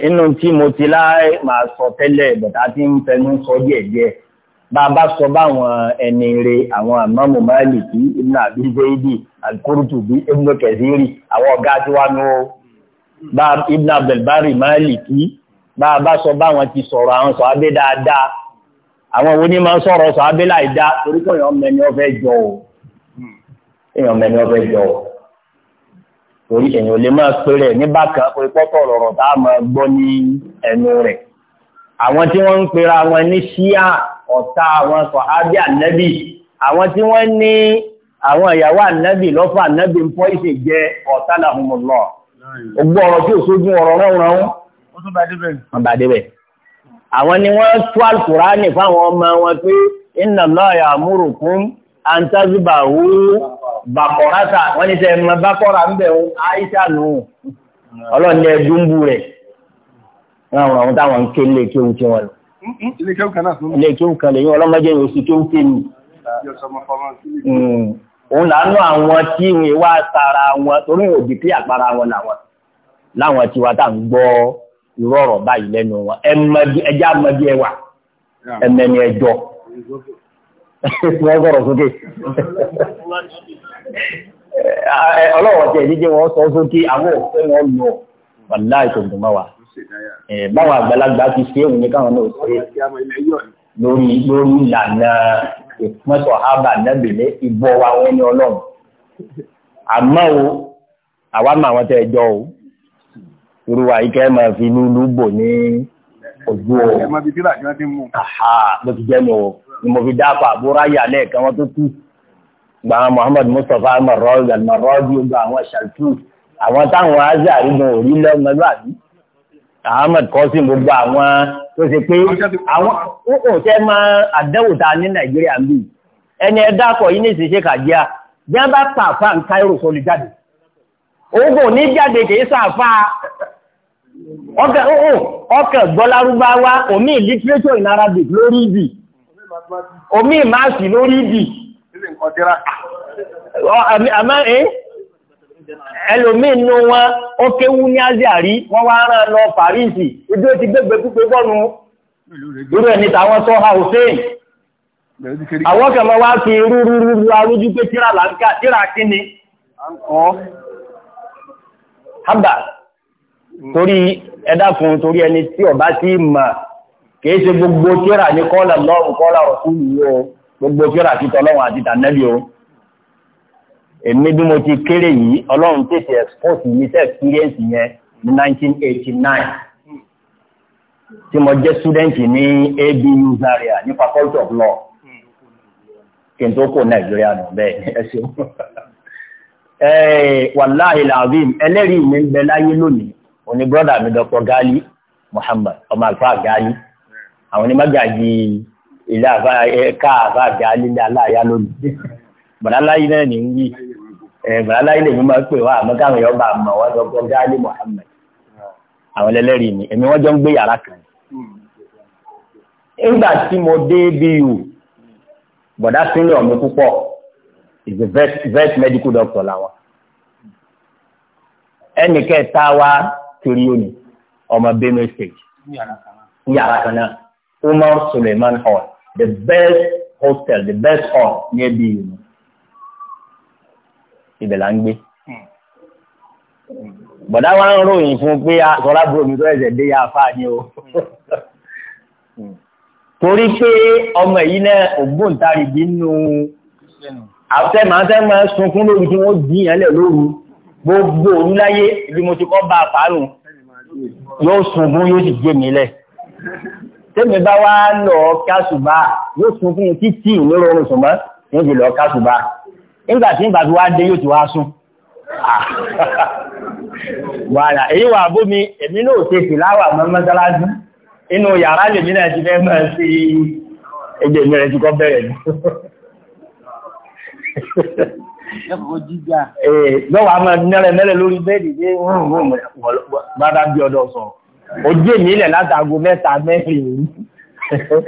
Speaker 1: inú tí mo ti láì máa sọ tẹ́lẹ̀ bọ̀tà tí ń fẹnu sọ díẹ̀ díẹ̀ bá a bá sọ báwọn ẹni re àwọn àmọ́mù Málìkì ibn Abi Zaidi al-Qurtubi ibn Kathiri àwọn ọ̀gá tí wà nù bá ibn Abdelbari Málìkì bá a bá sọ báwọn ti sọ̀rọ̀ àwọn sọ abẹ́ dáadáa àwọn wo ni máa sọ̀rọ̀ sọ abẹ́ láì dá torí kò yàn mẹ́ni ọ̀fẹ́ jọ o èèyàn mẹ́ni ọ̀fẹ́ jọ o torí èèyàn lè máa péré nígbà kan pé pọ́tọ̀ lọ̀rọ̀ tá a máa gbọ́ ní ẹnu rẹ̀ àwọn tí wọ́n ń pera wọn ní ṣíà ọ̀tá àwọn sọ̀hábí ànábì àwọn tí wọ́n ní àwọn ìyàwó ànábì lọ́fọ̀ ànábì ń fọ́ ìṣe jẹ ọ̀tá làhùnmùlọ̀ ogbó ọ̀rọ̀ tí òṣojú ọ̀rọ̀ rẹ́wọ̀n wọn bá débẹ̀ àwọn ni wọ́n tú àlùkùránì fáwọn ọmọ wọn pé inna Allah ya'murukum an tazbahu bàkọ̀rátà wọ́n ní sẹ́ mọ bákọ́rà ń bẹ̀ ń àìsà nù ọlọ́run ní ẹdún bú rẹ̀ láwọn àwọn táwọn ń ké hm? ilé kéwù tí wọn lọ. ilé kéwù kan lèyìn ọlọ́mọdé yóò sì kéwù kéwù. òun làánú àwọn tí ìwé wá tara wọn torí òbí pé àpárá wọn làwọn láwọn tiwa tá à ń gbọ́ irú ọ̀rọ̀ báyìí lẹ́nu wọn ẹja mọdé ẹwà ẹmẹni ẹjọ. wọ́n gbọ́dọ̀ sókè. Eh, ọlọ́wọ́ tẹ̀ jíjẹ́ wọn sọ sókè àwọn òfin wọn lọ wàlá ìtòǹtò máa wà báwọn àgbàlagbà ti ṣe òun ní káwọn náà ṣe lórí lórí ìlànà wa wọn ní o àwa o máa fi bò ní ojú o ti jẹ́ mi o ni mo fi tó gba àwọn Muhammad Mustapha amarọ́ọ̀dì amarọ́ọ̀dì gba àwọn ṣàtú àwọn táwọn azi àrígun òrí lọ́mọlúwàbí Ahmed Kọ́sìn gbogbo àwọn tó ṣe pé àwọn ó tẹ́ máa àdẹ́wò ta ní Nàìjíríà ń bì ẹni ẹ dákọ̀ yìí ní ìṣiṣẹ́ kàjíà bí wọ́n bá pa àfa nǹkan èrò sọ lè jáde oògùn ní jáde kì í sàfà ọkẹ̀ gbọ́lárúbáwá omi literature in Arabic lórí ibì omi ìmáàsì lórí ibì àmọ́ ẹ́ ẹlòmíín nú wọn ó kéwú ní aziari wọn wá rán lọ Parísì ojú ó ti gbégbé pípé bọ́ọ̀nù irú ẹni tàwọn tó ha Hussein
Speaker 3: àwọn kẹmọ wá fi
Speaker 1: rúrúrú arújú pé tíra làǹkà tíra kíni haba torí ẹ̀dàkùn torí ẹni tí ọba ti mà kìí ṣe gbogbo tíra ní kọ́là lọ́rùn kọ́là ọ̀tún yìí o gbogbo kíra àti tọlọ́run àti tànẹ́bí o èmi bí mo ti kéré yìí ọlọ́run tètè expose mi sí experience yẹn ní 1989 tí mo jẹ́ student ní abu zaria ní faculty of law kí n tó kó nàìjíríà nù bẹ́ẹ̀ ẹ ṣeun eh, wàláhì làbím ẹlẹ́rìí mi ń bẹ láyé lónìí òní brọ́dà mi dr gali muhammad ọmọ àlùfáà gali àwọn onímọ̀gàjì ilé àbá ẹ̀ka àbá àgbà lílé aláàyá lónìí bàdáláyé náà ní ń yí bàdáláyé lèmi máa pè wá àmọ́ káwọn èèyàn bá mọ̀ wọ́n lọ́gbọ́ gáálí Muhammad àwọn ẹlẹ́rìí ni, èmi wọ́n jọ ń gbé yàrá kan nígbà tí mo dé BU bọ̀dá senior mi púpọ̀ is the best best medical doctor làwọn ẹnì kẹta wa kiri ó ní ọmọ Benue state ní yàrá kan náà Umar Suleiman Hall the best hostel the best hall ní ẹbí ìlú ibẹ̀ là ń gbé bọ̀dá wa ń ròyìn fún pé sọlá bro mi tó ẹsẹ̀ dé yáa fáà ni o torí pé ọmọ èyí náà ògbóǹtarìgì nínú àfẹ́ màá fẹ́ máa sunkún lórí tí wọ́n di ìyẹn lẹ̀ lóru gbogbo oníláyé ibi mo ti kọ́ bá a pàánù yóò sunkún yóò sì gbé mi lẹ̀ tẹ́mi bá wá lọ kásùbà yóò sun fún mi títí ìlérò oorun sùn mọ́ ní ìdí lọ kásùbà nígbà tí nígbà tí wàá dé yóò ti wá sùn. Ah. wàhálà èyí wà bó mi èmi náà ṣe fìláwà mọ́ mọ́sálásí inú yàrá lèmi náà ti fẹ́ mọ́ sí ẹgbẹ́ mi rẹ̀ ti kọ́ bẹ̀rẹ̀ ni.
Speaker 3: ẹ̀kọ́ jíjà.
Speaker 1: Eh, lọ́wọ́ a máa nẹ́rẹ̀ mẹ́rẹ̀ lórí bẹ́ẹ̀dì dé bàbá bí ọdọ sọ̀rọ̀ ojú èmi ilẹ̀ látago mẹ́ta mẹ́rin òru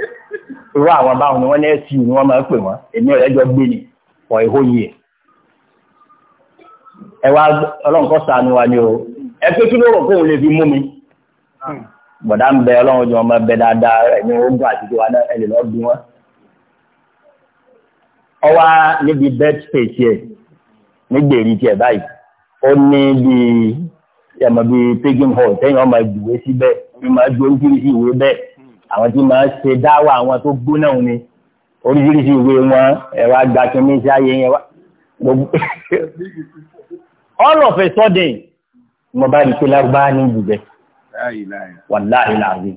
Speaker 1: irú àwọn báwọn ni wọ́n ní ẹ̀sìn ni wọ́n máa ń pè wọ́n èmi ọ̀rẹ́ jọ gbé ni for a whole year ẹ wá ọlọ́run kọ́ sànù wa ni o ẹ pé kí ló rò kóun lè fi mú mi bọ̀dá ń bẹ ọlọ́run jọ ọmọ bẹ dáadáa ẹ̀yin ogun àti tiwa náà ẹ lè lọ́ọ́ bí wọ́n ọwá níbi bed space yẹ nígbèrè tiẹ̀ báyìí ó ní bíi yàmọ̀ bí pégin hall tẹ́yìn ọmọ ìdìbò síbẹ̀ bí máa gbé oríṣiríṣi ìwé bẹ́ẹ̀ àwọn tí máa ṣe dáwà àwọn tó gbóná òun ni oríṣiríṣi ìwé wọn ẹ̀rọ agbàkínní sí ayé yẹn wá. all of a sudden mo bá rí i pé lárúbáwá ní ìdìbẹ̀ wàláhì láàbí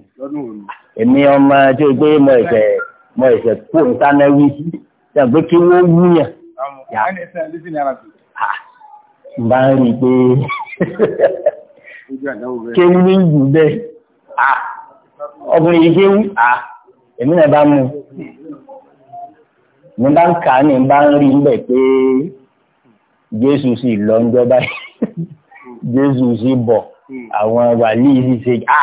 Speaker 1: èmi ọmọ tí o gbé mọ ẹsẹ̀ mọ ẹsẹ̀ kó ntáná wí ṣe pé kí wọ́n wúyàn. n bá rí i pé kéwú ní ìlú bẹ́ẹ̀ à ọkùnrin yìí kéwú à èmi náà bá mú mi bá ń kà á ní bá ń rí níbẹ̀ pé Jésù sì lọ ń jọba Jésù sì bọ̀ àwọn wàlíì sì ṣe à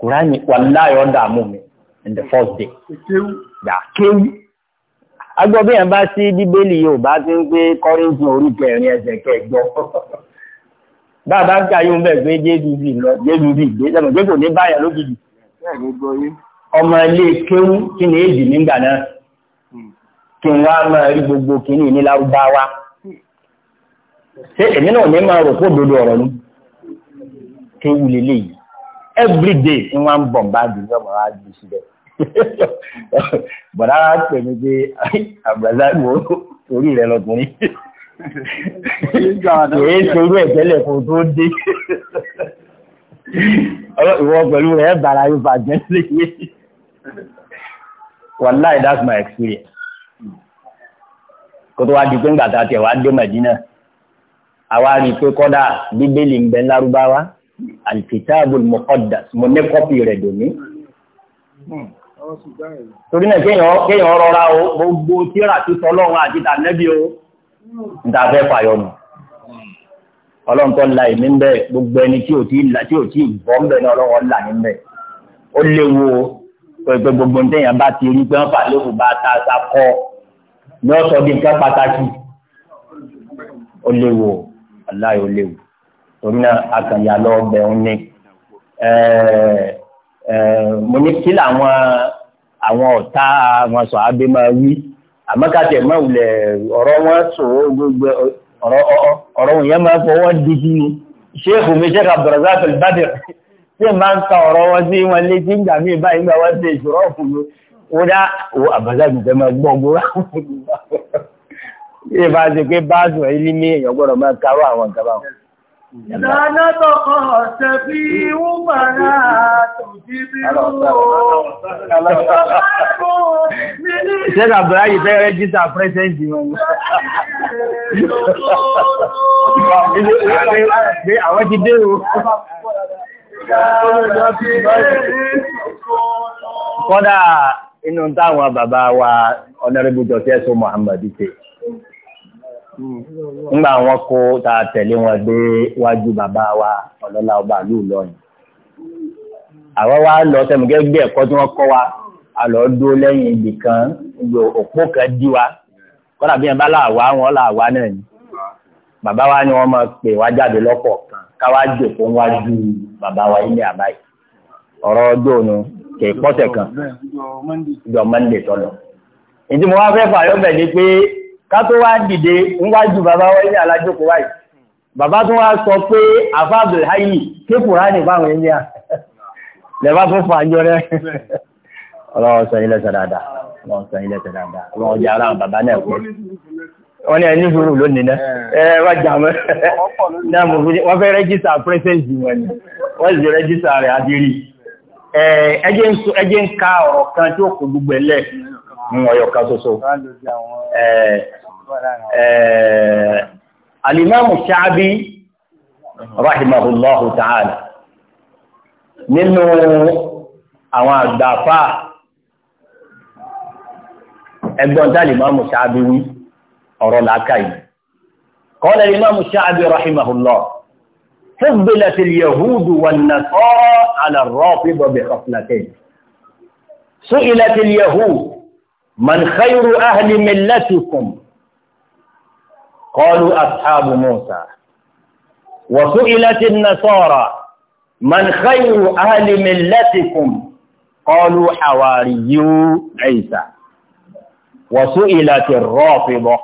Speaker 1: Kùránì wàláyọ̀ dààmú mi in the first day. Kéwú agbọ́bẹ̀yàn bá sí bíbélì yóò bá ti ń pé Kọ́ríńtì orí kẹrin ẹsẹ̀ kẹjọ. bàbá ń kà yóò bẹ̀ gbé jdb lọ jdb gbé sẹ́nu pé kò ní báyà lójijì ọmọ ilé kéwú kí ni èjì nígbà náà kí n wá máa rí gbogbo kìíní ní lárúbáwá ṣé èmi náà ní máa rò kó dodo ọ̀rọ̀ ni kéwú lélẹ́yìí everyday ni wọ́n ń bọ̀ bá dùn ní ọmọ wa jù síbẹ̀ bọ̀dá wa pé àgbàdo orí rẹ lọkùnrin. Èé ṣerú ẹ̀tẹ́lẹ̀ fún tó dé. Ìwọ pẹ̀lú rẹ̀ bàrà yóò bàjẹ́ sí. Wàláì, that's my experience. Kó tó wá di pé ńgbà tá a tiẹ̀ wá dé Mẹ̀dínà. Àwa rí i pé kọ́dà Bíbélì ń bẹ Lárúbáwá. Al-Kitabul Muqaddas. Mo ní kọ́pì rẹ̀ dòní torí náà kéèyàn rọra o gbogbo tíra ti sọ lọ́run àti tànẹ́bí o níta fẹ́ fàyọ nù ọlọ́run tó la èmi ń bẹ gbogbo ẹni tí ò tí tí ò tí bọ́ ń bẹ ní ọlọ́run là ní bẹ ó léwu o pé gbogbo ntẹ̀yìn bá ti rí pé wọ́n fà léwu bá ta ta kọ́ ní ọ̀sọ̀ bí nǹkan pàtàkì ó léwu o aláì ó léwu torí náà akànyà lọ bẹ̀ ń ní mo ní kí làwọn àwọn ọ̀tá àwọn sọ̀ abẹ́ máa wí àmọ́ ká tẹ̀ máa wulẹ̀ ọ̀rọ̀ wọn sòwò gbogbo ọ̀rọ̀ wọn yẹn máa fọwọ́ dídí ni ṣéèkù mi ṣe ka bọ̀rọ̀dá tó bàdì tí n máa ń ka ọ̀rọ̀ wọn sí wọn létí ń gbà mí báyìí nígbà wọn ṣe ìṣòro ọ̀fun mi ó dá o àbájá mi fẹ́ máa gbọ́ gbó ṣé pé báàsì wọn ilé ní èèyàn gbọ́dọ̀ máa kárọ̀ àwọn nǹkan báwọn.
Speaker 3: لا نطق سفيه بنات جبريل Ṣé àbúrá yìí fẹ́
Speaker 1: rẹ́jísà pẹ́sẹ̀ntì wọn? Ṣé àwọn ti dé o? Kọ́dà inú táwọn bàbá wa Honorable Jọ́sẹ́sọ Mọ̀hàmàdì ṣe ńgbà wọn kó tá tẹ̀lé wọn dé wájú bàbá wa ọlọ́lá ọba ìlú Ìlọrin àwọn wa lọ sẹ́mi gẹ́gẹ́ ẹ̀kọ́ tí wọ́n kọ́ wa a lọ dúró lẹ́yìn ibì kan ìgbò òpó kan dí wa kọ́dà bí yẹn bá làwá wọn làwá náà ni bàbá wa ni wọ́n máa pè wá jáde lọ́pọ̀ kan káwá jòkó wájú bàbá wa ilé àbáyé ọ̀rọ̀ ọjọ́ kì í pọ́sẹ̀ kan ìjọ mọ́ndé tọ́lọ̀ ìdí mo wá fẹ́ fà yọ́ bẹ̀ ni pé ká tó wá dìde níwájú bàbá wáyé alájókòó wáyé bàbá tó wá sọ pé àfa abdulhayi kékùrá ní báwọn ẹni à lẹ́bàá fún fàájọ rẹ ọlọ́wọ́ sọ ilẹ̀ sọ dáadáa ọlọ́wọ́ sọ ilẹ̀ sọ dáadáa ọlọ́wọ́ jẹ́ ara bàbá náà pé wọ́n ní ẹni sùúrù lónìí náà ẹ wá jà mọ́ náà mo fi wọ́n fẹ́ rẹ́gísà pírẹ́sẹ̀ǹsì wọn ni wọ́n sì rẹ́gísà rẹ̀ adìrí ẹ ẹjẹ́ ń ka ọ̀rọ̀ kan tí ó kó gbogbo ẹ̀ lẹ́ẹ̀ mú ọyọ̀ kan ṣoṣo. Alimamu Ṣaabi rahimahullahu ta'ala nínú àwọn àgbàfà ẹgbọ́n tí Alimamu Ṣaabi wí ọ̀rọ̀ làákàyè. Qala Alimamu Ṣaabi rahimahullahu فضلت اليهود والنصارى على الرافضة بخصلتين سئلت اليهود man khayru ahli millatikum qalu ashabu musa wa su'ilat an-nasara man khayru ahli millatikum qalu hawariyyu isa wa su'ilat ar-rafida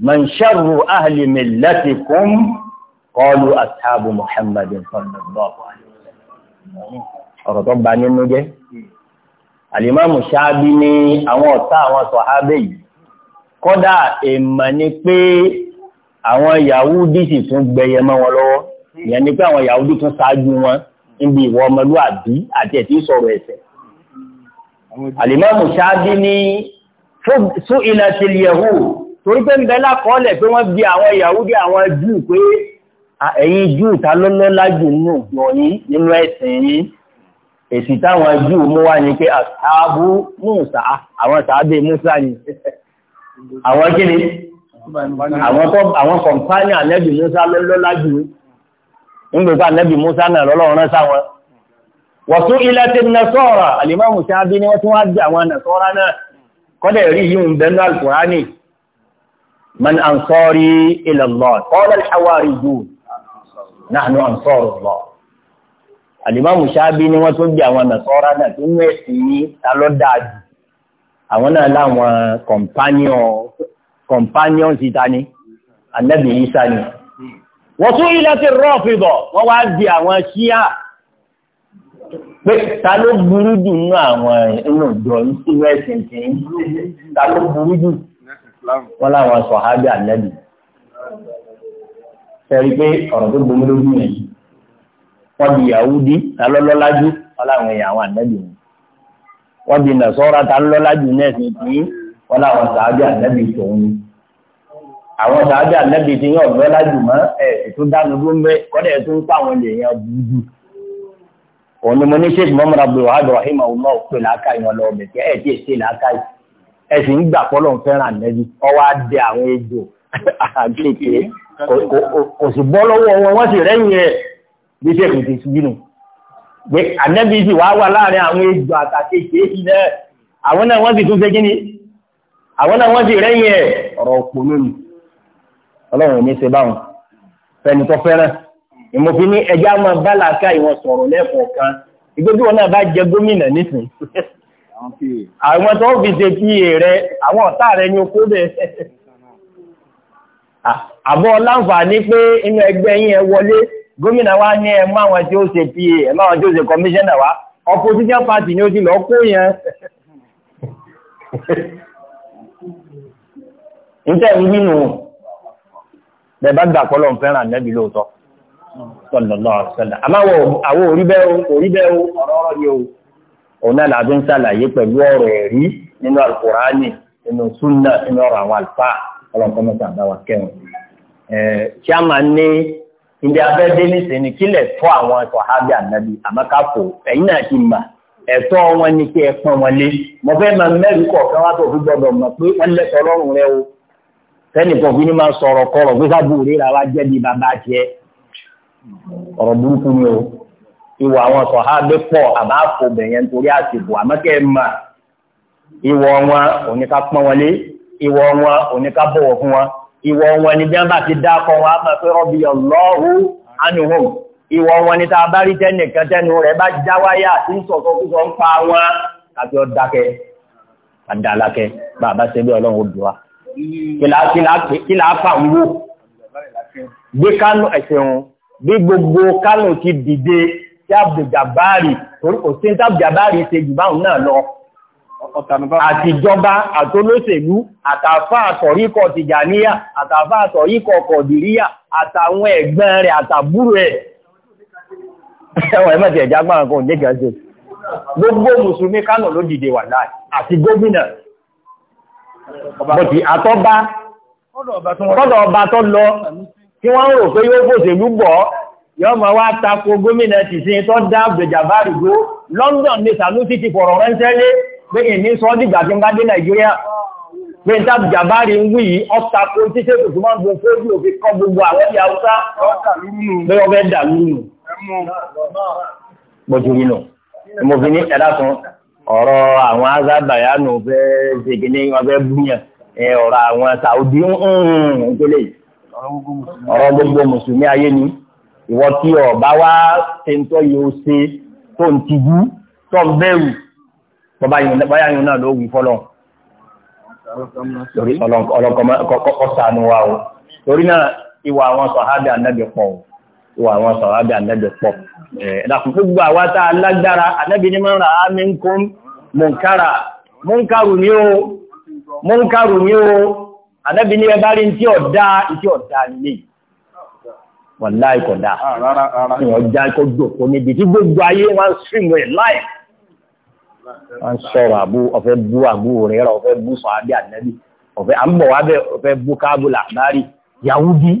Speaker 1: man sharru ahli millatikum qalu ashabu muhammadin sallallahu alaihi
Speaker 3: wasallam
Speaker 1: ọ̀rọ̀ tó bá nínú jẹ́ alimamu ṣáàbí ní àwọn ọ̀tá àwọn sọ̀hábẹ́ yìí kọ́dà èèmọ̀ ni pé àwọn yahudi sì tún gbẹyẹ mọ́ wọn lọ́wọ́ ìyẹn ni pé àwọn yahudi tún ṣáájú wọn níbi ìwọ ọmọlúàbí àti ẹ̀tí sọ̀rọ̀ ẹ̀sẹ̀
Speaker 2: alimamu ṣáàbí
Speaker 1: ní fún ilẹ̀ tìlì torí pé ń bẹ pé wọ́n bi àwọn yahudi àwọn júù pé ẹ̀yin júù ta lọ́lọ́lá jù nù yọ̀yìn nínú ẹ̀sìn yìí èsì táwọn jù mú wá ní pé àbú Mùsá àwọn sàábé Mùsá ni
Speaker 2: àwọn kí ni
Speaker 1: àwọn kọ̀mpánì ànẹ́bì Mùsá lọ́lá jù nígbèkọ́ ànẹ́bì Mùsá náà lọ́lọ́run rán sáwọn wọ̀tú ilẹ̀ tí nasọ́ọ̀rà alìmọ́mù tí a bí ní wọ́n tún wá jẹ́ àwọn nasọ́ọ̀rà náà kọ́dẹ̀ rí yíò ń bẹ̀rẹ̀ alkùránì man ansọ́rí ilẹ̀ lọ́ọ̀ kọ́lẹ̀ hawarijun nahnu ansọ́rù lọ́ọ̀ àlìmáàmù ṣáábí ni wọ́n tún bí àwọn nàṣọ́ra náà tó ń wẹ̀ sí ta ló dáa jù àwọn náà láwọn companion companion ti ta ni anabi isa ni wọ́n tún ilẹ̀ ti rọ́ọ̀fì bọ̀ wọ́n wá di àwọn ṣíà pé ta ló burú jù nínú àwọn inú ìjọ nínú ẹ̀sìn tí ta ló burú jù wọ́n láwọn sọ̀hábì anabi sẹ́rí pé ọ̀rọ̀ tó gbomú lójú yẹn wọ́n di yahudi ta lọ́lọ́lájú wọ́n láwọn èèyàn àwọn ànábì wọn wọ́n di nàṣọ́ra ta lọ́lọ́lájú náà sì ti wọ́n láwọn sàájú ànábì tòun ni àwọn sàájú ànábì ti yàn lọ́lájú mọ́ ẹ̀ tó dánu ló ń bẹ kọ́dẹ̀ tó ń pa àwọn èèyàn dúdú òun ni mo ní sèkì mọ́mọ́ra bùrọ̀ àdùrọ̀hìn àwọn ọmọ òpè làákàyè wọn lọ bẹ̀ kí ẹ̀ tí ì ṣe làákàyè ẹ̀ sì ń gbà pọ́lọ̀ ń fẹ́ràn ànábì ọwọ́ á dẹ àwọn ejò bí sẹ́kù ti sùgbìnù pé ànábì sì wá wà láàrin àwọn ejò àtàkì kéèkì náà àwọn náà wọ́n sì tún fẹ́ kíni àwọn náà wọ́n sì rẹ́yìn ẹ̀ ọ̀rọ̀ òpó lónìí ọlọ́run ní ṣe báwọn fẹ́ni tó fẹ́ràn ìmọ̀fin ní ẹja máa bá làákà ìwọ̀n sọ̀rọ̀ lẹ́ẹ̀kọ̀ọ̀kan ìgbésí wọn náà bá jẹ gómìnà nísìnyí àwọn tó fi ṣe kí rẹ àwọn ọ̀tá rẹ ní okó bẹ́ẹ̀ àbọ̀ láǹfààní pé inú ẹgbẹ́ yín ẹ wọlé gómìnà wa ní ẹ mú àwọn tí ó ṣe pa ẹ mú àwọn tí ó ṣe kọmíṣánná wa opposition party ni ó ti lọ kó yẹn níta ń bínú bẹ́ẹ̀ bá gbà pọlọ fẹ́ràn ànábì lóòótọ́ sọlọlọ sọlọ àmọ́ àwọn òrí bẹ́ẹ̀ o òrí bẹ́ẹ̀ o ọ̀rọ̀ ọ̀rọ̀ yìí o òun náà làbí ń ṣàlàyé pẹ̀lú ọ̀rọ̀ ẹ̀rí nínú alukurani nínú sunna nínú ọ̀rọ̀ àwọn àlùfáà ọlọpàá mẹ́ta àbáwá kẹwọn ẹ ṣé ní ìdí abẹ́ délé ni kílẹ̀ tọ́ àwọn sọ̀hábì ànábì àmọ́káfò ẹ̀yìn náà ti mà ẹ̀tọ́ wọn ni kí ẹ pọ́n wọn lé mo fẹ́ máa mẹ́rin kọ̀ọ̀kan wá tó fi gbọdọ̀ mọ̀ pé wọ́n lẹ́tọ̀ ọlọ́run rẹ o sẹ́nìkan fi ni máa sọ̀rọ̀ kọ̀rọ̀ pé sábúrò rẹ ra wá jẹ́ bí bàbá tiẹ̀ ọ̀rọ̀ burúkú ni o ìwọ àwọn sọ̀hábẹ́ pọ̀ àbáfò bẹ̀yẹn torí àsìkò àmọ́ kẹ́ ẹ mà ìwọ̀ wọn ni bí wọ́n bá ti dákọ̀ wọn á máa pé rọ́bì ọlọ́hu anuhum ìwọ̀ wọn ni tá a bá rí tẹ́nìkan tẹ́nu rẹ̀ bá já wáyà tí ń sọ̀tọ̀ kúsọ̀ ń pa wọn àti ọ̀dàkẹ́ àdàlákẹ́ bá a bá ṣe bí ọlọ́run ó dùn wa kí là á fà ń wò gbé kánò ẹ̀sẹ̀hún bí gbogbo kánò ti dìde tí Abdul Jabari torí kò sí ní tí Abdul Jabari ṣe jù báwọn náà lọ àtijọba àtolóṣèlú àtàfà àtọ̀ríkọ̀ tìjàníyà àtàfà àtọ̀ríkọ̀ kọ̀dìríyà àtàwọn ẹ̀gbọ́n rẹ̀ àtàbúrò ẹ̀ ẹwọ̀n ẹ̀mẹ́tì ẹ̀já gbọ́n kan ní gẹ̀ẹ́sẹ̀ gbogbo mùsùlùmí kánò ló dìde wà láì àti gómìnà
Speaker 3: bọ̀tì àtọ́bá tọ́dọ̀
Speaker 1: ọba tó lọ tí wọ́n ń rò pé yóò fòṣèlú bọ̀ yọ ma wá tako gómìnà tìsín tó dá Abdul Jabbar London ní Sanusi ti fọ̀rọ̀ ránṣẹ́ lé pé ìní sọ dìgbà tí ń bá dé nàìjíríà pé ń tàbí jàbárí ń wí yìí ọ́ta kó títẹ́ tó tó máa ń gbọ́n fóójú òfin kọ́ gbogbo àwọn ìyá haúsá pé ọbẹ̀ dà lúnu gbọ́jú nínú mo fi ní ẹ̀dá kan ọ̀rọ̀ àwọn azábàyánù fẹ́ ṣègì ní ọbẹ̀ búyàn ọ̀rọ̀ àwọn sàúdí ń pélé ọ̀rọ̀ gbogbo mùsùlùmí ayé ni ìwọ tí ọ̀bá wá ṣe ń tọ́ yóò ṣe tó ń tijú tó ń bẹ̀rù bọ́bá yóò náà ló wí fọ́lọ́ torí ọlọ́kọ̀ọ́sánú wa o torí náà ìwà àwọn sọ̀hábì ànábì pọ̀ ìwà àwọn sọ̀hábì ànábì pọ̀ ẹ̀dàkùn gbogbo àwa tá a lágbára ànábì ní mọ́ra àmì ń kún mọ̀nkára mọ̀nkárù ní o mọ̀nkárù ní o ànábì ní ẹbá rí tí ọ̀dá tí ọ̀dá nílé wàláì kódà ìwọ̀n já kó jòkó níbi tí gbogbo ayé wọn sírìmù ẹ̀ láì à ń sọ̀rọ̀ àbú ọ̀fẹ́ bú àbú rẹ̀ ọ̀fẹ́ bú sọ àbí ànábì ọ̀fẹ́ à ń bọ̀ wá bẹ́ẹ̀ ọ̀fẹ́ bú káàbù làbárì yahudi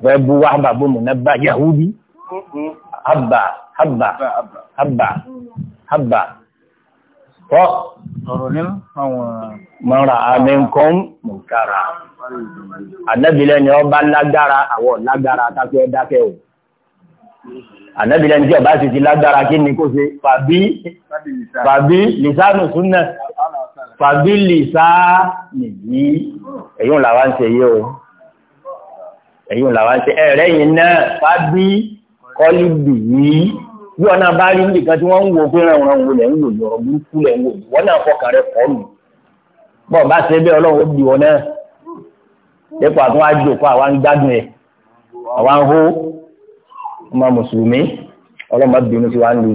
Speaker 1: ọ̀fẹ́ bú wá bàbá mùnàbà yahudi habba habba habba habba tọ́ ọ̀rọ̀ ní àwọn mọ́ra àmì nǹkan mọ̀kára ànábì lẹ́ni ọba lágbára àwọn lágbára tákẹ́ dákẹ́ o ànábìlẹ̀ ní tí ọba sì ti lágbára kí ni kó ṣe fàbí fàbí lìsánù súnà fàbí lìsánì yìí èyí ń làwọn ṣe yìí o èyí ń làwọn ṣe ẹ̀rẹ́ yìí náà fàbí kọ́líbì yìí bí ọ̀nà bá rí nìkan tí wọ́n ń wo pé ràn wọ́n lẹ̀ ń ń hó ọmọ mùsùlùmí ọlọ́mọ bínú sí wa ń lu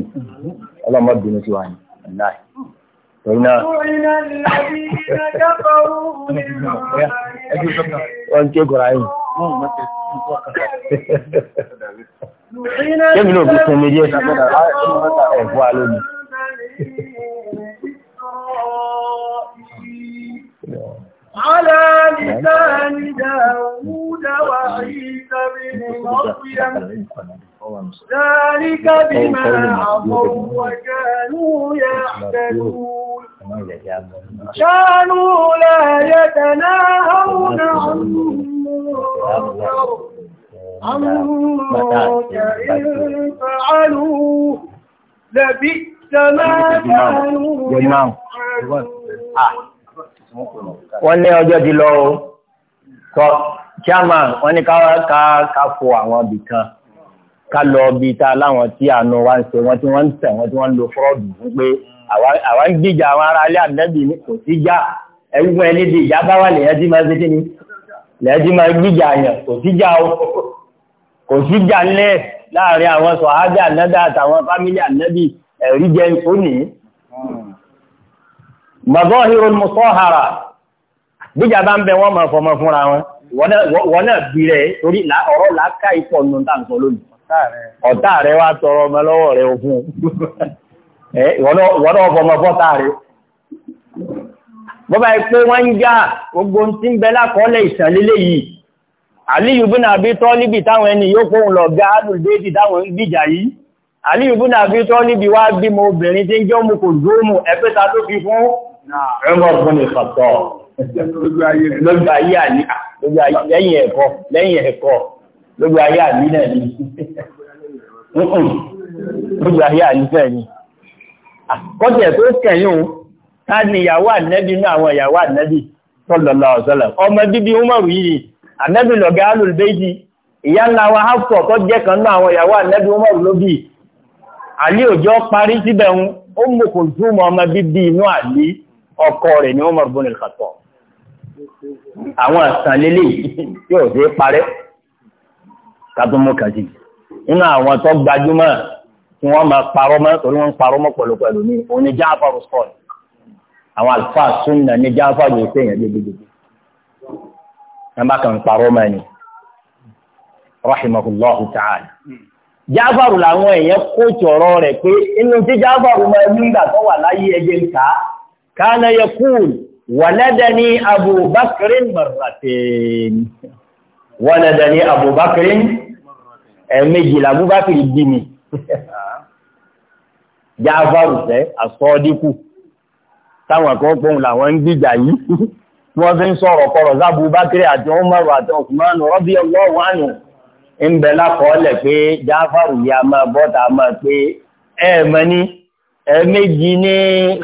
Speaker 1: ọlọ́mọ bínú sí wa ń láì. torí náà
Speaker 2: wọ́n ké gọ̀rọ̀ ayé.
Speaker 3: kémi náà fi sinmi díẹ̀ ẹ̀fọ́ alóni. Yeah. على لسان داود وعيسى بن مريم ذلك بما عصوا وكانوا يعتدون كانوا لا يتناهون عن منكر عن منكر فعلوه لبئس ما كانوا يفعلون ah.
Speaker 1: wọ́n ní ọjọ́ ti lọ o tọ́ chairman wọ́n ní ká ká fo àwọn ibì kan ká lọ bí ta láwọn tí àánú wa ń ṣe wọ́n tí wọ́n ń tẹ̀ wọ́n tí wọ́n ń lo fúrọ́ọ̀dù fún pé àwa ń gbìjà àwọn ará ilé àdẹ́bì ní kò sí já ẹgbẹ́ ẹni di ìjà bá wà lèyàn tí máa ṣe kí ni lèyàn tí máa gbìjà yàn kò sí já o kò sí já ńlẹ̀ láàrin àwọn sọ̀hábì ànádà àtàwọn fámílì ànádì ẹ̀rí jẹ́ ó nìyí mazohiru musohara bíjà bá ń bẹ wọn máa fọmọ fúnra wọn wọn náà bí rẹ torí ọ̀rọ̀ làákà ipò nù tá à ń sọ lónìí ọ̀tá rẹ wá tọrọ ọmọ lọ́wọ́ rẹ òfun wọn náà fọmọ fọta rẹ bọ́bá yìí pé wọ́n ń já gbogbo tí ń bẹ lákọọ́lẹ̀ ìṣàlélẹ̀ yìí Aliyu bin Abi Tọ́líbì táwọn ẹni yóò kóhun lọ gá alùdéèdì táwọn ń gbìjà yìí Aliyu bin Abi Tọ́líbì wá bímọ obìnrin tí ń jẹ́ ọmọ kò zoomu ẹ̀pẹ́ta tó fi fún ẹ̀rọ ọ̀gbọ́n ní ìfàtọ̀ lójú ayé àní lẹ́yìn ẹ̀kọ́ lẹ́yìn ẹ̀kọ́ lójú ayé àní náà ni lójú ayé àní náà ni àkọ́jẹ̀ ah, tó kẹ̀yìn o ta ni ìyàwó ànẹ́bí ní àwọn ìyàwó ànẹ́bí sọ́lọ̀lọ́ ọ̀sọ́lọ̀ ọmọ bíbí Umaru yìí ànẹ́bí lọ̀gá alùlùbẹ́jì ìyá ńlá wa hafọ̀ tó jẹ́ kan náà àwọn ìyàwó ànẹ́bí Umaru ló inú àlí ọkọ rẹ̀ ni Umar ibn al-Khattab àwọn àṣàn lélẹ̀ yóò dé parẹ́ kátó mú kàdí nínú àwọn tó gbajúmọ̀ tí wọ́n máa parọ́ mọ́ torí wọ́n ń parọ́ mọ́ pẹ̀lú pẹ̀lú ní oní jáfàrù sọ̀rọ̀ àwọn àlùfáà súnà ní jáfàrù yìí sèyàn gbégbégbé wọ́n bá kàn parọ́ mọ́ ni rahimahullahu ta'ala jáfàrù làwọn èèyàn kóòtù ọ̀rọ̀ rẹ̀ pé inú tí jáfàrù máa ń gbà tó wà láyé ẹgbẹ́ ń ta á kana yakul waladani Abu Bakrin marratain waladani Abu Bakrin ẹ̀mejì l'Abu Bakri bí mi jáfàrù sẹ́ àsọ́ọ́díkù táwọn ẹ̀kọ́ pọ̀hùn làwọn ń gbìjà yìí wọ́n fi ń sọ̀rọ̀ kọ̀rọ̀ sábú Bakri àti Umaru àti Usman radiyallahu anhu ń bẹ lákọọ́lẹ̀ pé jáfàrù yìí a máa bọ́ta máa pé ẹ̀ẹ̀mọ́ ní ẹ̀ẹ̀mejì ní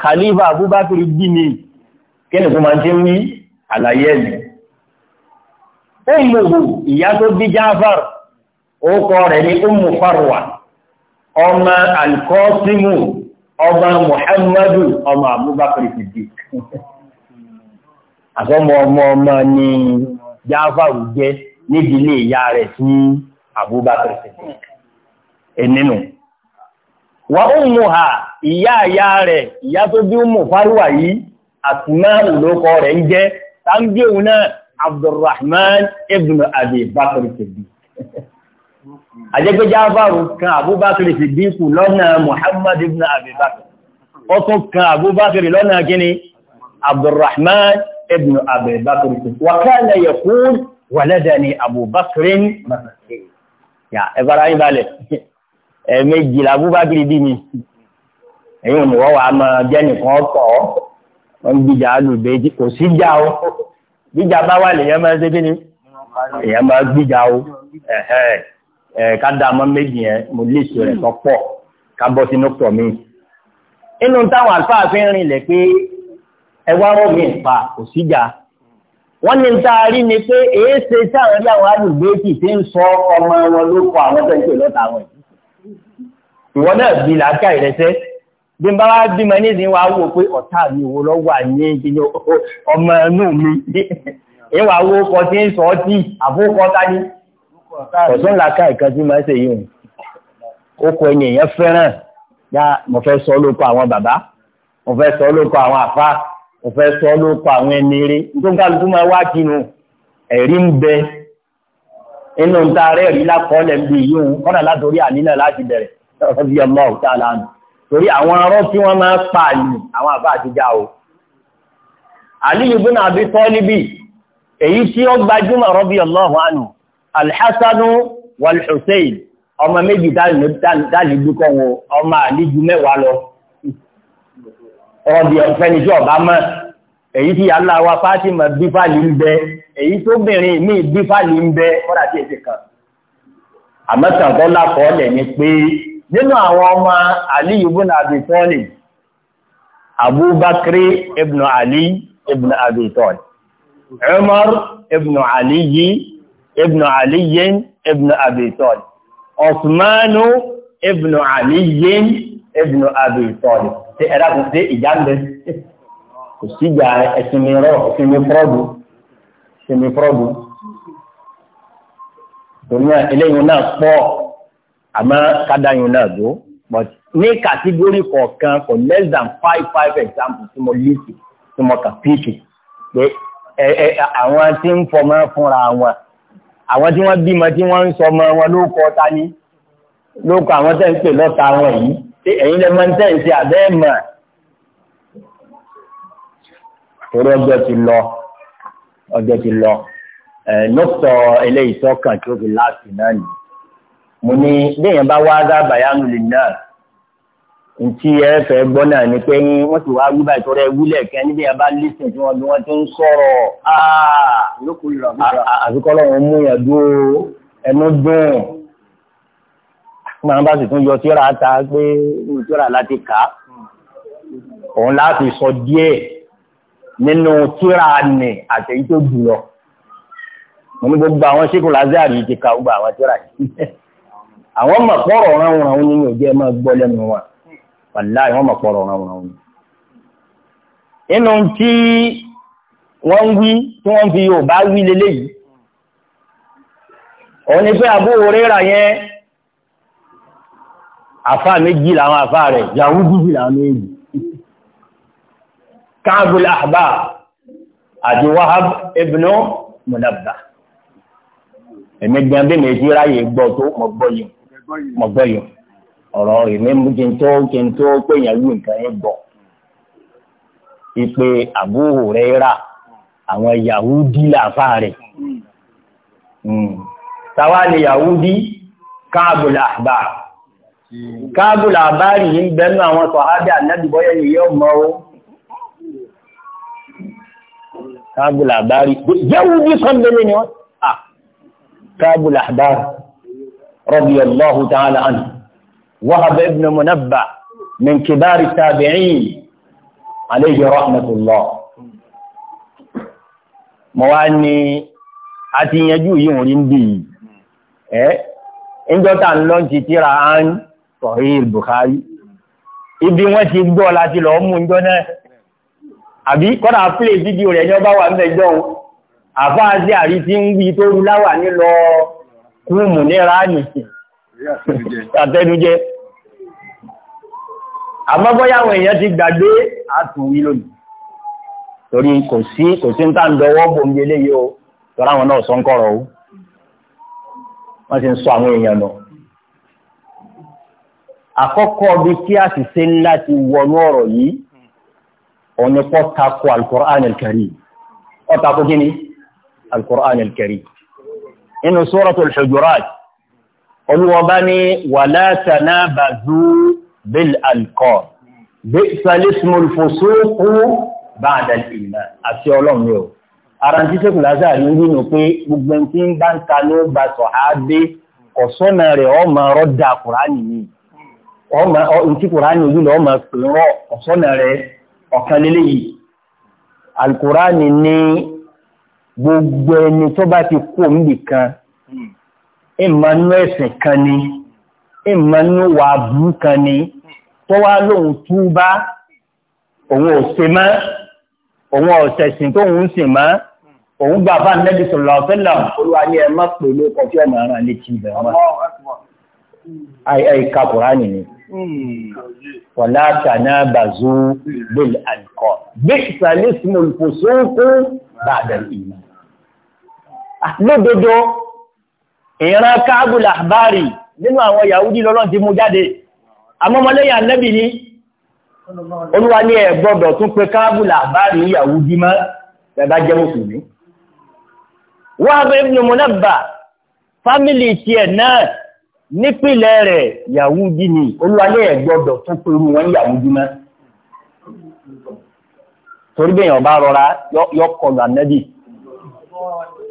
Speaker 1: khalifa abubakar bí mi
Speaker 2: kí ni fún ma ti ń wí
Speaker 1: àlàyé ẹ̀mí ummuhu ìyá tó bí jáfar orúkọ rẹ̀ ní ummu farwa ọmọ alkọ́símù ọmọ muhammadu ọmọ abubakar siddiq àtọ́mọ ọmọ ọmọ ni jáfar jẹ́ nídìílé ìyá rẹ̀ sí abubakar siddiq ẹnìnú. E wà ó mú ha ìyá àyá rẹ̀ ìyá tó bí ó mú fáríwà yìí àtúmá ìlókọ rẹ̀ ń jẹ́ tàbí òun náà Abdurrahman ibn Abi Bakr Siddiq àjẹ́gbẹ́já báru kan Abubakar Siddiq lọ́nà Muhammad ibn Abi Bakr ó tún kan Abubakar lọ́nà gíní Abdurrahman ibn Abi Bakr wa kana yaqul waladani Abu Bakrin ya ẹbára yìí ẹ̀ẹ̀mejì làbúbákiri bí mi ẹ̀yin òmùwọ́ wa máa jẹ́ nìkan tọ̀ ọ́ gbìjà alùbẹ́jì kò sí jà o gbìjà bá wà lèyàn máa ṣe kí ni èyàn máa gbìjà o ká dá a mọ́ méjì yẹn mo lè sọ rẹ̀ tọ́pọ̀ ká bọ́ sínú pọ̀ mi. inú táwọn àlùfáà fi ń rinlẹ̀ pé ẹ wá rọ̀ mí pa kò sí jà wọ́n ní ta rí ni pé èé ṣe sáwọn ilé àwọn alùbẹ́jì ti ń sọ ọmọ wọn ló kọ àwọn tó ń pè lọ́ta wọn ìwọ náà bí làákà ìrẹsẹ́ bí n bá wá bímọ nídìí wàá wò pé ọ̀tá mi wo lọ wà ní ìdílé ọmọ inú mi ìwà wo kọ tí ń sọ ọtí àbúkọ tání
Speaker 2: ọ̀sán làákà ìkan
Speaker 1: tí máa ń ṣe yìí ó kọ ẹni èèyàn fẹ́ràn yá mo fẹ́ sọ lóko àwọn bàbá mo fẹ́ sọ lóko àwọn àfa mo fẹ́ sọ lóko àwọn ẹni eré nítorí kálukú máa wá kinu ẹ̀rí ń bẹ inú ń ta rẹ́ẹ̀rí lákọ́ọ́lẹ̀ ń bí yìí kọ́nà látòrí àníná láti bẹ̀rẹ̀ ọ̀bí ọmọ ọ̀tá lánàá torí àwọn arọ́ tí wọ́n máa pa àlù àwọn àbá àtijọ́ o. Aliyu bin Abi Tọ́líbì èyí tí ó gbajúmọ̀ rọ́bì ọlọ́run àánú Alhassanu walHussein ọmọ méjì dáàlì dúkọ́ wọn ọmọ àlejò mẹ́wàá lọ. Rọ́bì ọ̀fẹ́ni tí ọba mọ́ èyí tí yàrá wa Fátímà bífàlì ń bẹ èyí tó bìnrin mí bífàlì ń bẹ kọ́dà tí èsì kan. Àmọ́ sàn tó lákọ̀ọ́lẹ̀ ni pé nínú àwọn ọmọ Ali ibn Abi Talib Abubakar ibn Ali ibn Abi Talib Umar ibn Ali ibn Ali ibn Abi Talib Osmanu ibn Ali ibn Abi Talib tí ẹ̀rá kò sí ìjà ń bẹ kò sí ìjà ẹ̀sìnmi rọ̀ ẹ̀sìnmi fọ́ọ̀dù àmọ́ kádàyún náà dó but ní kàtígórì kọ̀ọ̀kan for less than five five examples tí mo líìkì tí mo kà píìkì pé ẹ ẹ àwọn tí ń fọmọ fúnra wọn àwọn tí wọ́n bímọ tí wọ́n ń sọmọ wọn ló kọ́ ta ní ló kọ́ àwọn tẹ̀ ń pè lọ́ta wọn yìí tí ẹ̀yin lè máa ń tẹ̀ ń ṣe àbẹ́ mọ̀ torí ọjọ́ ti lọ ọjọ́ ti lọ ẹ̀ nọ́pọ̀ eléyìí sọ́kàn tó fi láti náà nìyí mo ní léèyàn bá wá dá bàyánù lè nà ntí ẹ fẹ́ gbọ́ náà ni pé wọ́n ti wá wíwá ìtọrẹ wúlẹ̀ kẹ níbi yẹn bá lísìn tí wọ́n bí wọ́n ti ń sọ̀rọ̀ ah! àfikọ́lọ́ wọn mú yẹn dúró ẹnu dùn máa bá sì tún yọ tíra ta pé tíra láti kà á òun láti sọ díẹ̀ nínú tíra nì àtẹ̀yí tó jù lọ mo ní gbogbo àwọn ṣékùn lázàrì ti ka gbogbo àwọn tíra yìí. àwọn ọmọ pọ̀rọ̀ ránwọ̀n ránwọ̀n nínú ìjẹ́ ẹ máa gbọ́ lẹ́nu wa wàlá àwọn ọmọ pọ̀rọ̀ ránwọ̀n ránwọ̀n. nínú tí wọ́n wí tí wọ́n fi Yorùbá wí leléyìí òun ni pé àbúrò rírà yẹn àfa méjì làwọn àfa rẹ̀ Yahudi jì làwọn méjì Káàbùl Ahbà àti Wahab ibn Munabbah èmi gbẹ́n bí mi ti ráyè gbọ́ tó mọ̀ gbọ́ yìí mo gbọ́ yọ ọ̀rọ̀ ìmẹ́mú kí n tó kí n tó péyàn wí nǹkan yẹn gbọ́ ìpè Abu Huraira àwọn Yahudi làáfàá rẹ̀ hmm. tàwa ni Yahudi Kaabul Ahbar Kaabul Ahbar yìí ń bẹnu àwọn sọ̀hádì ànábìbọ́yẹ̀ yìí yóò mọ o Kaabul Ahbar Yahudi kan bẹ́lẹ̀ ni wọ́n Kaabul Ahbar. رضي الله تعالى عنه وهب ابن منبع من كبار التابعين عليه رحمة الله مواني أتين يجو يمرين بي إيه إن جوتا لون تيرا عن صحيح البخاري ibi wọ́n ti gbọ́ láti lọ mú ìjọ náà àbí kọ́nà play fídíò rẹ̀ ní ọba wà ń bẹ̀ jọun àfáàsí àrí tí ń wí tó rú láwà ní lọ́ọ́ rúùmù nira nì àtẹnujẹ àmọ́ bóyá àwọn èèyàn ti gbàgbé àtúnwí lónìí torí kò sí kò sí ń tà ń dọwọ́ bòmí eléyìí o tọ́ra àwọn náà sọ ń kọ̀rọ̀ o wọ́n ti ń sọ àwọn èèyàn lọ. àkọ́kọ́ bí kí a sì ṣe ńlá ti wọnú ọ̀rọ̀ yìí òun ni kó tako al-Qur'an al-Karim ó tako kí ni al-Qur'an al-Karim nínú suratul hujurat olùwọ́ba ní wala tanabazu bil alqab bi'sal ismul fusuqu ba'da al-iman àti ọlọ́run yóò arantí sẹ́kù lázàrí ń bínú pé gbogbo ẹni tí ń bá ń ta ló ba sọ̀hádé ọ̀sọ́nà rẹ̀ ọmọ ọ̀rọ̀ kùránì yìí ọmọ kùránì yìí lọ́ ọmọ pè ọ̀sọ́nà rẹ̀ ọ̀kan lélẹ́yìí alukùránì gbogbo ẹni tó bá ti kó níbì kan ìmọ̀nú ẹ̀sìn kan ni ìmọ̀nú wà bú kan ni tó wá lóhun túbá òun ò ṣe mọ́ òun ọ̀sẹ̀sìn tó ń sìn mọ́ òun gba bá nẹ́bí sọ̀rọ̀ ọ̀fẹ́là olúwa ní ẹ má pè ló kọfí ọ̀nà ara létí ibẹ̀ wọn.
Speaker 3: àìka kùránì
Speaker 1: ni. wọ̀lá tàná bàzú bẹ́ẹ̀ àlùkò. bí ìsàlẹ̀ sùn olùkóso kú bàdàn ìmọ̀. Ah, lódodo ìran káàbùl àbárì nínú àwọn yahudi lọ́lọ́ ti mú jáde amọ́mọlẹ́yìn anẹ́bì ni olúwa ní ẹ̀ gbọ́dọ̀ tún pé káàbùl àbárì yahudi mọ́ bàbá jẹ́ mùsùlùmí Wahb ibn Munabba fámìlì tiẹ̀ náà nípìnlẹ̀ rẹ̀ yahudi ni olúwa ní ẹ̀ gbọ́dọ̀ tún pé irú wọn yahudi mọ́ torí bẹ́ẹ̀ yàn bá rọra yọ kọlu anẹ́bì.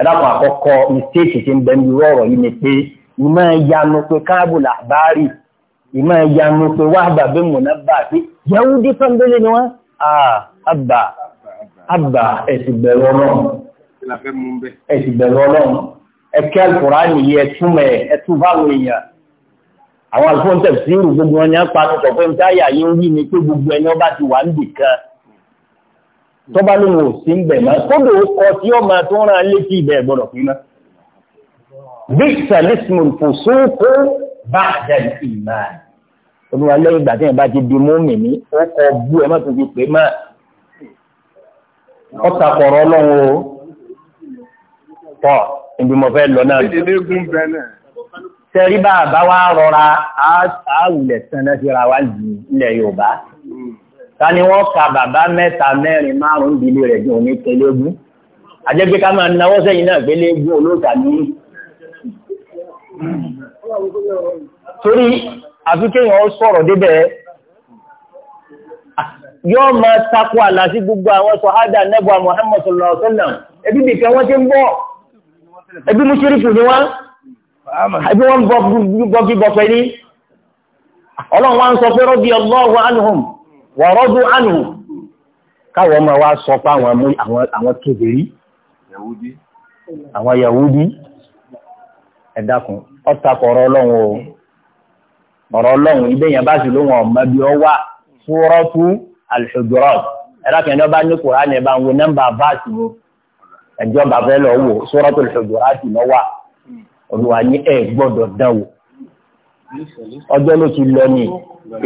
Speaker 1: ẹ̀dàkùn àkọ́kọ́ mistake ti ń bẹ ní yìí ni pé ìmọ̀ ìyanu pé káàbù làbárì ìmọ̀ ìyanu pé wàhbà bí mùnàbà pé yahudi pẹ́ńbélé ni wọ́n àbà àbà ẹ̀sì bẹ̀rù ọlọ́run
Speaker 3: ẹ̀sì bẹ̀rù ọlọ́run
Speaker 1: ẹ̀kẹ́ alukurani yìí ẹ̀túmọ̀ ẹ̀tún fáwọn èèyàn àwọn àlùfóńtẹ̀ sí ìrù gbogbo wọn ni wọ́n panu sọ tọ́ba ló ń wò sí ń bẹ̀ máa kódò ọkọ̀ tí ó máa tó rán létí ibẹ̀ gbọ́dọ̀ pín mọ́. bí sàlẹ́sìmù kò sóko bá àdáyé ìmá olúwa lẹ́yìn ìgbà tẹ́yìn bá ti di mọ́mì ní ọkọ̀ bú ẹ má tó fi pè má ọ̀tà kọ̀rọ̀ ọlọ́run o tọ́ ibi fẹ́ lọ náà. sẹ́rí bá a bá wa rọra á wulẹ̀ wa jù ilẹ̀ Yorùbá. ta ni wọ́n ka bàbá mẹ́ta mẹ́rin márùn-ún ìdílé rẹ̀ jù ní tẹ́lẹ́gùn àjẹgbé ká máa náwó sẹ́yìn náà gbélégún olóòtà ní. torí àfi kéèyàn sọ̀rọ̀ débẹ̀ yóò máa takò àlàsí gbogbo àwọn sọ̀hádà nẹ́bùà Muhammad sallallahu alaihi ẹbí bìkan wọ́n ti ń bọ̀ ẹbí ni wọ́n ẹbí wọ́n bọ́ bọ́ ọlọ́run wa ń sọ wọ̀rọ́dún àánú káwọn ọmọ wa sọ pé àwọn kébèrí àwọn yahudi ẹ̀dàkùn
Speaker 2: ọ̀tàkọ̀ ọ̀rọ̀ ọlọ́run o ọ̀rọ̀ ọlọ́run ibẹ̀ yẹn
Speaker 1: bá sì ló wọn ọ̀mọ bí ọ wà fúrọ́tù al-Hujurat ẹ̀dàkùn ẹ̀dọ́ bá ní Kùránì ẹ̀ ní ẹ̀ ọjọ́ ló ti lọ ní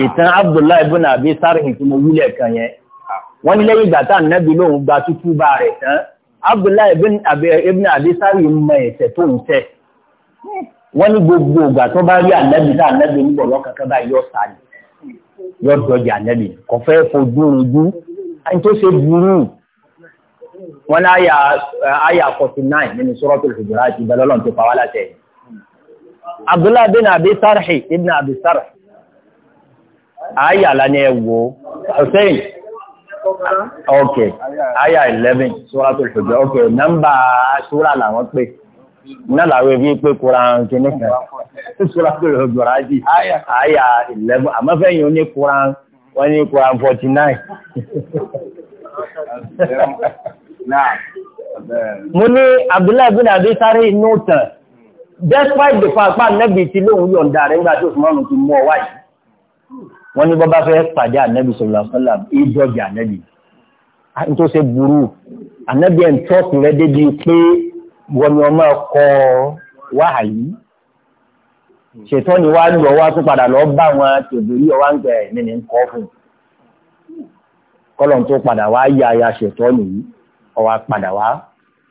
Speaker 1: ìtàn abdullahi ibn abi sarhi tí mo wílẹ̀ kan yẹn wọ́n ní lẹ́yìn ìgbà tá à nẹ́bi lóhun gba tútú bá rẹ̀ tán abdullahi ibn abi sarhi mọ ẹ̀ṣẹ̀ tó ń tẹ̀ wọ́n ní gbogbo ìgbà tó bá rí ànẹ́bi tá ànẹ́bi ń bọ̀ lọ́kàkẹ́ bá yọ sáré yọ dọjà ànẹ́bi kò fẹ́ fojú rújú ẹni tó ṣe burú wọn ní àyà forty nine nínú suratul hujurat àti ìbẹ̀lọ́lọ́n tó pa wá látẹ̀yìn abdullah bin abi sarhi ibn abi sarhi aya la ni ẹwọ hussein ok aya 11 suratul hujja ok nọ́mbà sura làwọn pè náà làwọn ebi pé kuran kìíní kan suratul hujja rájì aya 11 àmọ́ fẹ́yìn ó ní kuran wọ́n ní 49 mo ní abdullah bin abi sarhi nù tán despite the fact pa nẹ́bi tí lóun yọ̀ǹda rẹ̀ nígbà tí Usman ti mú ọ wáyé wọ́n ní bọ́bá fẹ́ pàdé ànẹ́bi sọ̀rọ̀ sọ́là ìjọba ànẹ́bi tó ṣe burú ànẹ́bi ẹ̀ ń tọ́kù rẹ débi pé wọ́n ni ọmọ ọkọ̀ wáhàyí ṣètọ́ ni wàá lọ wá tó padà lọ bá wọn tòbírí ọwá ń gbẹ ẹ̀mí ni ń kọ́ fún kọ́lọ̀ tó padà wá yá ya ṣètọ́ nìyí ọwá padà wá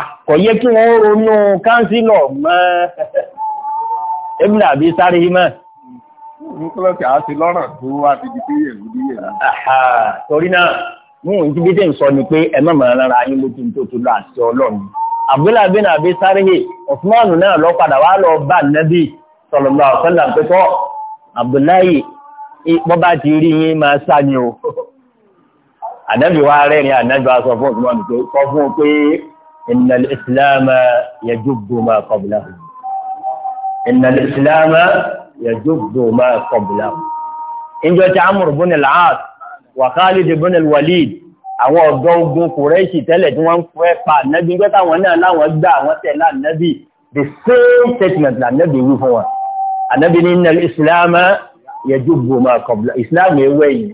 Speaker 1: Ah, kò yẹ kí wọ́n ronú kánsílọ̀ mọ́ ebúlà àbí sáré mọ́. nítorí àti lọ́ràn tó wá ti di pé èlú bí èlú. torí náà mú ìdíbi tẹ̀ ń sọ ni pé ẹ mọ̀mọ́ rárá yín ló ti ń tó tó lọ àti ọlọ́run. àbúlà bí náà àbí sáré Usman náà lọ padà wá lọ bá Nábì sallallahu alaihi wasallam pẹ́tọ́ bọ́bá ti rí yín máa sá ni o. ànábì wa rẹ́rìn ànábì wa sọ fún Usman إن الإسلام يجب ما قبله إن الإسلام يجب ما قبله إن جاءت عمرو بن العاص وخالد بن الوليد àwọn ọ̀gá ogun kùrẹ́ṣì tẹ́lẹ̀ tí wọ́n ń fẹ́ pa nẹ́bí ń gbẹ́ta wọn náà láwọn gbà wọ́n tẹ̀ nẹ́bí the same statement là nẹ́bí wí fún wọn ànẹ́bí ní innal ìsìláàmù yajubbu ma qabla ìsìláàmù ewẹ́yìn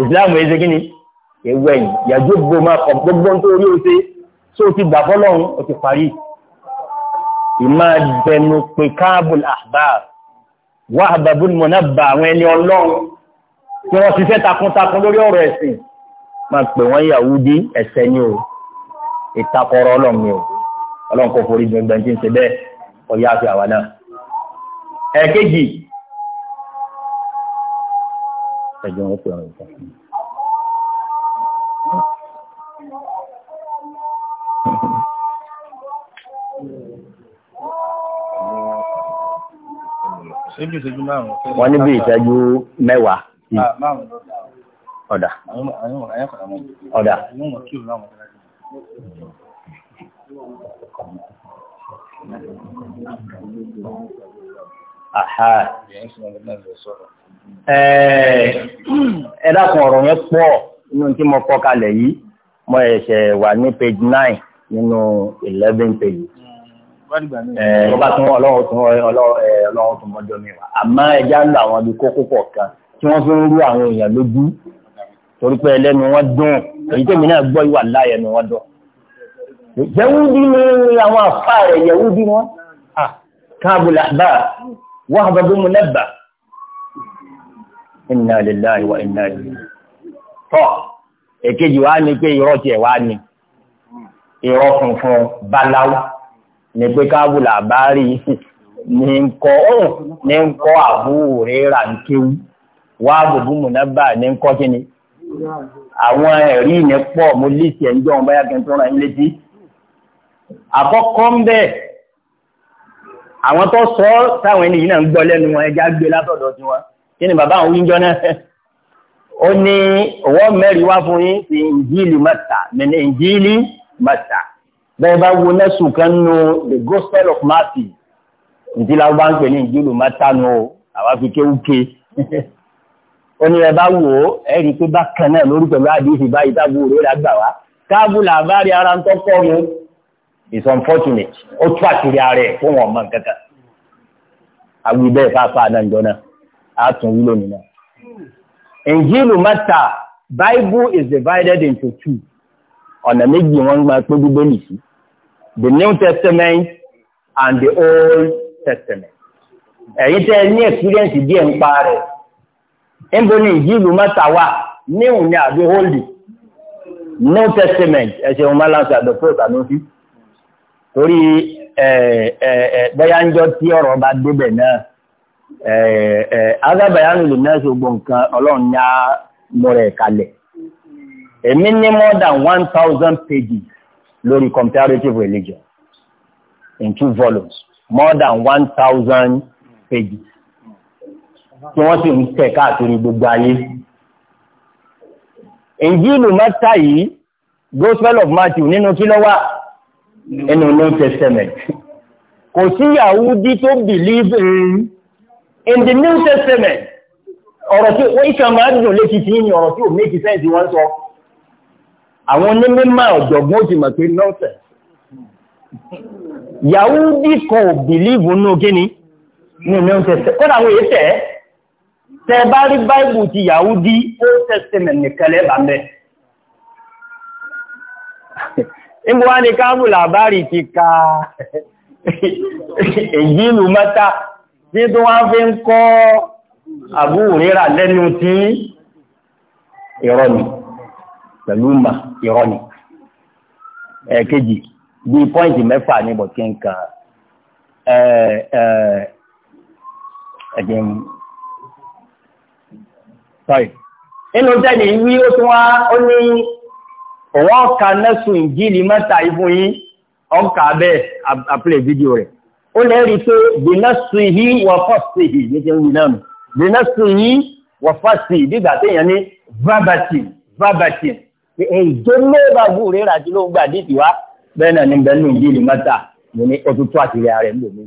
Speaker 1: ìsìláàmù ezekini ewẹ́yìn yajubbu ma qabla gbogbo nítorí ó ṣe so ti gbà fọlọ́run o ti parí ìmọ̀ dẹnu pé káàbùl ahbar wahbabul munabba àwọn ẹni ọlọ́run tí wọ́n ti fẹ́ takuntakun lórí ọ̀rọ̀ ẹ̀sìn máa pè wọ́n Yahudi ẹ̀ṣẹ̀ ni o ìtakọ̀rọ̀ ọlọ́run ni o ọlọ́run kò forí gbẹngbẹ̀n tí ń ṣe bẹ́ẹ̀ ọ̀yá àti àwa náà. ẹ̀ẹ́kejì
Speaker 2: ẹ̀jọ̀ wọn pè wọ́n ìtàn. wọ́n ní bí ìṣẹ́jú
Speaker 1: mẹ́wàá ọ̀dà ọ̀dà. ọ̀rọ̀ yẹn pọ̀ tí mo kalẹ̀ yìí mo ẹ̀ṣẹ̀ wà ní page nine. nínú eleven pages. ẹ eh, ọba tún ọlọ́run tún ọlọ́run tún mọ́jọ́ mi wá àmọ́ ẹja ń lo àwọn ibi kókó kọ̀ọ̀kan tí wọ́n fi ń rú àwọn èèyàn lójú torí pé ẹlẹ́nu wọn dùn èyí tèmi náà gbọ́ ìwà láàyè ẹnu wọn dùn. yẹwúdí ni àwọn àfa rẹ̀ yẹwúdí wọn ah, káàbùlà bá wàá bàbá mu lẹ́bàá inna lillahi wa inna ilayhi. tọ́ èkejì wa ni pé irọ́ tiẹ̀ wá ni irọ́ funfun báláwú ní pé káàbùlà bá rí ní nkọ́ ní nkọ́ àbúrò rẹ̀ rà ń kéwú wá gbogbo mùnábà ní nkọ́ kíni àwọn ẹ̀rí ní pọ̀ mo lísì ẹ̀ ń jọ́ báyà kí n tó ràn yín létí àkọ́kọ́ ń bẹ̀ àwọn tó sọ táwọn ènìyàn náà ń gbọ́ lẹ́nu wọn ẹja gbé látọ̀dọ̀ sí wọn kí ni bàbá àwọn wíńjọ náà ó ní ọwọ́ mẹ́rin wá fún yín sí ìjìlì mẹ́ta mẹ́ni ìjìlì mẹ́ta bẹ́ẹ̀ bá wo nẹ́sùn kan nu the gospel of Matthew ntí la bá ń pè ní ìjúlù mẹ́ta nu o àwa fi kéwú ké ó ní ẹ bá wò ó ẹ rí i pé bákan náà lórí pẹ̀lú àdìsí báyìí táàbù rẹ̀ rà gbà wá táàbù làbárí ara ń tọ́kọ́ mi is unfortunate ó tú àtìrí ara ẹ̀ fún wọn mọ̀ nǹkan kan àwọn ibẹ̀ fàáfàá náà ń jọ náà á tún wúlò nínú. Injilu Mata Bible is divided into two ọ̀nà méjì wọ́n ń gba pé bíbélì sí the new testament and the old testament ẹ̀yin tẹ́ ẹ ní experience díẹ̀ ń pa rẹ̀ níbo ni ìjìlù mẹ́ta wà new ni àbí holy new testament ẹ̀sẹ̀ wọn máa lanṣẹ́ àdọ̀fẹ́ ìtànúfí torí bóyá ń jọ tí ọ̀rọ̀ bá débẹ̀ náà azabayanu lè náà ṣe gbọ̀ǹkan ọlọ́run ní a kalẹ̀ èmi ní more than one thousand pages lórí comparative religion in two volumes more than one thousand pages tí wọ́n sì ń tẹ̀ káàkiri gbogbo ayé. Ìnjílù mẹ́ta yìí gospel of Matthew nínú kí ló wà nínú new testament kò sí Yahudi tó believe in in the new testament ọ̀rọ̀ tí wọ́n ìkà máa ń dùn létí sí ní ọ̀rọ̀ tí ò méjì sẹ́ǹsì wọ́n sọ àwọn onímọ̀ ọ̀jọ̀gbọ́n ó ti mọ̀ pé nọ́ọ̀sẹ̀ Yahudi kan ò bìlíìfù nínú kíni ní ìlú tẹ̀sẹ̀ kódà àwọn èyí tẹ̀ tẹ bá rí báìbù ti Yahudi Old Testament nìkan lẹ́bàá mẹ́ níbo wá ní káàbù ka èyí ìlú mẹ́ta tí tó wá fi pẹ̀lú mà irọ́ ni ẹ̀ẹ̀kejì bíi pọ́ìntì mẹ́fà ní bọ̀tí nǹkan ẹ̀ẹ́dẹ̀m sorry nínú tẹ́lẹ̀ wí ó tún wá ó ní òun ọ̀ka nẹ́sùn ìjìnlì mẹ́ta ìfún yín ọ̀ka bẹ́ẹ̀ àpilẹ̀ fídíò rẹ̀ ó lè rí i pé bìnẹ́sù yìí wọ́n fọ́ọ̀sì yìí ní ti ń wí náà nù bìnẹ́sù yìí wọ́n fọ́ọ̀sì yìí dígbà téèyàn ní verbatim verbatim ìjọlé bàbú rẹ ràti ló gbà dìtì wá bẹ́ẹ̀ náà ní bẹ́ẹ̀ ní ìdí ìlú mẹ́ta mo ní oṣù tó àti rẹ̀ ń lò mí.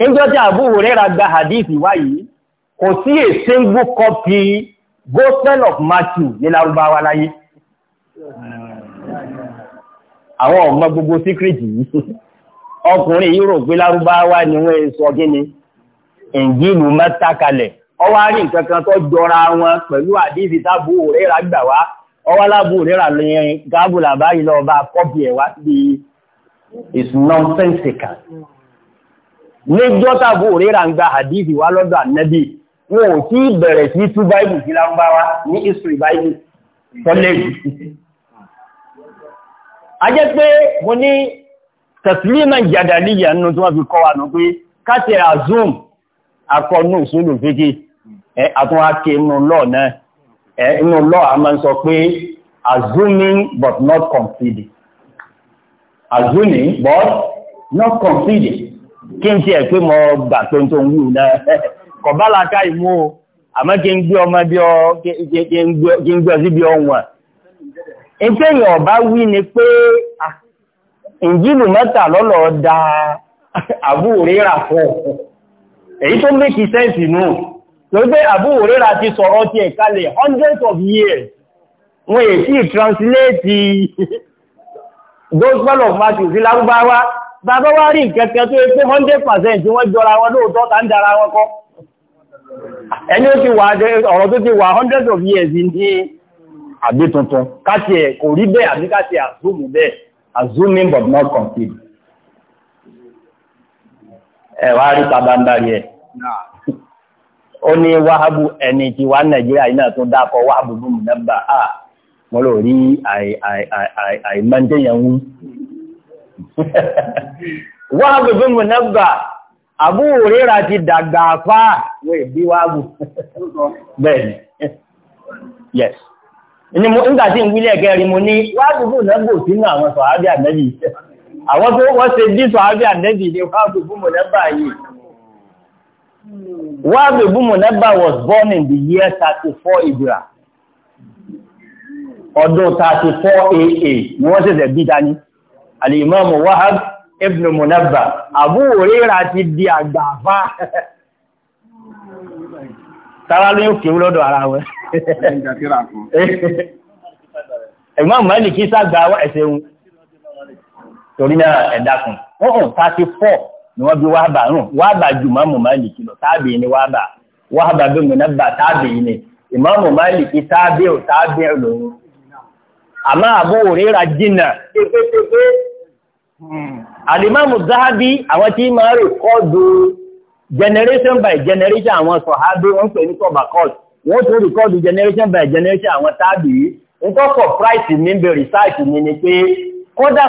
Speaker 1: níjọ́ tí Abu Huraira gba hadith wá yìí kò sí a single copy Gospel of Matthew ní Lárúbáwá láyé. àwọn ọmọ gbogbo secret yìí ọkùnrin yìí rò pé Lárúbáwá ni wọ́n sọ kí ni ìjìlú mẹ́ta kalẹ̀ ọwá rí nǹkan kan tó jọra wọn pẹ̀lú àdífi tábù òrẹ́ra gbà wá ọwá lábù òrẹ́ra lẹ́yìn gábùlà báyìí lọ bá kọ́bì ẹ̀ wá sí is nonsensical níjọ́ tábù òrẹ́ra ń gba àdífi wá lọ́dọ̀ ànẹ́bì wọn ò tí bẹ̀rẹ̀ sí tú báìbù sí lárúbáwá ní history báìbù tọ́lẹ̀rì a jẹ́ pé mo ní tẹ̀sílímà jàdàlíyà nínú tí wọ́n fi kọ́ wa nù pé káṣẹ̀ àzùm akọ́nù ìṣòlò fẹ́kẹ́ ẹ àtún wá ké inú lọ́ọ̀ náà ẹ inú lọ́ọ̀ a máa ń sọ pé assuming but not conceding assuming but not conceding kí n tiẹ̀ pé mo gbà pé n tó ń wù náà kọ̀bá làákà ìmú o àmọ́ kí n gbé ọmọ bí ọ kí n gbé ọ síbi ọ̀wọ̀n ìtẹ̀yìn ọ̀bá wí ni pé ìjìlù mẹ́ta lọ́lọ́ da àbúrò rírà fún èyí tó méjì sẹ́ǹsì nù lórípé Abu Huraira ti sọ̀rọ̀ ti ẹ̀kalẹ̀ hundreds of years wọ́n èyí tí translate gospel of Matthew sí lárúbáwá bàbá wá rí kẹ̀kẹ́ tó pé hundred percent tí wọ́n jọra wọn lóòótọ́ tà ń dára wọn kọ́ ẹni ó ti wà ọ̀rọ̀ tó ti wà hundreds of years ní àgbé tuntun káti ẹ̀ kò rí bẹ́ẹ̀ àbí káti àzúmù bẹ́ẹ̀ assuming but not complete ẹ̀ wá rí tabandari ẹ̀ ó ní wáhábù ẹni tí wà nàìjíríà yìí náà tó dákọ̀ wáhábù bùn mùnàbà á mo lò rí àìmọ́ndéyàn wú. wáhábù bùn mùnàbà àbú òrera ti dàgbà afá wee bi wáhábù bẹ́ẹ̀ni yes ni mo nígbà tí ń wílẹ̀ kẹrin mo ní wáhábù bùn mùnàbà sínú àwọn sọ̀hábì ànẹ́bì àwọn tó wọ́n ṣe dí sọ̀hábì ànẹ́bì ni wáhábù bùn mùnàbà yìí. Wahb ibn Munabba was born in the year 34 Hijra. Ọdún 34 AA What is the bí Al-Imam Wahab ibn Munabba. Abu Hurairah ti di àgbàfá. Tara ló ń kéwú lọ́dọ̀ ara wọn. Imam Malik sàgbà ẹ̀sẹ̀ wọn. Torí náà ẹ̀dá kan. Wọ́n oh, 34. ni wọn bi wáhábà rùn wáhábà ju mọ́mù máàlìkì lọ ni wáhábà wáhábà bí mùnàbà táàbì ni ìmọ̀mù máàlìkì táàbì ò táàbì lòun. Abu Hurairah jìnnà pépépépé. àlìmọ́mù hmm. Zahabi àwọn tí máa rè kọ́ọ̀dù generation by generation àwọn sọ̀hábí pè ní tún generation by generation àwọn táàbì nǹkan kọ̀ price mi ń research mi ni pé kódà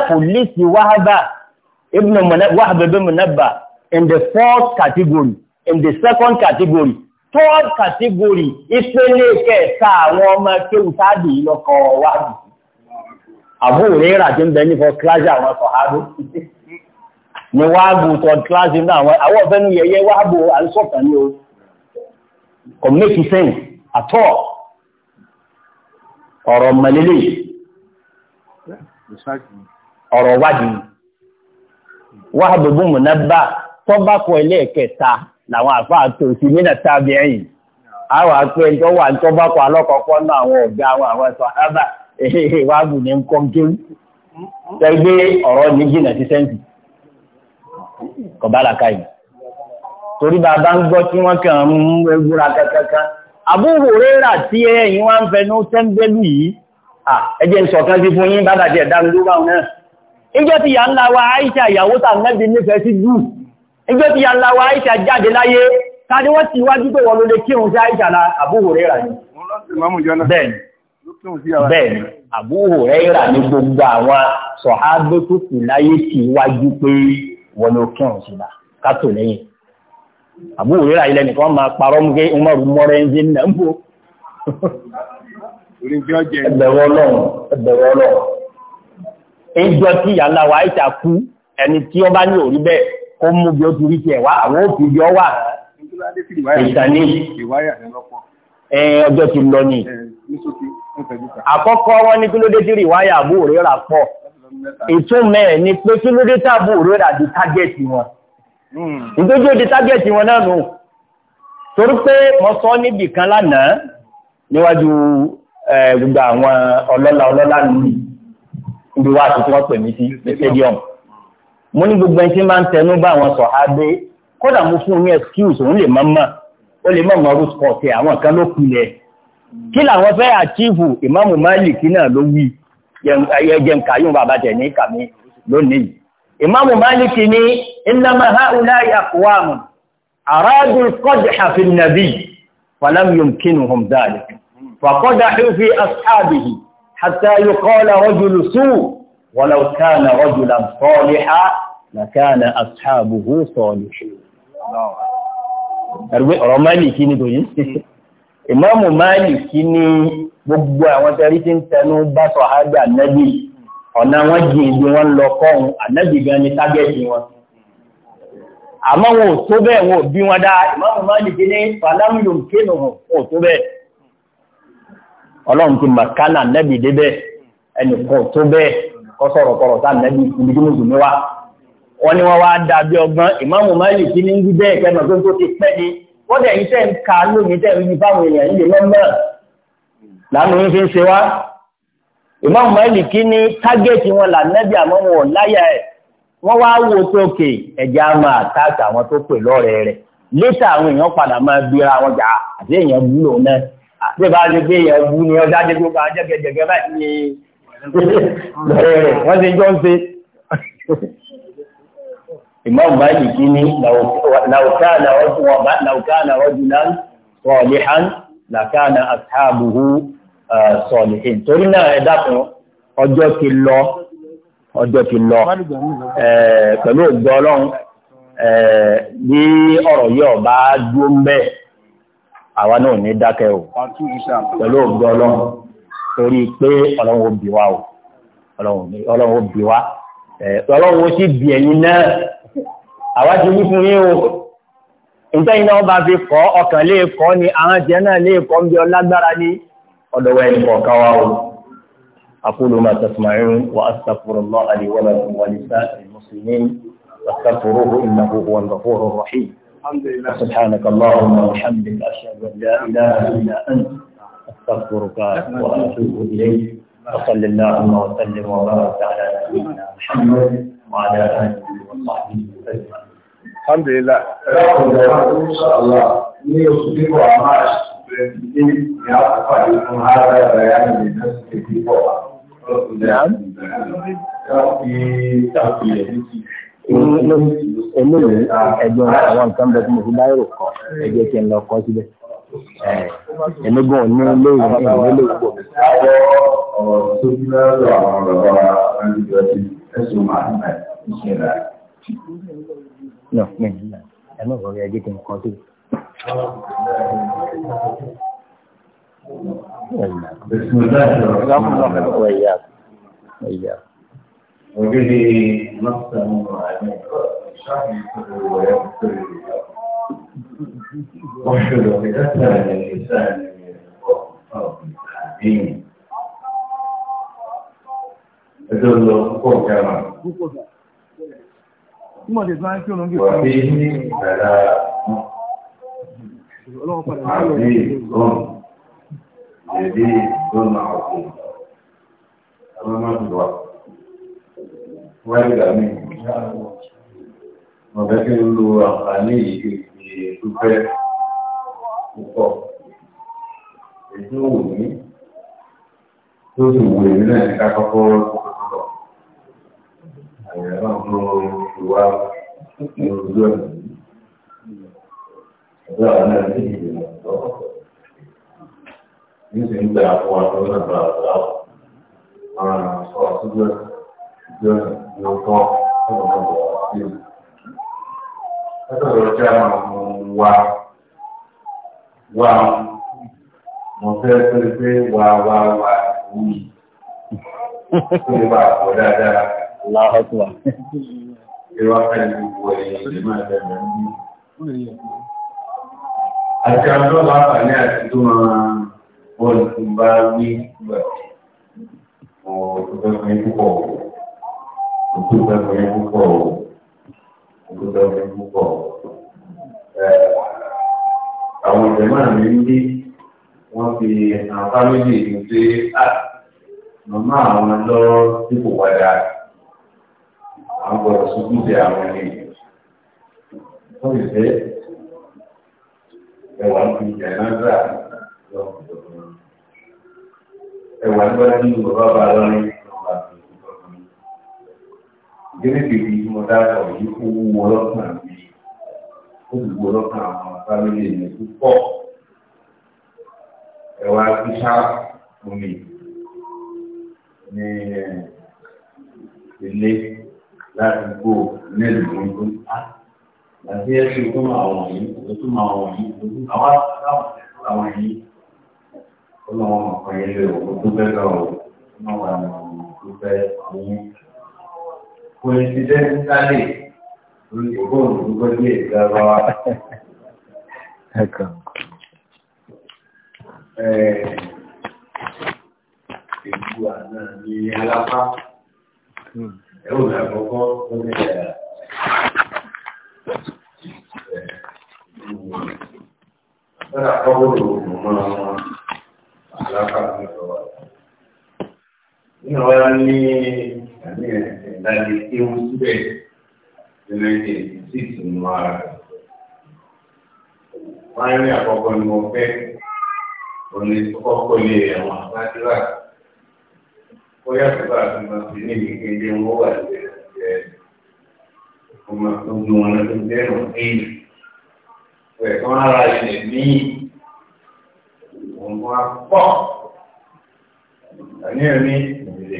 Speaker 1: Ibn Wahb ibn Munabbah in the fourth category, in the second category, third category, ìpele kẹta àwọn ọmọ kéwù sáàdì lọ́kọ̀ wà. Àbú Huraira tí ń bẹ ní fọ́n kíláàsì àwọn sọ̀háró. Ni wáàbù third class nínú àwọn àwọn ọ̀fẹ́ ní yẹyẹ wáàbù
Speaker 2: àìsọ̀tàn ni o.
Speaker 1: Kò make sense at all. Ọ̀rọ̀ mọ̀lélẹ̀. Ọ̀rọ̀ wádìí. Wahab bin Munabba tó bá kọ ẹlẹ́ẹ̀kẹta làwọn àfáà tó sí mínà tabi'in àwọn àpẹ tó wà tó bá kọ alọ́kọ̀ọ́kọ́ náà àwọn ọ̀gá àwọn àwọn ẹ̀sọ́ ábà Wahab ní ń kọ́ kéwú tẹ́gbé ọ̀rọ̀ ní jìnà sí sẹ́ǹsì kọ̀bá làkà yìí torí bàbá ń gbọ́ tí wọ́n kàn ń ewúra kankan àbúrò rẹ́rà tí ẹ̀yìn wá ń fẹnu tẹ́ńbẹ́lú yìí ẹjẹ́ ń sọ̀kan sí fún yín bàbá tiẹ̀ dá lórí báwọn náà ìjọ́ ti yà ńlá wa Àìṣà ìyàwó tàbí nífẹ̀ẹ́ sí jù ìjọ́ ti yà ńlá wa Àìṣà jáde láyé tàbí wọ́n ti wájú pé wọ́n ló lè kírun sí Àìṣà la Abu Huraira ni bẹ́ẹ̀ni Abu Huraira ni gbogbo àwọn sọ̀hábé tó kù láyé ti wájú pé wọ́n ló sí la lẹ́yìn Abu Huraira ilẹ̀ nìkan máa parọ́ mú pé Umaru mọ́rẹ́ ń dín náà ń bò ọlọ́run ẹgbẹ̀rún ọlọ́run ìjọ tí yàrá wa ìta kú ẹni tí ó bá ní òrí bẹ́ẹ̀ kó mú bí ó ti rí tiẹ̀ wá àwọn òfin bí ó wà ìtàní ọjọ́ ti lọ ni. àkọ́kọ́ wọn ní kí ló dé tí rìwáyà Abu Hurairah pọ̀ ìtumọ̀ ẹ̀ ni pé kí ló dé tí Abu Hurairah di tágẹ́ẹ̀tì wọn. ìdójú hmm. di tágẹ́ẹ̀tì wọn náà nù torí pé mo sọ níbì kan lánàá níwájú gbogbo àwọn ọlọ́lá ọlọ́lá nìyí ibi wá àti tí wọ́n pè mí sí ní stadium mo ní gbogbo ẹni tí máa ń tẹnu bá àwọn sọ̀hádé kódà mo fún un ní excuse òun lè mọ́ mọ́ ó lè mọ̀ mọ́ root court ẹ̀ àwọn kan ló kulẹ̀ kí làwọn fẹ́ achieve ìmáàmù Málìkì náà ló wí ẹ̀jẹ̀ kàyún bàbá tẹ̀ ní kàmí lónìí ìmáàmù Málìkì ní innama haula'i aqwamun aradu al-qadha fi an-nabi falam yumkinuhum dhalik faqadahu fi ashabihi حتى يقال رجل سوء ولو كان رجلا صالحا لكان أصحابه صالحين ẹ̀rùgbé ọ̀rọ̀ máìlìkì ní tòyí hmm. ìmáàmù máìlìkì ní gbogbo àwọn tẹ́rí tí ń tẹnu bá sọ àádọ́ ànábì ọ̀nà wọn jì ìdí wọn lọ kọ́hun ànábì gan ni tágẹ́ẹ̀tì wọn àmọ́ wọn ò tó bẹ́ẹ̀ wọn ò bí wọn dá ìmáàmù máìlìkì ní fàlámùlùm kéènù wọn ò tó bẹ́ẹ̀ ọlọ́run ti màkánà nẹ́bì débẹ̀ ẹnìkan tó bẹ́ẹ̀ kọ́ sọ̀rọ̀ kọ̀rọ̀ sáà nẹ́bì ibi tí mùsùlùmí wọ́n ní wọ́n wá dàbí ọgbọ́n ìmáàmù máìlì tí ní bẹ́ẹ̀ tó tó ti pẹ́ ka lónìí tẹ̀ ń fáwọn èèyàn ń fi ń ṣe wá ìmáàmù kí ní tágẹ́ẹ̀tì wọn là nẹ́bì àmọ́ wọn láyà bí bá lè gbé èèyàn bú ni ọjà jẹ́ gbogbo àwọn jẹ́gẹ́jẹ́gẹ́ báyìí ni lọ́rẹ́ rẹ̀ wọ́n ti jọ ń ṣe. Imam Malik ní làwùkánà ọdún ọba ọdún náà sọ̀lìhán làkánà àtàbùhù sọ̀lìhìn. Torí náà ẹ dákun ọjọ́ ti lọ ọjọ́ ti lọ pẹ̀lú ògbọ́ ọlọ́run bí ọ̀rọ̀ yìí ọba dúró ń àwa náà ní dákẹ́ o
Speaker 2: pẹ̀lú òbí ọlọ́run
Speaker 1: torí pé ọlọ́run ó bì wá o ọlọ́run ó bì wá ọlọ́run ó sì bì ẹ̀yin náà àwa ti wí fún yín ìtẹ́yìn náà bá fi kọ́ ọkàn lè kọ́ ni àwọn jẹ́ náà lè kọ́ ń bí ọlágbára ní ọ̀dọ̀wẹ̀ ẹnìkọ̀ọ̀kan wa o.
Speaker 2: أقول ما تسمعون وأستغفر الله لي ولكم ولسائر المسلمين واستغفروه إنه هو الغفور الرحيم الحمد لله سبحانك اللهم وبحمدك أشهد أن لا إله إلا أنت أستغفرك
Speaker 1: وأتوب إليك وصل اللهم وسلم وبارك على نبينا محمد
Speaker 2: وعلى آله وصحبه اجمعين الحمد لله إن شاء الله هذا بيان في نعم في نعم. eléyìí ẹjọ́ àwọn nǹkan bẹ tí mo fi báyìí rò kọ ẹjọ́ kí n lọ kọ síbẹ̀ ẹlẹgbọn ní eléyìí ní ìlú eléyìí pọ. ọ̀rọ̀ tó
Speaker 1: bí ẹ má wọrí ẹjẹ kí n kọ tó.
Speaker 3: بسم
Speaker 2: الله وجدي نصا وعليه ويغفر له واحفظ بأثر الإنسان من القرب آمين أدل الحقوق كما
Speaker 3: وفيه
Speaker 2: بلاء عزيز
Speaker 3: جديد عظيم
Speaker 2: أمام الوقت wáyé dàmí ọ̀fẹ́ kí ń lo àǹfààní ìgbè tó fẹ́ púpọ̀ ètò òní tó sì wù èmi náà ní kákọ́kọ́ púpọ̀ àyẹ̀ náà tó ìwà lójú ẹ̀ ọ̀dọ́ àwọn náà ní ìgbìmọ̀ lọ́wọ́ ní sì ń gbà fún wa tó náà bá a sọ àwọn àwọn àṣọ àtúgbò ìjọ 有多这种问题，嗯，它都有这样弯弯，我在这里飞弯弯弯无语，对吧？我在这拉好多，
Speaker 3: 给我看一我你们的人
Speaker 2: 民币，啊，讲说老板娘是嘛，我是把你，我这个没不够。òdúpẹ́ fún yín púpọ̀ o òdúpẹ́ fún yín púpọ̀ o. àwọn fi àwọn nke mi pé màmá àwọn lọ dípò padà àwọn gbọdọ̀ ṣubú sí àwọn ènìyàn. wọ́n sì fẹ́ Ẹwà ń fi ìjà gẹ́gẹ́gẹ́gẹ́ tí mo dákọ̀ yìí ó wúwo lọ́kàn mi ó wúwo lọ́kàn àwọn fámìlì mi púpọ̀ ẹ̀wà bíṣà omi ní ilé láti gbó nílùú ìlú àti ẹ̀sìn tó máa wọ̀ yìí tó tó máa wọ̀ yìí tó tó àwọn àwọn yìí ó lọ́wọ́ ọ̀kan ilé òkú tó fẹ́ lọ́wọ́ ó máa wà tó fẹ́ ọ̀hún coincidentally olùkọ́ olùkọ́ ní ìjọba wa. Ìlú àná hmm. ní alápá. Ẹ̀rù àkọ́kọ́ ó ní ẹ̀rà. Sọ́dà kọ́kọ́ lòògùn máa wọn alápá ní ọ̀rọ̀ wa. Ní ọ̀rọ̀ ní àníyàn ẹ̀dá lè ké wọn síbẹ̀ ẹlẹ́yìn sí ìtùnú ara rẹ̀. Báyọ̀lì àkọ́kọ́ ni mo fẹ́ òní kọ́kọ́ lé àwọn àgbàdúrà. Ó yàtọ̀ bá àti máa fi ní ìgbéde wọn wà lé ẹ̀ ọmọ tó gbé wọn lọ sí ẹ̀rọ ẹ̀yìn. Ẹ̀kan ara ilẹ̀ míì òun wá pọ̀. Àníyàn ní ìdílé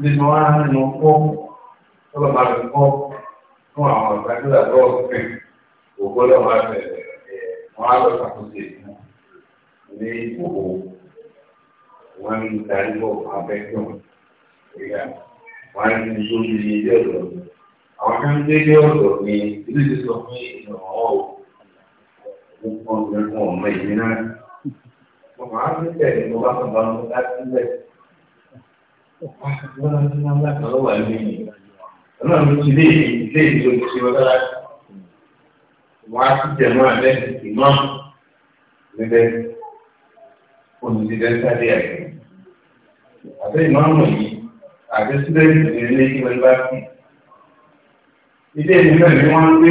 Speaker 2: nínú wa nínú kọ́ tọ́lọ̀ máa kọ́ fún àwọn ìgbàdúrà lọ́wọ́ pé kò gbọ́dọ̀ máa bẹ̀rẹ̀ wọn á lọ ṣàkóso ìlú ní ìkòkò wọn ń darí bọ̀ abẹ́jọ́ ìyá wọn ń lórí ilé ọ̀dọ́ àwọn kan ń délé ọ̀dọ́ ní ilé ìsọ fún ìrànwọ́ o gbogbo ọ̀gbìn ọmọ ìlú náà wọn máa ń tẹ̀lé lọ́wọ́ àtàwọn ọmọ láti lẹ́sẹ̀ ọlọ́wà ilé yìí ọlọ́run ti lé ilé ìjọ ti ọlọ́lá wà á ti jẹ̀ máa lẹ́yìn ìmọ̀ lẹ́lẹ́ olùdíjẹ́ sáré àgbẹ̀ àti ìmọ̀ọ́mù yìí àti sílẹ̀tì ní ilé ìwé bá fi ilé ìwé náà ni wọ́n ń gbé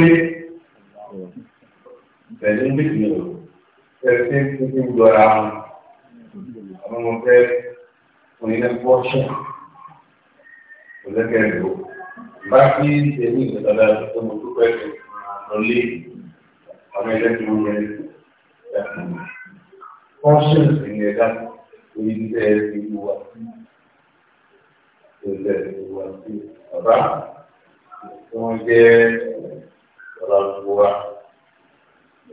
Speaker 2: pẹ̀lú gbèsè ẹ̀sìn tuntun gbọ́ra wọn àwọn ọmọ fẹ́ẹ́. poner en coche, poner que el grupo. Imagínate, si es mi tratada, como tú ves, no lees, a ver, es muy bien, ya no más. Coche, si me da, y dice, es mi lugar. Es de mi lugar, sí. Ahora, como que, para el lugar,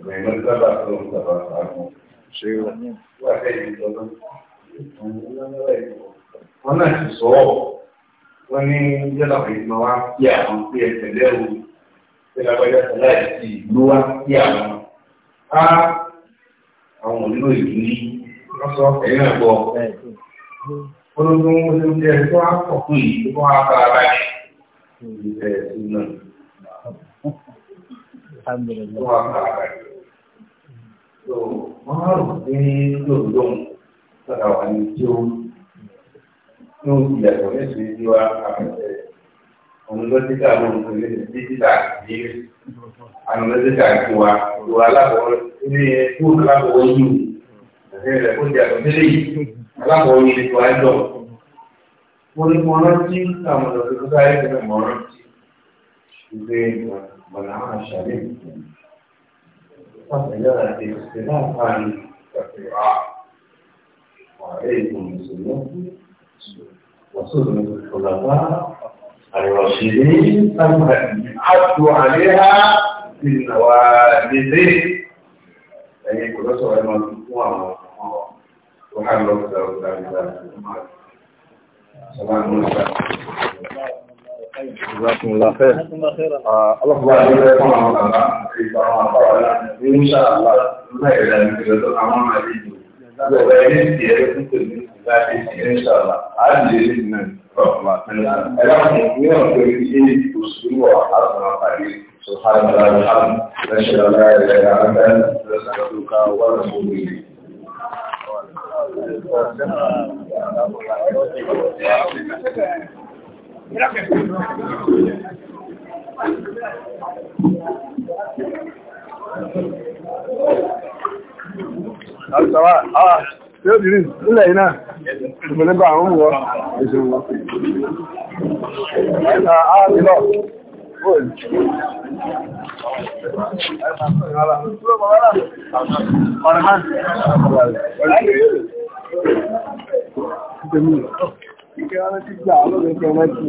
Speaker 2: me muestra la pregunta para el lugar. Sí, bueno. Bueno, ahí, entonces, wọn náà ti sọ ọ wọn ní yálà ìgbìmọ̀ wa kí àwọn pé ẹ̀tẹ̀lẹ́ o tẹ́lágbájá tẹ́láì sí ìlú wa kí àwọn á àwọn onílò ìlú ní wọ́n sọ ẹ̀yìn náà gbọ́ ológun oṣù tí ẹ tó á pọ̀ fún yìí tó wá bá ara rẹ̀ ìfẹ́ ẹ̀sùn náà tó wá bá ara rẹ̀. Wọ́n á rò pé lóòótọ́ sọ̀rọ̀ àwọn ẹni tí ó ń ìyàtọ̀ lẹ́sìn ní wa àmọ̀tẹ́
Speaker 3: ọ̀nàlọ́díkà ló ń pè ní dídíkà
Speaker 2: yìí ọ̀nàlọ́díkà ti wa ìwà alábọ̀wọ́ ní ẹ̀kú alábọ̀wọ́ yìí ẹ̀rẹ̀ kó di àtọ̀ sílẹ̀ yìí alábọ̀wọ́ yìí ti wá jọ. mo ní mo rántí àwọn ọ̀dọ́ tó sáré fún mi mo rántí ìgbé mọ̀nà àwọn àṣàlẹ̀ ìgbà. wọ́n ti yára ti ṣe náà fáyé ìgbà tó yà á. وعليكم بسنتي وسنة الخلفاء الراشدين المهمين عدوا عليها النوادي يعني كل سؤال ما تقوم وحل الله تعالى سلام عليكم جزاكم الله خير اللهم بارك لكم ان شاء الله لا اله الا الله الامام عليكم bayanin da ya kuka yi zafi insha Allah an je yin nan rahama kan nan alaƙa ne wa kai yi ku su wa asma fadi subhanallahi walhamd la ilaha illa anta astaghfiruka wa atubu ilayk Gracias. àrùsàwà àà tí ó dìrí nílẹ̀ iná ìpínlẹ̀bà àwọn ọmọ ìṣòro ẹ̀ta ààbìlọ̀
Speaker 3: Ìjọba ti gbà lọ́dún kẹrẹ́kì.